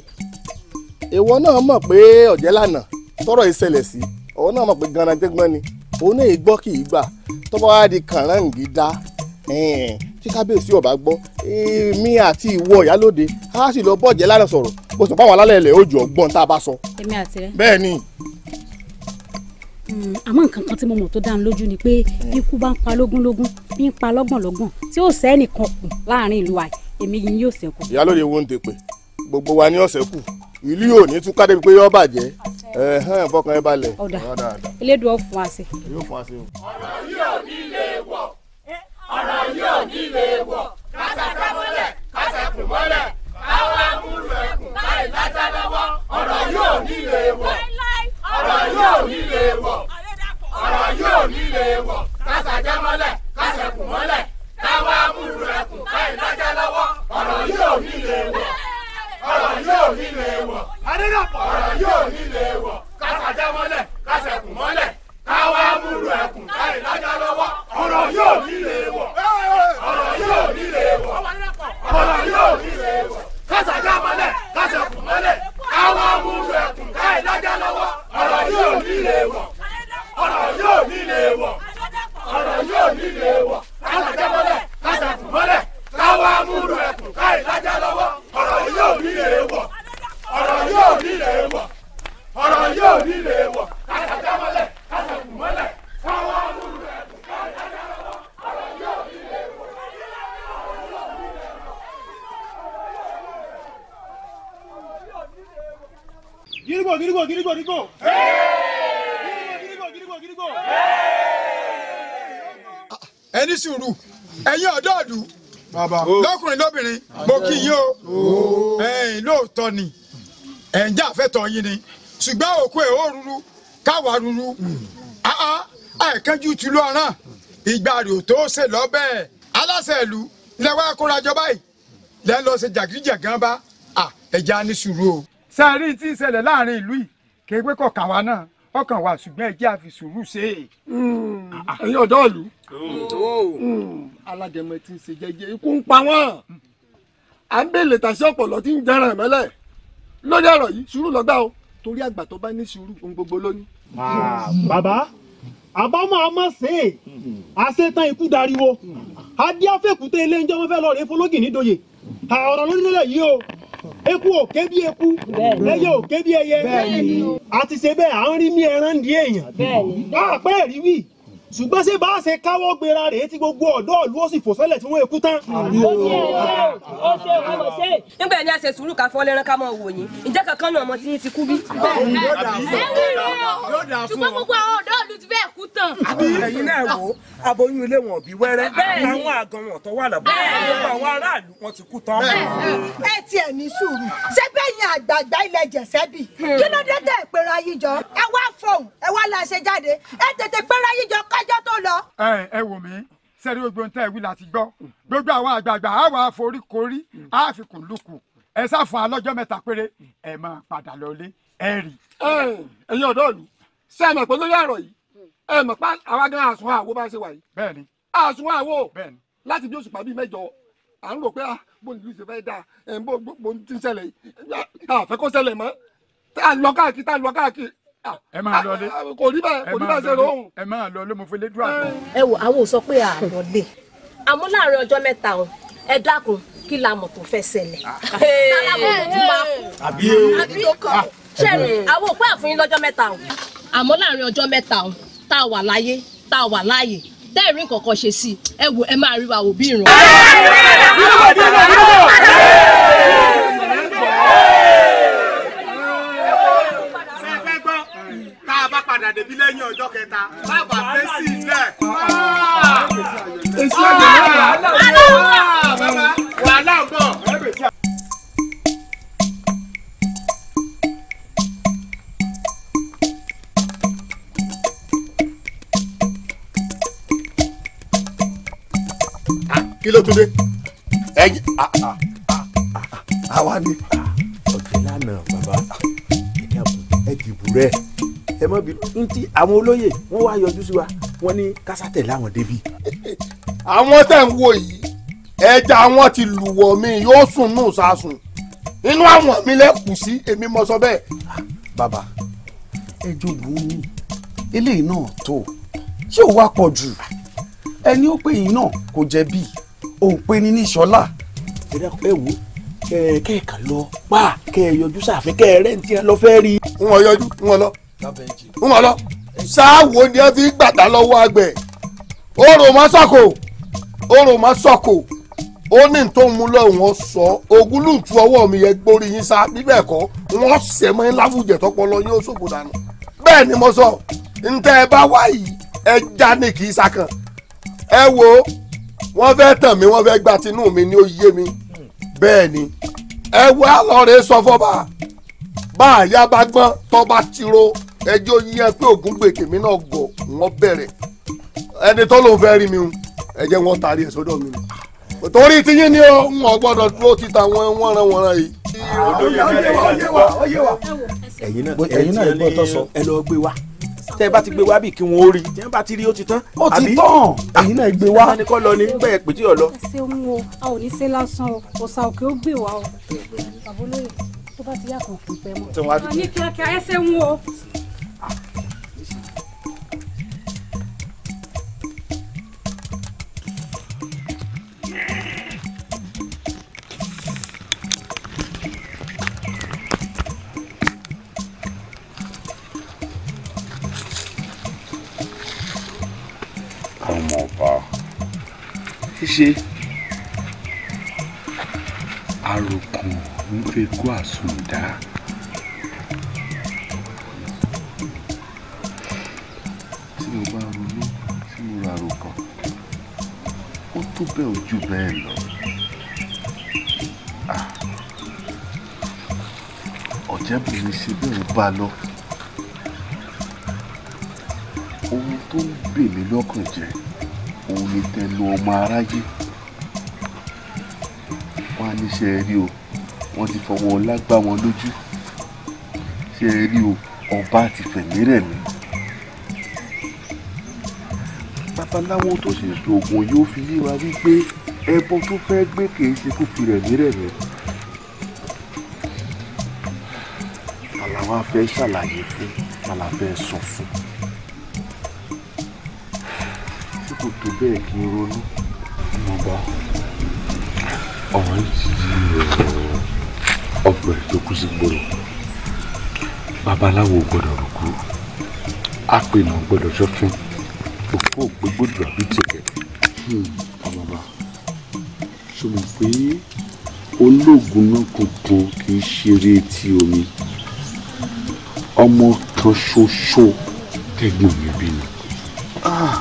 èèwọ náà mọ̀ pé ọ̀jẹ́ lànà tọrọ ìṣẹ̀lẹ̀ sí òun náà mọ̀ pé ganan ni òun náà gbọ́ kì í gbà tọ́ba wa di kànráǹgì dá tí kábíyèsí ọba gbọ́ èmi àti ìwọ ìyálóde a sì lọ bọ́ọ̀jẹ́ lánàá sọ̀rọ̀ o sì fáwọn alálẹ̀ ilẹ̀ òjò ọgbọ́n tá a bá sọ. èmi àti rẹ. bẹ́ẹ̀ ni. Hmm, àmọ́ nǹkan kan tí mo mọ̀ tó dá mi lójú ni pé ikú bá ń pa lógúnlógún bí ń pa lọ́gbọ̀nlọ́gbọ̀n tí ó sẹ́ nìkan kù láàrin ìlú wa èmi yìí yóò sẹ́kù. ìyálòde wo ń tè pé gbogbo wa ni ọ̀sẹ̀ kù ìlú yóò ní tún kádé pé yóò bàjẹ́ ẹ̀hán fọkàn ẹ balẹ̀. ọ̀dà elédùn ọ̀ fún wa ọ̀rọ̀ yóò ní lè wọ̀ ọ̀rọ̀ yóò ní lè wọ̀ kásà láì lájà lọ́wọ́ ọ̀rọ̀ yóò nílé wọ̀ ọ̀rọ̀ yóò nílé wọ̀ ọ̀rọ̀ yóò nílé wọ̀ kásàjá mọ́lẹ̀ kásẹ̀kùn mọ́lẹ̀ káwá múlù ẹkùn láì lájà lọ́wọ́ ọ̀rọ̀ yóò nílé wọ̀ ọ̀rọ̀ yóò nílé wọ̀ ọ̀rọ̀ yóò ẹ̀tọ́ yín ni ṣùgbọ́n òkú ẹ̀ ó ruru káwa ruru àìkánjú ti lọ ọ̀ràn ìgbà rò tó ṣe lọ bẹ́ẹ̀ aláṣẹ ìlú lẹ́wọ́ kóra jọ báyìí lẹ́ lọ ṣe jàgídíjàgán bá ẹja ní sùúrù o. sẹ́ẹ̀rí tí ń ṣẹlẹ̀ láàrin ìlú yìí kì í pé kọ̀ọ̀kan wa náà ọkàn wa ṣùgbọ́n ẹ jẹ́ àfi sùúrù ṣe é. Hmm. ẹ̀yin ọ̀dọ́ ìlú hmm. alágẹmọ ti ń ṣe jẹ́jẹ́ ikú ń pa wọ́n à ń bèlè tàṣí ọ̀pọ̀lọ́ tí ń jẹrán mẹ́lẹ̀ lórí ọ̀rọ̀ yìí sùúrù lọ́gbà o torí àgbà tó bá ní sùúrù ohun gbogbo lónìí. Ah, bàbá àbámọ̀ àmọ́ ṣe é àṣetán ikú dariwo adíáfẹ́kùtẹ́ ilé ń jẹ́ wọ́n fẹ́ lọ rèé fọlọ́gì nídòye ọ̀rọ̀ lórílẹ̀ yìí o eku òké bí eku ẹyẹ òké bí ẹyẹ àti ṣe bẹ́ẹ̀ à ń rí mí ẹran di èèyàn àpẹ́ẹ̀rí wì ṣùgbọ́n ṣé bá a ṣe káwọ́ gbéra rèé tí gbogbo ọ̀dọ́ ìlú ó sì fò sẹ́lẹ̀ tí wọ́n èkú tán. nígbà yẹn ni a ṣe sùúrù ká fọ́ lẹ́ran ká mọ̀ wò yín ìjẹ́ kankan náà ọmọ tí yín ti kú bí. ṣùgbọ́n gbogbo àwọn ọ̀dọ́ ìlú ti fẹ́ kú tán. ẹ̀yin náà wò ó aboyún ilé wọn bí wẹ́rẹ́ àwọn àgàn wọn tó wà lọ́bọ̀ àwọn aráàlú wọn ti kú tán. ẹ tiẹ̀ ní sùúrù ṣé bẹ́yìn àgbààgbà ilẹ̀ jẹ̀sẹ́bì hmm. kí ló dé tẹ̀ pèrè ayíjọ ẹ wá fọ̀hún ẹ wá láṣẹ jáde ẹ tètè pèrè ayíjọ kọ́ ẹjọ́ tó lọ. ẹ ẹ wò mí sẹ́ni gbogbo nǹkan ìwé láti gbọ́ gbogbo àwọn àgbààgbà á wà foríkorí á fi kùn lùkù ẹ sáfún alọ́jọ́ mẹ́ta péré ẹ máa padà lọlé ẹ rí. ẹ̀yin ọ̀dọ́ ìlú ṣé ẹ mọ̀ pé lórí ọ̀rọ̀ yìí ẹ mọ̀ pé àwa gan àsun àwo bá ṣe wà yìí. bẹ́ẹ̀ni. àsun àwo láti bí òṣùpá bíi mẹ́jọ à ń rò pé ah, bó ni ìlú ṣe fẹ́ dáa ẹ̀ ń bó ti ń ṣẹlẹ̀ yìí àfẹ́kọ́ ṣẹlẹ̀ mọ́ tá a lọ káàkiri tá a lọ káàkiri ẹ máa lọ lé kò ní bá kò ní bá ṣe lóhùn. ẹ máa lọ lé mo fi lé dúró àná. ẹ wò àwọn ò sọ pé àlọ lè àmọ́ láàrin ọjọ́ mẹ́ta o ẹ dákun kí la mọ̀ tó fẹ́ ṣẹlẹ̀. tára mo kò tún máa kú àbí àbí ó kàn ṣẹ́ni àwọn òpin àfúnyín lọ́jọ́ mẹ́ta o àmọ́ láàrin ọjọ́ mẹ́ta o tá a wà láyé tá a wà láàyè tẹ́ẹ̀rí nǹkan ṣe sí i ẹ wò ẹ máa rí wa wò bí débí lẹ́yìn ọjọ́ kẹta bàbá fẹ́ sí èsì ọjọ́ wàhálà wàhálà ń bọ̀. kí ló tún dé. títí àwọn olóyè wọ́n wá yọjú sí wa wọ́n ní kásátẹ̀ láwọn débi. àwọn tẹ̀ ń wò yìí ẹja wọn ti lùwọ̀ mi yóò sùn nù sásùn nínú àwọn mi lẹ́kùn sí èmi mọ sọ bẹ́ẹ̀. bàbá ẹ jogún mi eléyìí náà tó ṣé ò wá pọ̀ jù ẹni ó pè yín náà kò jẹ̀bi òun pè ní ní ìṣọ́lá. ẹ wo kẹ́ẹ̀kan lọ pa kẹ́ẹ̀ yọjú sáfẹ́ kẹ́ẹ̀ rẹ́ǹtì ẹ lọ fẹ́ rí. n yọjú n lọ ń wọ́n lọ ṣáàwó ni ẹ fi gbàdá lọ́wọ́ àgbẹ̀ orò má sọ̀kò orò má sọ̀kò ó ní tó ń mú lọ́wọ́ sọ ogun lùtù ọwọ́ mi yẹ gbórí yín sá bíbẹ̀ kọ́ wọ́n sẹ̀ mọ́ láwùjẹ tọpọlọ yín ó ṣòfò dànù bẹ́ẹ̀ ni mo sọ ntẹ́ ẹ bá wá yìí ẹ já ní kì í sakàn ẹ wo wọ́n fẹ́ tàn mí wọ́n fẹ́ gba tinú mi ni ó mi bẹ́ẹ̀ ni ẹ wá lọ́ọ́ rẹ sọ fọ́ba bá àyà bá gbọ́n tọ́ bá tiro ẹjọ́ yíyan pé ògùn gbèkè mi náà gọ̀ wọ́n bẹ̀rẹ̀ ẹni tó lóun fẹ́ rí mi o ẹ jẹ́ wọ́n taari ẹ̀ sọ́dọ̀ mi o torí ti yín ni ó ń wọ́n gbọ́dọ̀ dúró títa wọn wọ́nran wọ́nran yìí. ẹ̀yin náà gbọ́ tó sọ ẹ lọ gbé wa tẹ bá ti gbé wá bí kí wọn ó rí tẹ bá ti rí ó ti tán. ó ti tán ah, ẹ̀yin náà gbé wá. ẹni kọ́ lọ ní gbẹ̀yẹ̀ pé tí ò lọ. ṣé ń wo a ò ní ṣe lásán o òòsà òkè ó gbé wa o bàbá olóyè tó bá ti yà kàn kàn pẹ́ mọ́. a ní kíákíá ẹsẹ̀ ń wo. ti ṣe àròkàn ń fi kó àsundá. tí mo bá ronú tí mo ra àròkàn ó tó bẹ́ẹ̀ ojú bẹ́ẹ̀ lọ. ọ̀jẹ̀bìnrin ṣe bẹ́ẹ̀ bá lọ ohun tó ń bè mí lọ́kàn jẹ́ òun ni tẹnu ọmọ aráyé wọn á níṣẹ́ rí o wọ́n ti fọwọ́ ọlá gbá wọn lójú ṣe é rí o ọba ti fẹ̀mí rẹ̀ mí. babaláwo tó ṣe ṣoògùn yóò fi yé wa wípé ẹbọ tó fẹ́ gbé kìí ṣe kó fi rẹ̀mí rẹ̀ mí. àlàwà fẹ́ ṣàlàyé fún àlàfẹ́ sọ fún un. kò tó bẹ́ẹ̀ kí n ronú ìmọ̀ba ọ̀rọ̀ yìí ti di eh, ọgbẹ̀rẹ̀ tó kú sí gbòòrò babaláwo gbọ́dọ̀ rúkú àpènà gbọ́dọ̀ ṣọ́fín òkú ògbégbòdò àbí tẹ̀kẹ̀. ọmọba hmm, ṣe mọ̀ pé ológun náà kankan kì í ṣeré etí omi ọmọ kan ṣoṣo tẹ̀gbọ́n mi bí ni. Ah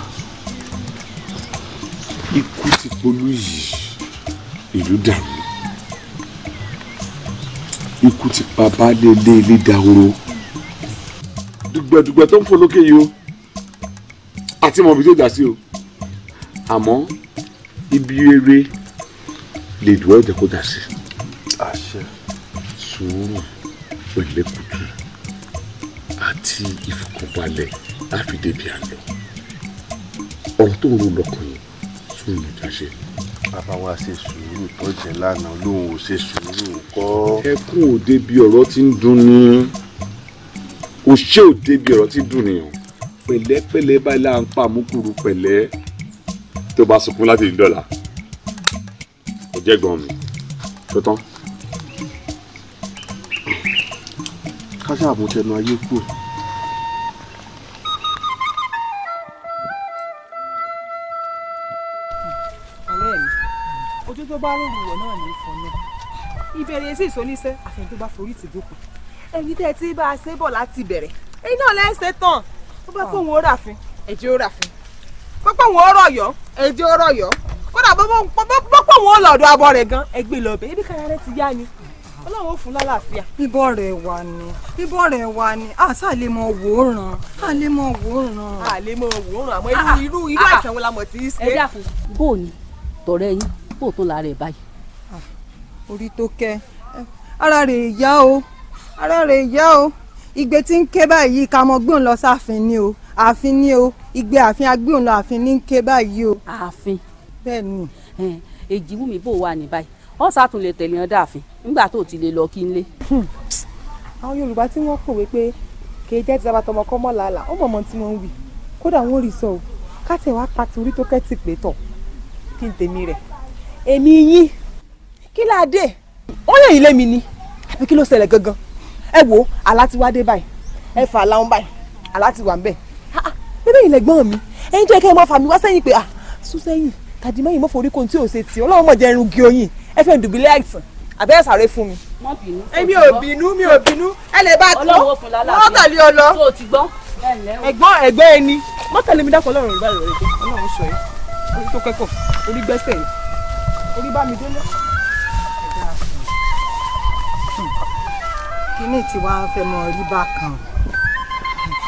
ti polú yìí ìlú dàrú ikú ti pa baálé ilé ilé dahoro dùgbẹ̀dùgbẹ̀ tó ń fò lókè yìí o àti mọ̀bí tó dà sí o àmọ́ ibi eré lè dùn ọ̀dẹ̀ kó dà sí. àṣẹ sùúrù pẹ̀lẹ́kùtù àti ìfọkànbalẹ̀ láfi débi àná ọ̀rọ̀ tó ń ro lọ́kàn sùúrù ká ṣe bàbá wa ṣe sùúrù tọ́jẹ̀ lánàá lòun ò ṣe sùúrù kọ́. ẹkún ò débi ọ̀rọ̀ tí ń dùn ni kò ṣe ò débi ọ̀rọ̀ tí ń dùn ni o. pẹ̀lẹ́pẹ̀lẹ́ báyìí là ń pa àmúkúrú pẹ̀lẹ́ tó bá sunkún láti ní dọ́là kò jẹ́ gan mi tó tán. ká ṣáà mú tẹnu ayé kúrò. bá ròrò wọ̀ náà ní ìfọ̀ náà ìbẹ̀rẹ̀ sí ìsọníṣẹ́ àfẹn tó bá forí ti dókun ẹni tẹ́ tí bá a ṣe bọ̀ láti bẹ̀rẹ̀ ẹni náà lẹ́sẹ̀ tán ó bá pòun ó rà fún ẹ̀jẹ̀ ó rà fún pọ́pọ́ òun ó rọ̀yọ́ ẹ̀jẹ̀ ó rọ̀yọ́ kódà pọ́pọ́ òun ó lọ́dọ̀ abọ́ rẹ̀ gan ẹgbẹ́ lọ́bẹ̀ ebi kára rẹ̀ ti yá ni ọlọ́run ó fún lálàáfíà. bíbọ̀ rẹ̀ wà ní bíbọ̀ rẹ̀ wà ní àṣà lè mọ wòóràn à lè mọ wòóràn. à lè mọ wòóràn àmọ́ ah, irú irú ah, ah. àìsàn wo la mọ̀ tí í ṣe. ẹ dákun bóòní tọ̀rẹ́ yín pò tó la rẹ̀ báyìí. Ah, orí tó kẹ́ ara rẹ̀ yá o ara rẹ̀ yá o igbe tí ń ké báyìí ká mọ gbóhùn lọ sáàfin ni o ààfin ni o igbe ààfin agbóhùn lọ ààfin ní ké báyìí o. ààfin bẹ́ẹ̀ ni. èjì wù mí bò wà ní báyìí ó sàtún lè tẹ̀lé ọ̀dà ààfin nígbà tó ti lè lọ kí n lé. Hmm. àwọn yorùbá tí wọ́n pòwe pé kèé jẹ́ ti sábà tọmọ kọ́ mọ́ làálàá ó mọ̀mọ́ tí wọ́n ń wì kódà wọ́n rí sọ o ká tẹ̀ pa torí tó kẹ́ tì pé tọ̀ kí n tèmi rẹ̀ èmi yín kí láà dé ó yẹ yín lémi ni àbí kí ló ṣẹlẹ̀ gangan ẹ wò ó àlá ti wá dé báyìí ẹ fà láwọn báyìí àlá ti wà ń bẹ̀ bébè yìí lẹ́gbọ́n mi ẹ̀yin tó yẹ kẹ́ ẹ mọ́ fà mí wá sẹ́yìn pé ah, sún sẹ́yìn tàdí mẹ́yìn mọ́forí kò tí ò ṣe tì ọlọ́run mọ̀ jẹ́ irun gí oyin ẹ fẹ́ dùbílẹ̀ àìsàn àbẹ́ ẹ̀ sáré fún mi. mọ bínú sọ ti gbọ́ èmi ò bínú mi ò bínú ẹ lè bá tó wọ́n tẹ̀lé ọ lọ. tó o ti gbọ́ ẹ̀gbọ́n ẹ̀gbẹ́ ẹni mọ́tẹ̀lẹ́mi dákọ̀ ọlọ́run rẹ̀ bá rẹ̀ rẹ̀ ọlọ́run sọ yìí orí tó kẹ́kọ̀ọ́ orí gbẹ́sẹ̀ yìí orí bá mi délé. kíní tí wàá fẹ́ mọ rí bákan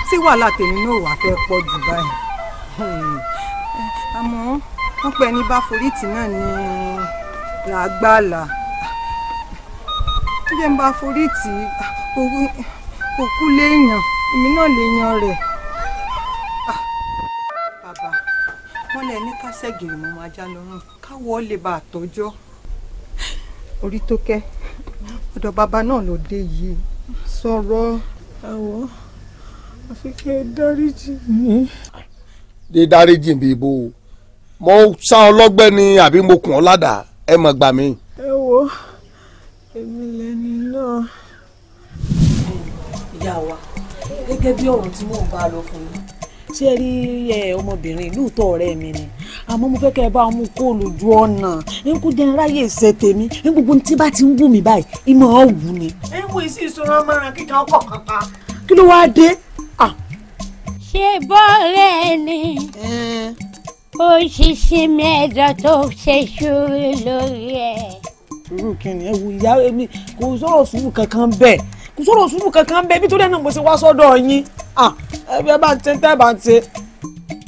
sí wàhálà tèmi náà wàá fẹ́ pọ̀ jù báyìí hmm. àmọ́ wọ́n pẹ́ ní bá forí tì náà ní làgbàlà ó jẹ́ ń bá forí tì kò kú léèyàn èmi náà léèyàn rẹ̀. Ah, bàbá wọn lẹ ní ká ṣẹ́gìrì mọ́ máa lọ́rùn káwọ́ lè bá àtọ́jọ́ orí tó kẹ́ ọ̀dọ̀ bàbá náà ló dé yìí sọ̀rọ̀. àwọ̀ àfi kí ẹ dáríjì mi. dé dáríjì mi bò ó mo sá ọlọ́gbẹ́ ni àbí mo kùn ọ́ ládàá ẹ mọ̀ gbà mí. ẹ wo èmi lẹni náà. ìyá wa gẹ́gẹ́ bí ọ̀rọ̀ tí mò ń bá lọ fún yín ṣé ẹ rí ọmọbìnrin lóòótọ́ ọ̀rẹ́ mi ni àmọ́ mo fẹ́ kẹ́ ẹ bá mú kó lójú ọ̀nà ń kú jẹ́ ráyè ṣe tèmi ń gbogbo tí bá ti ń wù mí báyìí ìmọ̀ ọ́ wù ni. ẹ wo èsì ìṣòro ọmọràn kíkà ọkọ̀ kankan. kí ló wáá dé. ṣé bọ́ọ̀rẹ́ ni ó ṣiṣẹ́ mẹ́ẹ̀dọ́ tó ṣe ṣúrú lórí ẹ̀. irú kìnìún ẹ wo ìyá mi kò sọ̀rọ̀ sùúrù kankan bẹ́ẹ̀ kò sọ̀rọ̀ sùúrù kankan bẹ́ẹ̀ nítorí ẹ̀ náà mo ṣe wá sọ́dọ̀ yín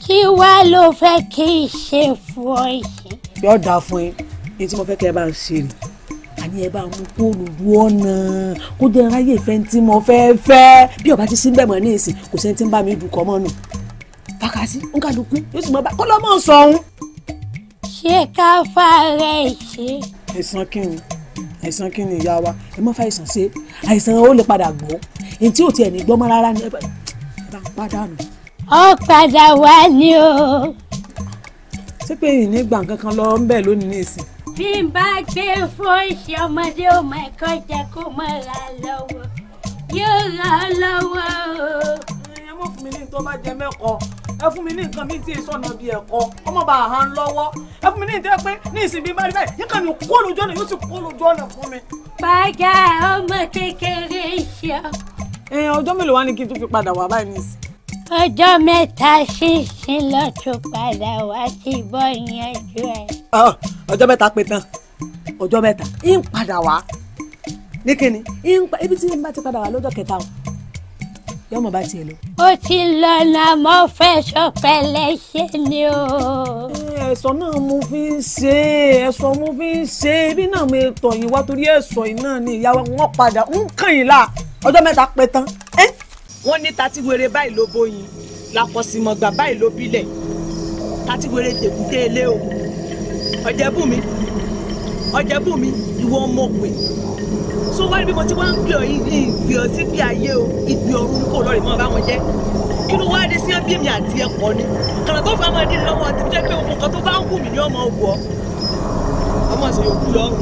kí wá ló fẹ́ kí n ṣe fún ọ yìí. yóò dáa fún yín èyí tí mo fẹ́ kẹ́ ẹ bá ń ṣe rè àní ẹ bá mú kóòlù lu ọ̀nà kó jẹ́ ráyè ìfẹ́ tí mo fẹ́ fẹ́ bí ọba ti sí bẹ́ẹ̀ mọ́ ní ìsìn kò sẹ́ni tí ń bá mi dùn kọ́ mọ́ nù. fàkàsí ń kà lókun yóò sì mọ bá kọ́ lọ́ mọ̀ sọ òun. ṣé ká fara ẹ̀ ṣe. ẹ̀sán kí ni ẹ̀sán kí ni ìyá wa ẹ má fa àìsàn ṣe àìsàn ó lè padà gbọ́ èyí tí ò tiẹ̀ ní gbọ́ mọ́ rárá ni ẹ bá ń pàdánù ọ padà wá ní o. ṣé pé ìní gbà kankan lọ ń bẹ̀ lónìí nísìn. bí n bá gbé fóònù ọmọdé ò mọ ẹ̀kọ́ jẹ kó mọ̀ ra lọ́wọ́ yóò ra ọ lọ́wọ́ o. ẹ mọ̀ fún mi ní tó bá jẹ mẹ́kọ̀ọ́ ẹ fún mi ní nǹkan mi tí ì sọ̀nà bíi ẹ̀kọ́ ọmọ bá a hàn lọ́wọ́ ẹ fún mi ní ìtẹ́ pé ní ìsinmi bá rí báyìí yín kàn ní kó lójú ọ̀nà yóò sì kó lójú ọ̀nà fún mi. pàgà ọmọ kékeré ṣe. ẹ ọjọ́ mélòó wá ni kí n tún fi padà wá báyìí nísìnyí ọjọ́ mẹ́ta ṣinṣin lọ́tún padà wá sí bọ́ ìyanjú ẹ̀. ọjọ́ mẹ́ta pé tán ọjọ́ mẹ́ta ń padà wá ní kíni ibi tí n bá ti padà wá lọ́jọ́ kẹta o yóò mọ̀ bá tiẹ̀ lọ. ó ti lọ làmọ́ fẹ́ sọpẹ́ lẹ́sẹ̀ ni o. ẹ̀sọ́ náà mo fi ń ṣe ẹ̀sọ́ mo fi ń ṣe ibi náà mi tọ̀ yín wá torí ẹ̀sọ́ yìí náà ni ìyá wọn padà ń kàn yín la ọjọ́ mẹ́ta pé tán. ẹ́ wọ́n ní tati wèrè báyìí ló bóyin làpọ̀sìmọ̀gbà báyìí ló bílẹ̀ tati tèkúté ilé o ọ̀jẹ̀bùnmi ọ̀jẹ̀bùnmi ìwọ ọmọ òpè so wá rí bí mo ti wá ń gbé ọ yìí ìgbé ọ bí ayé o ìgbé ọrùn kò lọ rè bá wọn jẹ kí wá dé sí ẹbí mi àti ẹkọ ni kàrà tó fà máa dín lọ́wọ́ àti jẹ́ pé òkun kan tó bá ń wù mí ní ọmọ ògùn ọ ọmọ sì yòókù lọ́rùn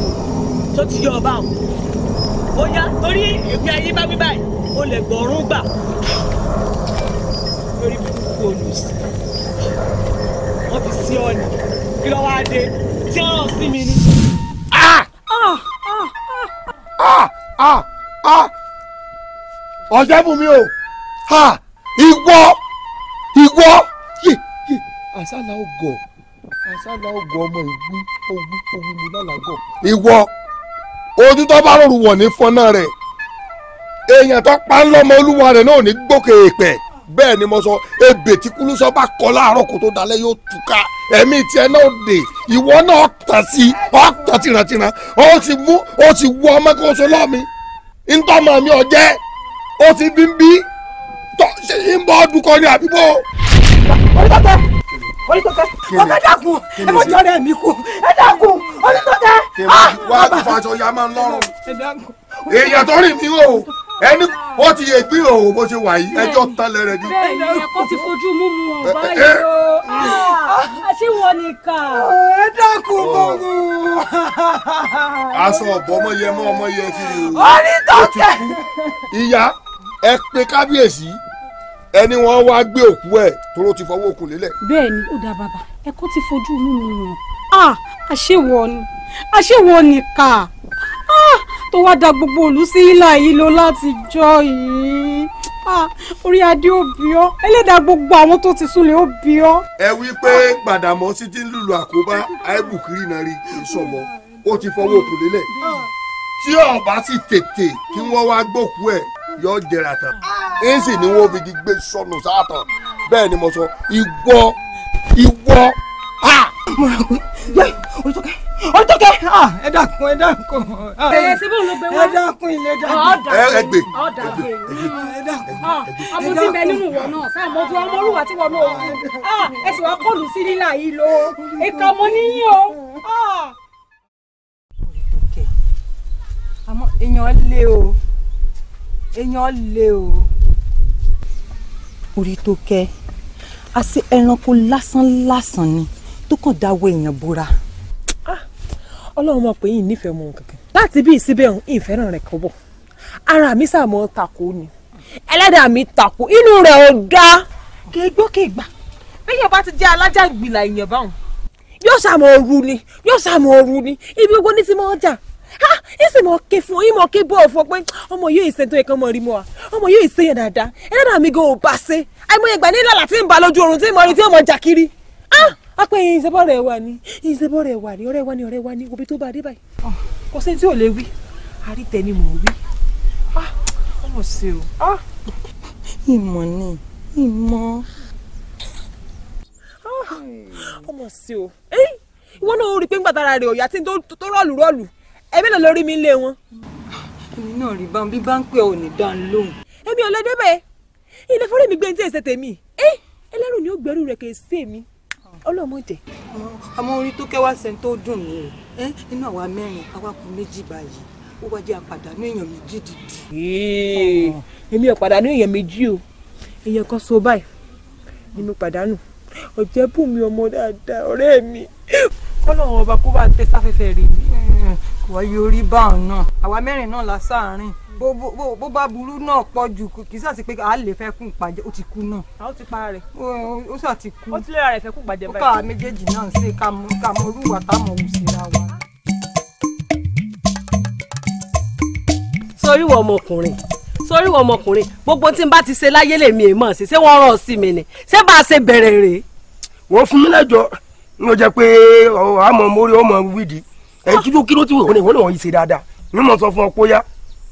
tó ti yọ ọba àwọn ó torí èmi ayé bá mi báyìí ó lè gbọ̀rún gbà lórí burúkú olùsí wọ́n fi sí ọ ni kí ló wáá dé tí wọ́n rán sí mi ni. ọ̀jẹ̀ bùnmi o ìwọ ìwọ àṣàlà ògò àṣàlà ògò ọmọ ìwú owú owú mi lálàgọ. ìwọ ojú tó bá rọrùn wọ̀ ní fọ́nà rẹ̀. èèyàn tó pa ń lọ́mọ olúwa rẹ̀ náà ní gbókè ni mo sọ ebè tí kúlúsọ bá kọ láàárọ̀ kó tó dalẹ̀ yóò túká ẹ̀mí tiẹ̀ náà dè ìwọ náà tàn sí ọ̀tàn tìrantìran ó sì mú ó wú ọmọ kó so ntọ́mọ mi ò jẹ́ ti bí ń bí tọ́ ẹni wọ́n ti yẹ gbé òwò bó ṣe wà yìí ẹjọ́ tán lẹ́rẹ̀ ni. bẹ́ẹ̀ni ẹkọ ti fojú mú mu o báyìí o ṣé wọn nìkan. ẹ dákun mọ mu. aṣọ ọ̀bọ ọmọ yẹ mọ ọmọ yẹ ti rí o. onítọ̀kẹ́. ìyá ẹ pe kábíyèsí ẹni wọn wá gbé òkú ẹ tóró ti fọwọ́ òkú lélẹ̀. bẹ́ẹ̀ni ó dá bàbá ẹkọ ti fojú mú mu o ah, àṣewọ ni àṣewọ nìkan tó wá da gbogbo òlú sí ìlà yìí lọ láti jọ yìí ah, orí adé òbí ọ ẹlẹ́dàá gbogbo àwọn tó ti súnlẹ̀ òbí ọ. ẹ wí pé gbàdàmọ́ sí ti ń lùlù àkóbá àìbùkírì náà rí ìsọmọ ó ti fọwọ́ òkú lélẹ̀ tí ọba sì tètè kí wọ́n wá gbòkú ẹ̀ yọ jẹrà tán ẹ̀sìn ni wọ́n fi di gbé sọnù sáàtàn bẹ́ẹ̀ ni mo sọ ìwọ ìwọ. mo rà pé yẹ́n orí tó kẹ́. Orítókè ẹ dákun ẹ dákun. ẹ ṣe bóun ló gbé wá. ẹ dákun ilé dákun. ẹ gbé ẹ gbé ẹ ah, dákun. ọmọ tí bẹ nínú wọn náà sáà mo tún ọmọ olúwa tí wọn náà wọ ah, ẹ sì wá kọlù sí nílà yìí lo ìka mo níyìn o. Ah. Orítókè àmọ́ èèyàn lé o èèyàn lé o. Orítókè àṣé ẹranko lásán lásán ni tó kàn dáwọ́ èèyàn bora ọlọ́run mọ̀ pé yìí nífẹ̀ẹ́ mọ̀ kankan láti bí ìsíbẹ̀ ọ̀hún ìfẹ́ràn rẹ̀ kọ́ bọ̀ ara mi sàmọ́ tako ni ẹlẹ́dàá mi tako inú rẹ̀ ò dáa. kéègbó kéègbà bẹ́ẹ̀ bá ti jẹ́ alájà ìgbìlà èèyàn báwọn. yóò sàmọ̀ ooru ni yóò sàmọ̀ ooru ni ibi gbogbo ní ti mọ́ ọjà ha ìsì mọ̀ ké fún yín mọ̀ ké bọ́ ọ̀fọ̀ pé ọmọ yóò ìsẹ́ tó yẹ kán mọ̀ rí mọ́ wa ọmọ yóò ìsẹ́ yẹn dáadáa ẹlẹ́dàá mi gan ò bá ṣe àìmọye ìgbà nílẹ̀ àlàtí ń ba lójú oorun tí mo rí tí mo jà kiri. ah a pé yín ìṣẹ́bọ̀ rẹ̀ wà ní yín ìṣẹ́bọ̀ rẹ̀ wà ní ọ̀rẹ́ wa ní ọ̀rẹ́ wa ní òbí tó bá dé báyìí kò sí tí ò lè wí àrítẹ ni mò ń wí ah, ọmọ sí o. Ah. ìmọ̀ ni ìmọ̀. Ah, ọmọ sí o ìwọ náà rí i pé ń gbàtara rẹ̀ òyà tí tó rọ̀lù rọ̀lù ẹ̀mí náà lórí mi ń lé wọn. èmi náà rí báwọn bí bá ń pè ọ́ ní dán lóhùn. èmi ò lè débẹ̀ ilé fúnra mi gbé ní tí èsè tèmi ẹlẹ́rù ni ó gbẹ́rù rẹ̀ kì í sí èmi ọlọ́mọdé. àmọ́ orin tó kẹ́wàá sẹ́ni tó dùn mí o nínú àwa mẹ́rin awakùn méjì báyìí ó wá jẹ́ àpàdánù èèyàn méjì dìdì. èmi ò pàdánù èèyàn méjì o èèyàn kan so báyìí ni mo pàdánù ọ̀jẹ̀bùnmi ọmọ dáadáa ọ̀rẹ́ mi. kọ́lọ́run ọba kó bá tẹ sáfẹ́fẹ́ rí mi. kò wáyé orí báwọn náà àwa mẹ́rin náà la sáàárín bó bá burú náà pọ̀ jù kì í sà sí pé a lè fẹ́ kún ìpàjẹ́ ó ti kú náà. a ó ti para rẹ̀. ó sà ti kú. ó ti lè ra rẹ̀ fẹ́ kún ìpàjẹ́ báyìí. ó kà méjèèjì náà ṣe ká mọ orú ìwà táwọn òun ṣe ra wa. sórí wọ ọmọkùnrin sórí wọ ọmọkùnrin gbogbo tí n bá ti ṣe láyé lèmi èèmọ̀ sí ṣé wọ́n rán sí mi ni ṣé bá a ṣe bẹ̀rẹ̀ rèé. wọ́n fún mi lẹ́jọ́ ní o jẹ́ pé àmọ́ mórí ọmọ wíìdì ẹ̀ kí ló kí ló ti wọ́n ní wọ́n ní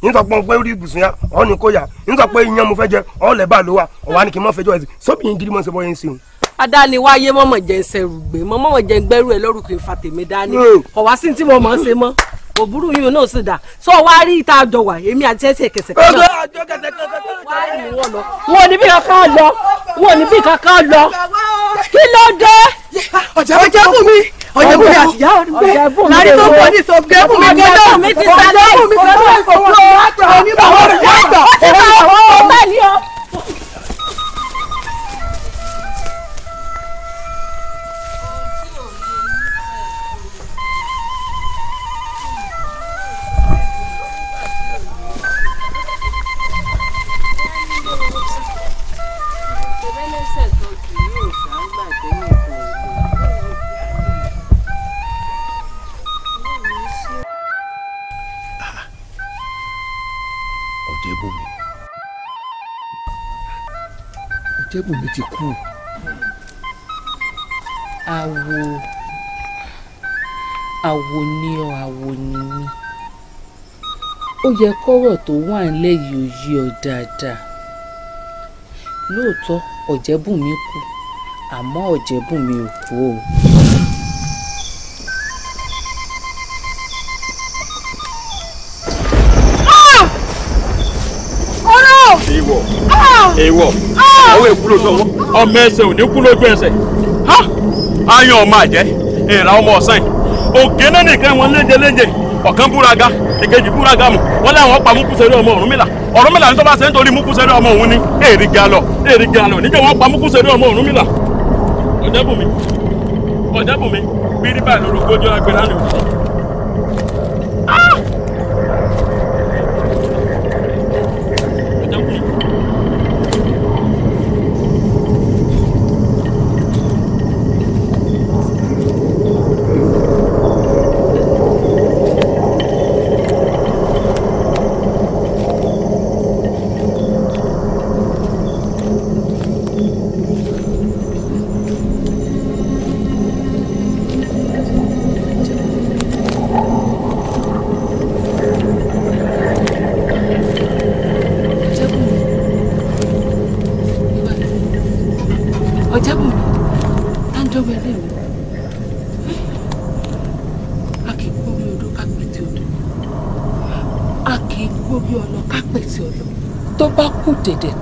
nítorí pé mo fẹ́ rí ibùsùn yá ọ̀ ní kó yá nítorí pé iyán mo fẹ́ jẹ ọ̀ lẹ̀ bá ló wà ọ̀ wá ní kí n má fẹjọ́ ẹ̀sìn sóbì yín gidi mọ́ ṣe bọ́ yẹn ń sìn. adáni wáyé mọ̀mọ̀ jẹ́ ń sẹ́rù gbé mọ̀mọ̀ jẹ́ ń gbẹ́rù ẹ̀ lọ́rùn kì í tèmi dání kọ̀ sí tí mo mọ̀ ṣe mọ́ òbúrú yìí náà sì dà sọ wá rí ìta àjọ wà èmi àti ẹsẹ kẹsẹ wọn ò ní bí kankan lọ kí ló dé ọjà fún mi ọ̀jẹ̀bù mi àtìyá ọ̀dùnkún láti tó bọ̀ ní sọ gẹ́gùn mi kọjá ọ̀jẹ̀bù mi ti sálẹ̀ ìfowópamọ́ onímọ̀ ọ̀rọ̀ yàtọ̀ jẹ́bùn mi ti kú. àwo àwo ni ọ àwo ni mí ó yẹ kọ́rọ̀ tó wà nílẹ̀ yìí ó yé ọ dáadáa lóòótọ́ ọ̀jẹ̀bùnmi kú àmọ́ ọ̀jẹ̀bùnmi ò kú o. Ah! èèwọ̀ ah! èèwọ̀. Ah! ọwọ́ èkúrò sọ́wọ́ ọmọ ẹsẹ̀ ò ní kú lójú ha je ọmọ àjẹ́ ìran ọmọ ke yìí òkè náà nìkan wọn léje léje ọ̀kan búraga èkejì búraga mu wọn láwọn pa Múkúsẹ́rí ọmọ Ọ̀rúnmìlà Ọ̀rúnmìlà ní tó bá ṣe ń ọmọ òun ni èrì galọ èrì galọ níjẹ wọn pa mukusere ọmọ Ọ̀rúnmìlà ọ̀jẹ̀bùnmi ọ̀jẹ̀bùnmi bíríbà lórúkọ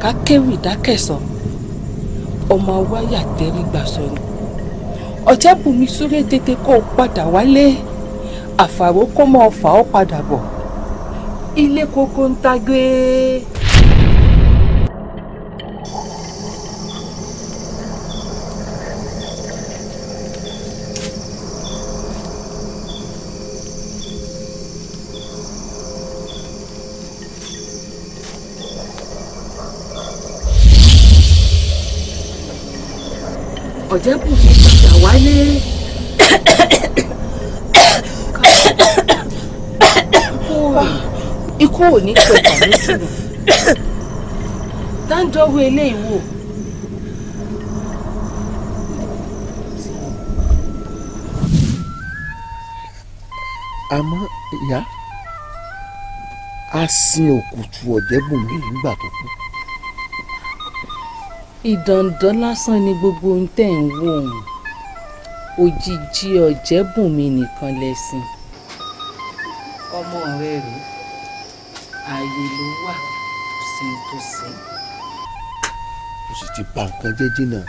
ká kéwì dákẹ̀sọ̀ ọmọ wáyà tẹ́rí gbà sọnù ọ̀jẹ̀bùnmi súré tètè kó o padà wálé àfàró kó mọ́ ọ fà ó padà bọ̀ ilé kókó ń tagbé. ọ̀jẹ̀bùkún padà wálé. ikú ò ní pẹ́ pàmí sùn dáńdọ́wọ́ eléyìí wò. àmọ́ ìyá a sin òkùtù ọ̀jẹ̀bùnmi nígbà ìdàndọ́ lásán ni gbogbo ohun tẹ́ ń wò ó òjijì ọ̀jẹ̀bùnmi nìkan lẹ́sìn. ọmọ rẹ rèé ààyè ló wà sí tó sí. mo sì ti bà nǹkan jẹ́ jìnnà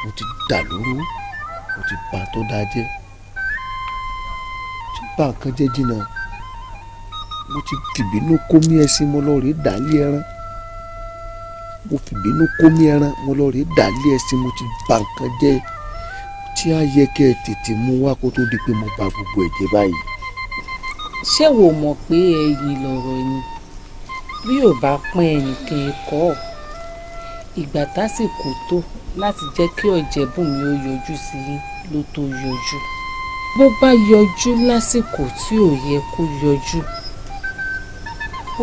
mo ti dà lóru mo ti bà tó dáa jẹ́ mo ti bà nǹkan jẹ́ jìnnà mo ti tìbínú kó mí ẹṣin mo lọ rèé dàálé ẹran mo fìbínú kómi ẹran mo lọ rèé dàlẹ́ ẹṣin mo ti bà nǹkan jẹ́ tí a yẹ kẹ́ tètè mú wá kó tó di pé mo bà gbogbo ẹ̀jẹ̀ báyìí. ṣé wo mọ̀ pé ẹyin lọ̀rọ̀ yìí bí ò bá pín ẹnìkan ẹ̀kọ́ ìgbà tásìkò tó láti jẹ́ kí ọ̀jẹ̀bùnmi ó yọjú sí i ló tó yọjú bó bá yọjú lásìkò tí ò yẹ kó yọjú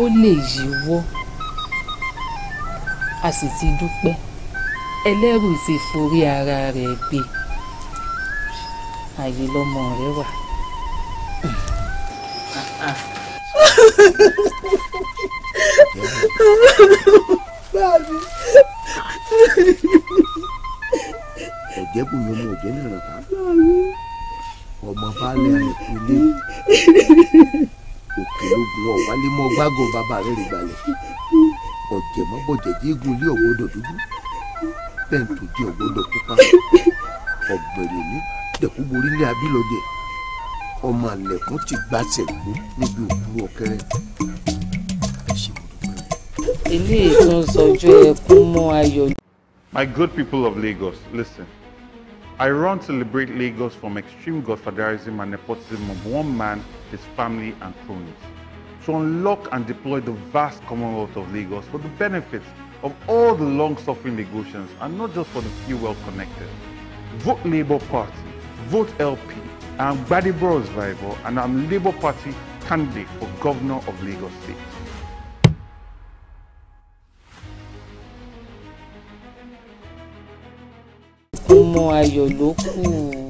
ó lè yíwọ́ a sì ti dúpẹ́ ẹlẹ́rù ti forí ara rẹ̀ gbé àyè lọ́mọ rẹ̀ wà. báàbí ọ̀jẹ́ kù ní ọmọ ọ̀jẹ́ náà rà ọmọ baálé àlèkù ilé òkè lógun ọ̀wálé mọ́ gbágùn bàbá rẹ̀ rẹ̀ gbalẹ̀ ọ̀jẹ̀mọ́bọ̀jẹ̀jẹ̀ igun ilé ọ̀wọ́dọ̀ dúdú bẹ́ǹtò jẹ́ ọ̀wọ́dọ̀ pupa ọ̀gbẹ̀rẹ̀ ní dẹ̀kúborí ní abílọ́jẹ̀ ọmọ àlẹ̀kùn ti gbàṣẹ̀ kú níbi òkú ọ̀kẹ́rẹ́ My good people of Lagos, listen. I run to liberate Lagos from extreme godfatherism and nepotism of one man, his family, and cronies. to unlock and deploy the vast Commonwealth of Lagos for the benefits of all the long-suffering Lagosians and not just for the few well-connected. Vote Labour Party, vote LP. I'm Badibro Rival and I'm Labour Party candidate for Governor of Lagos State. ọmọ ayọ̀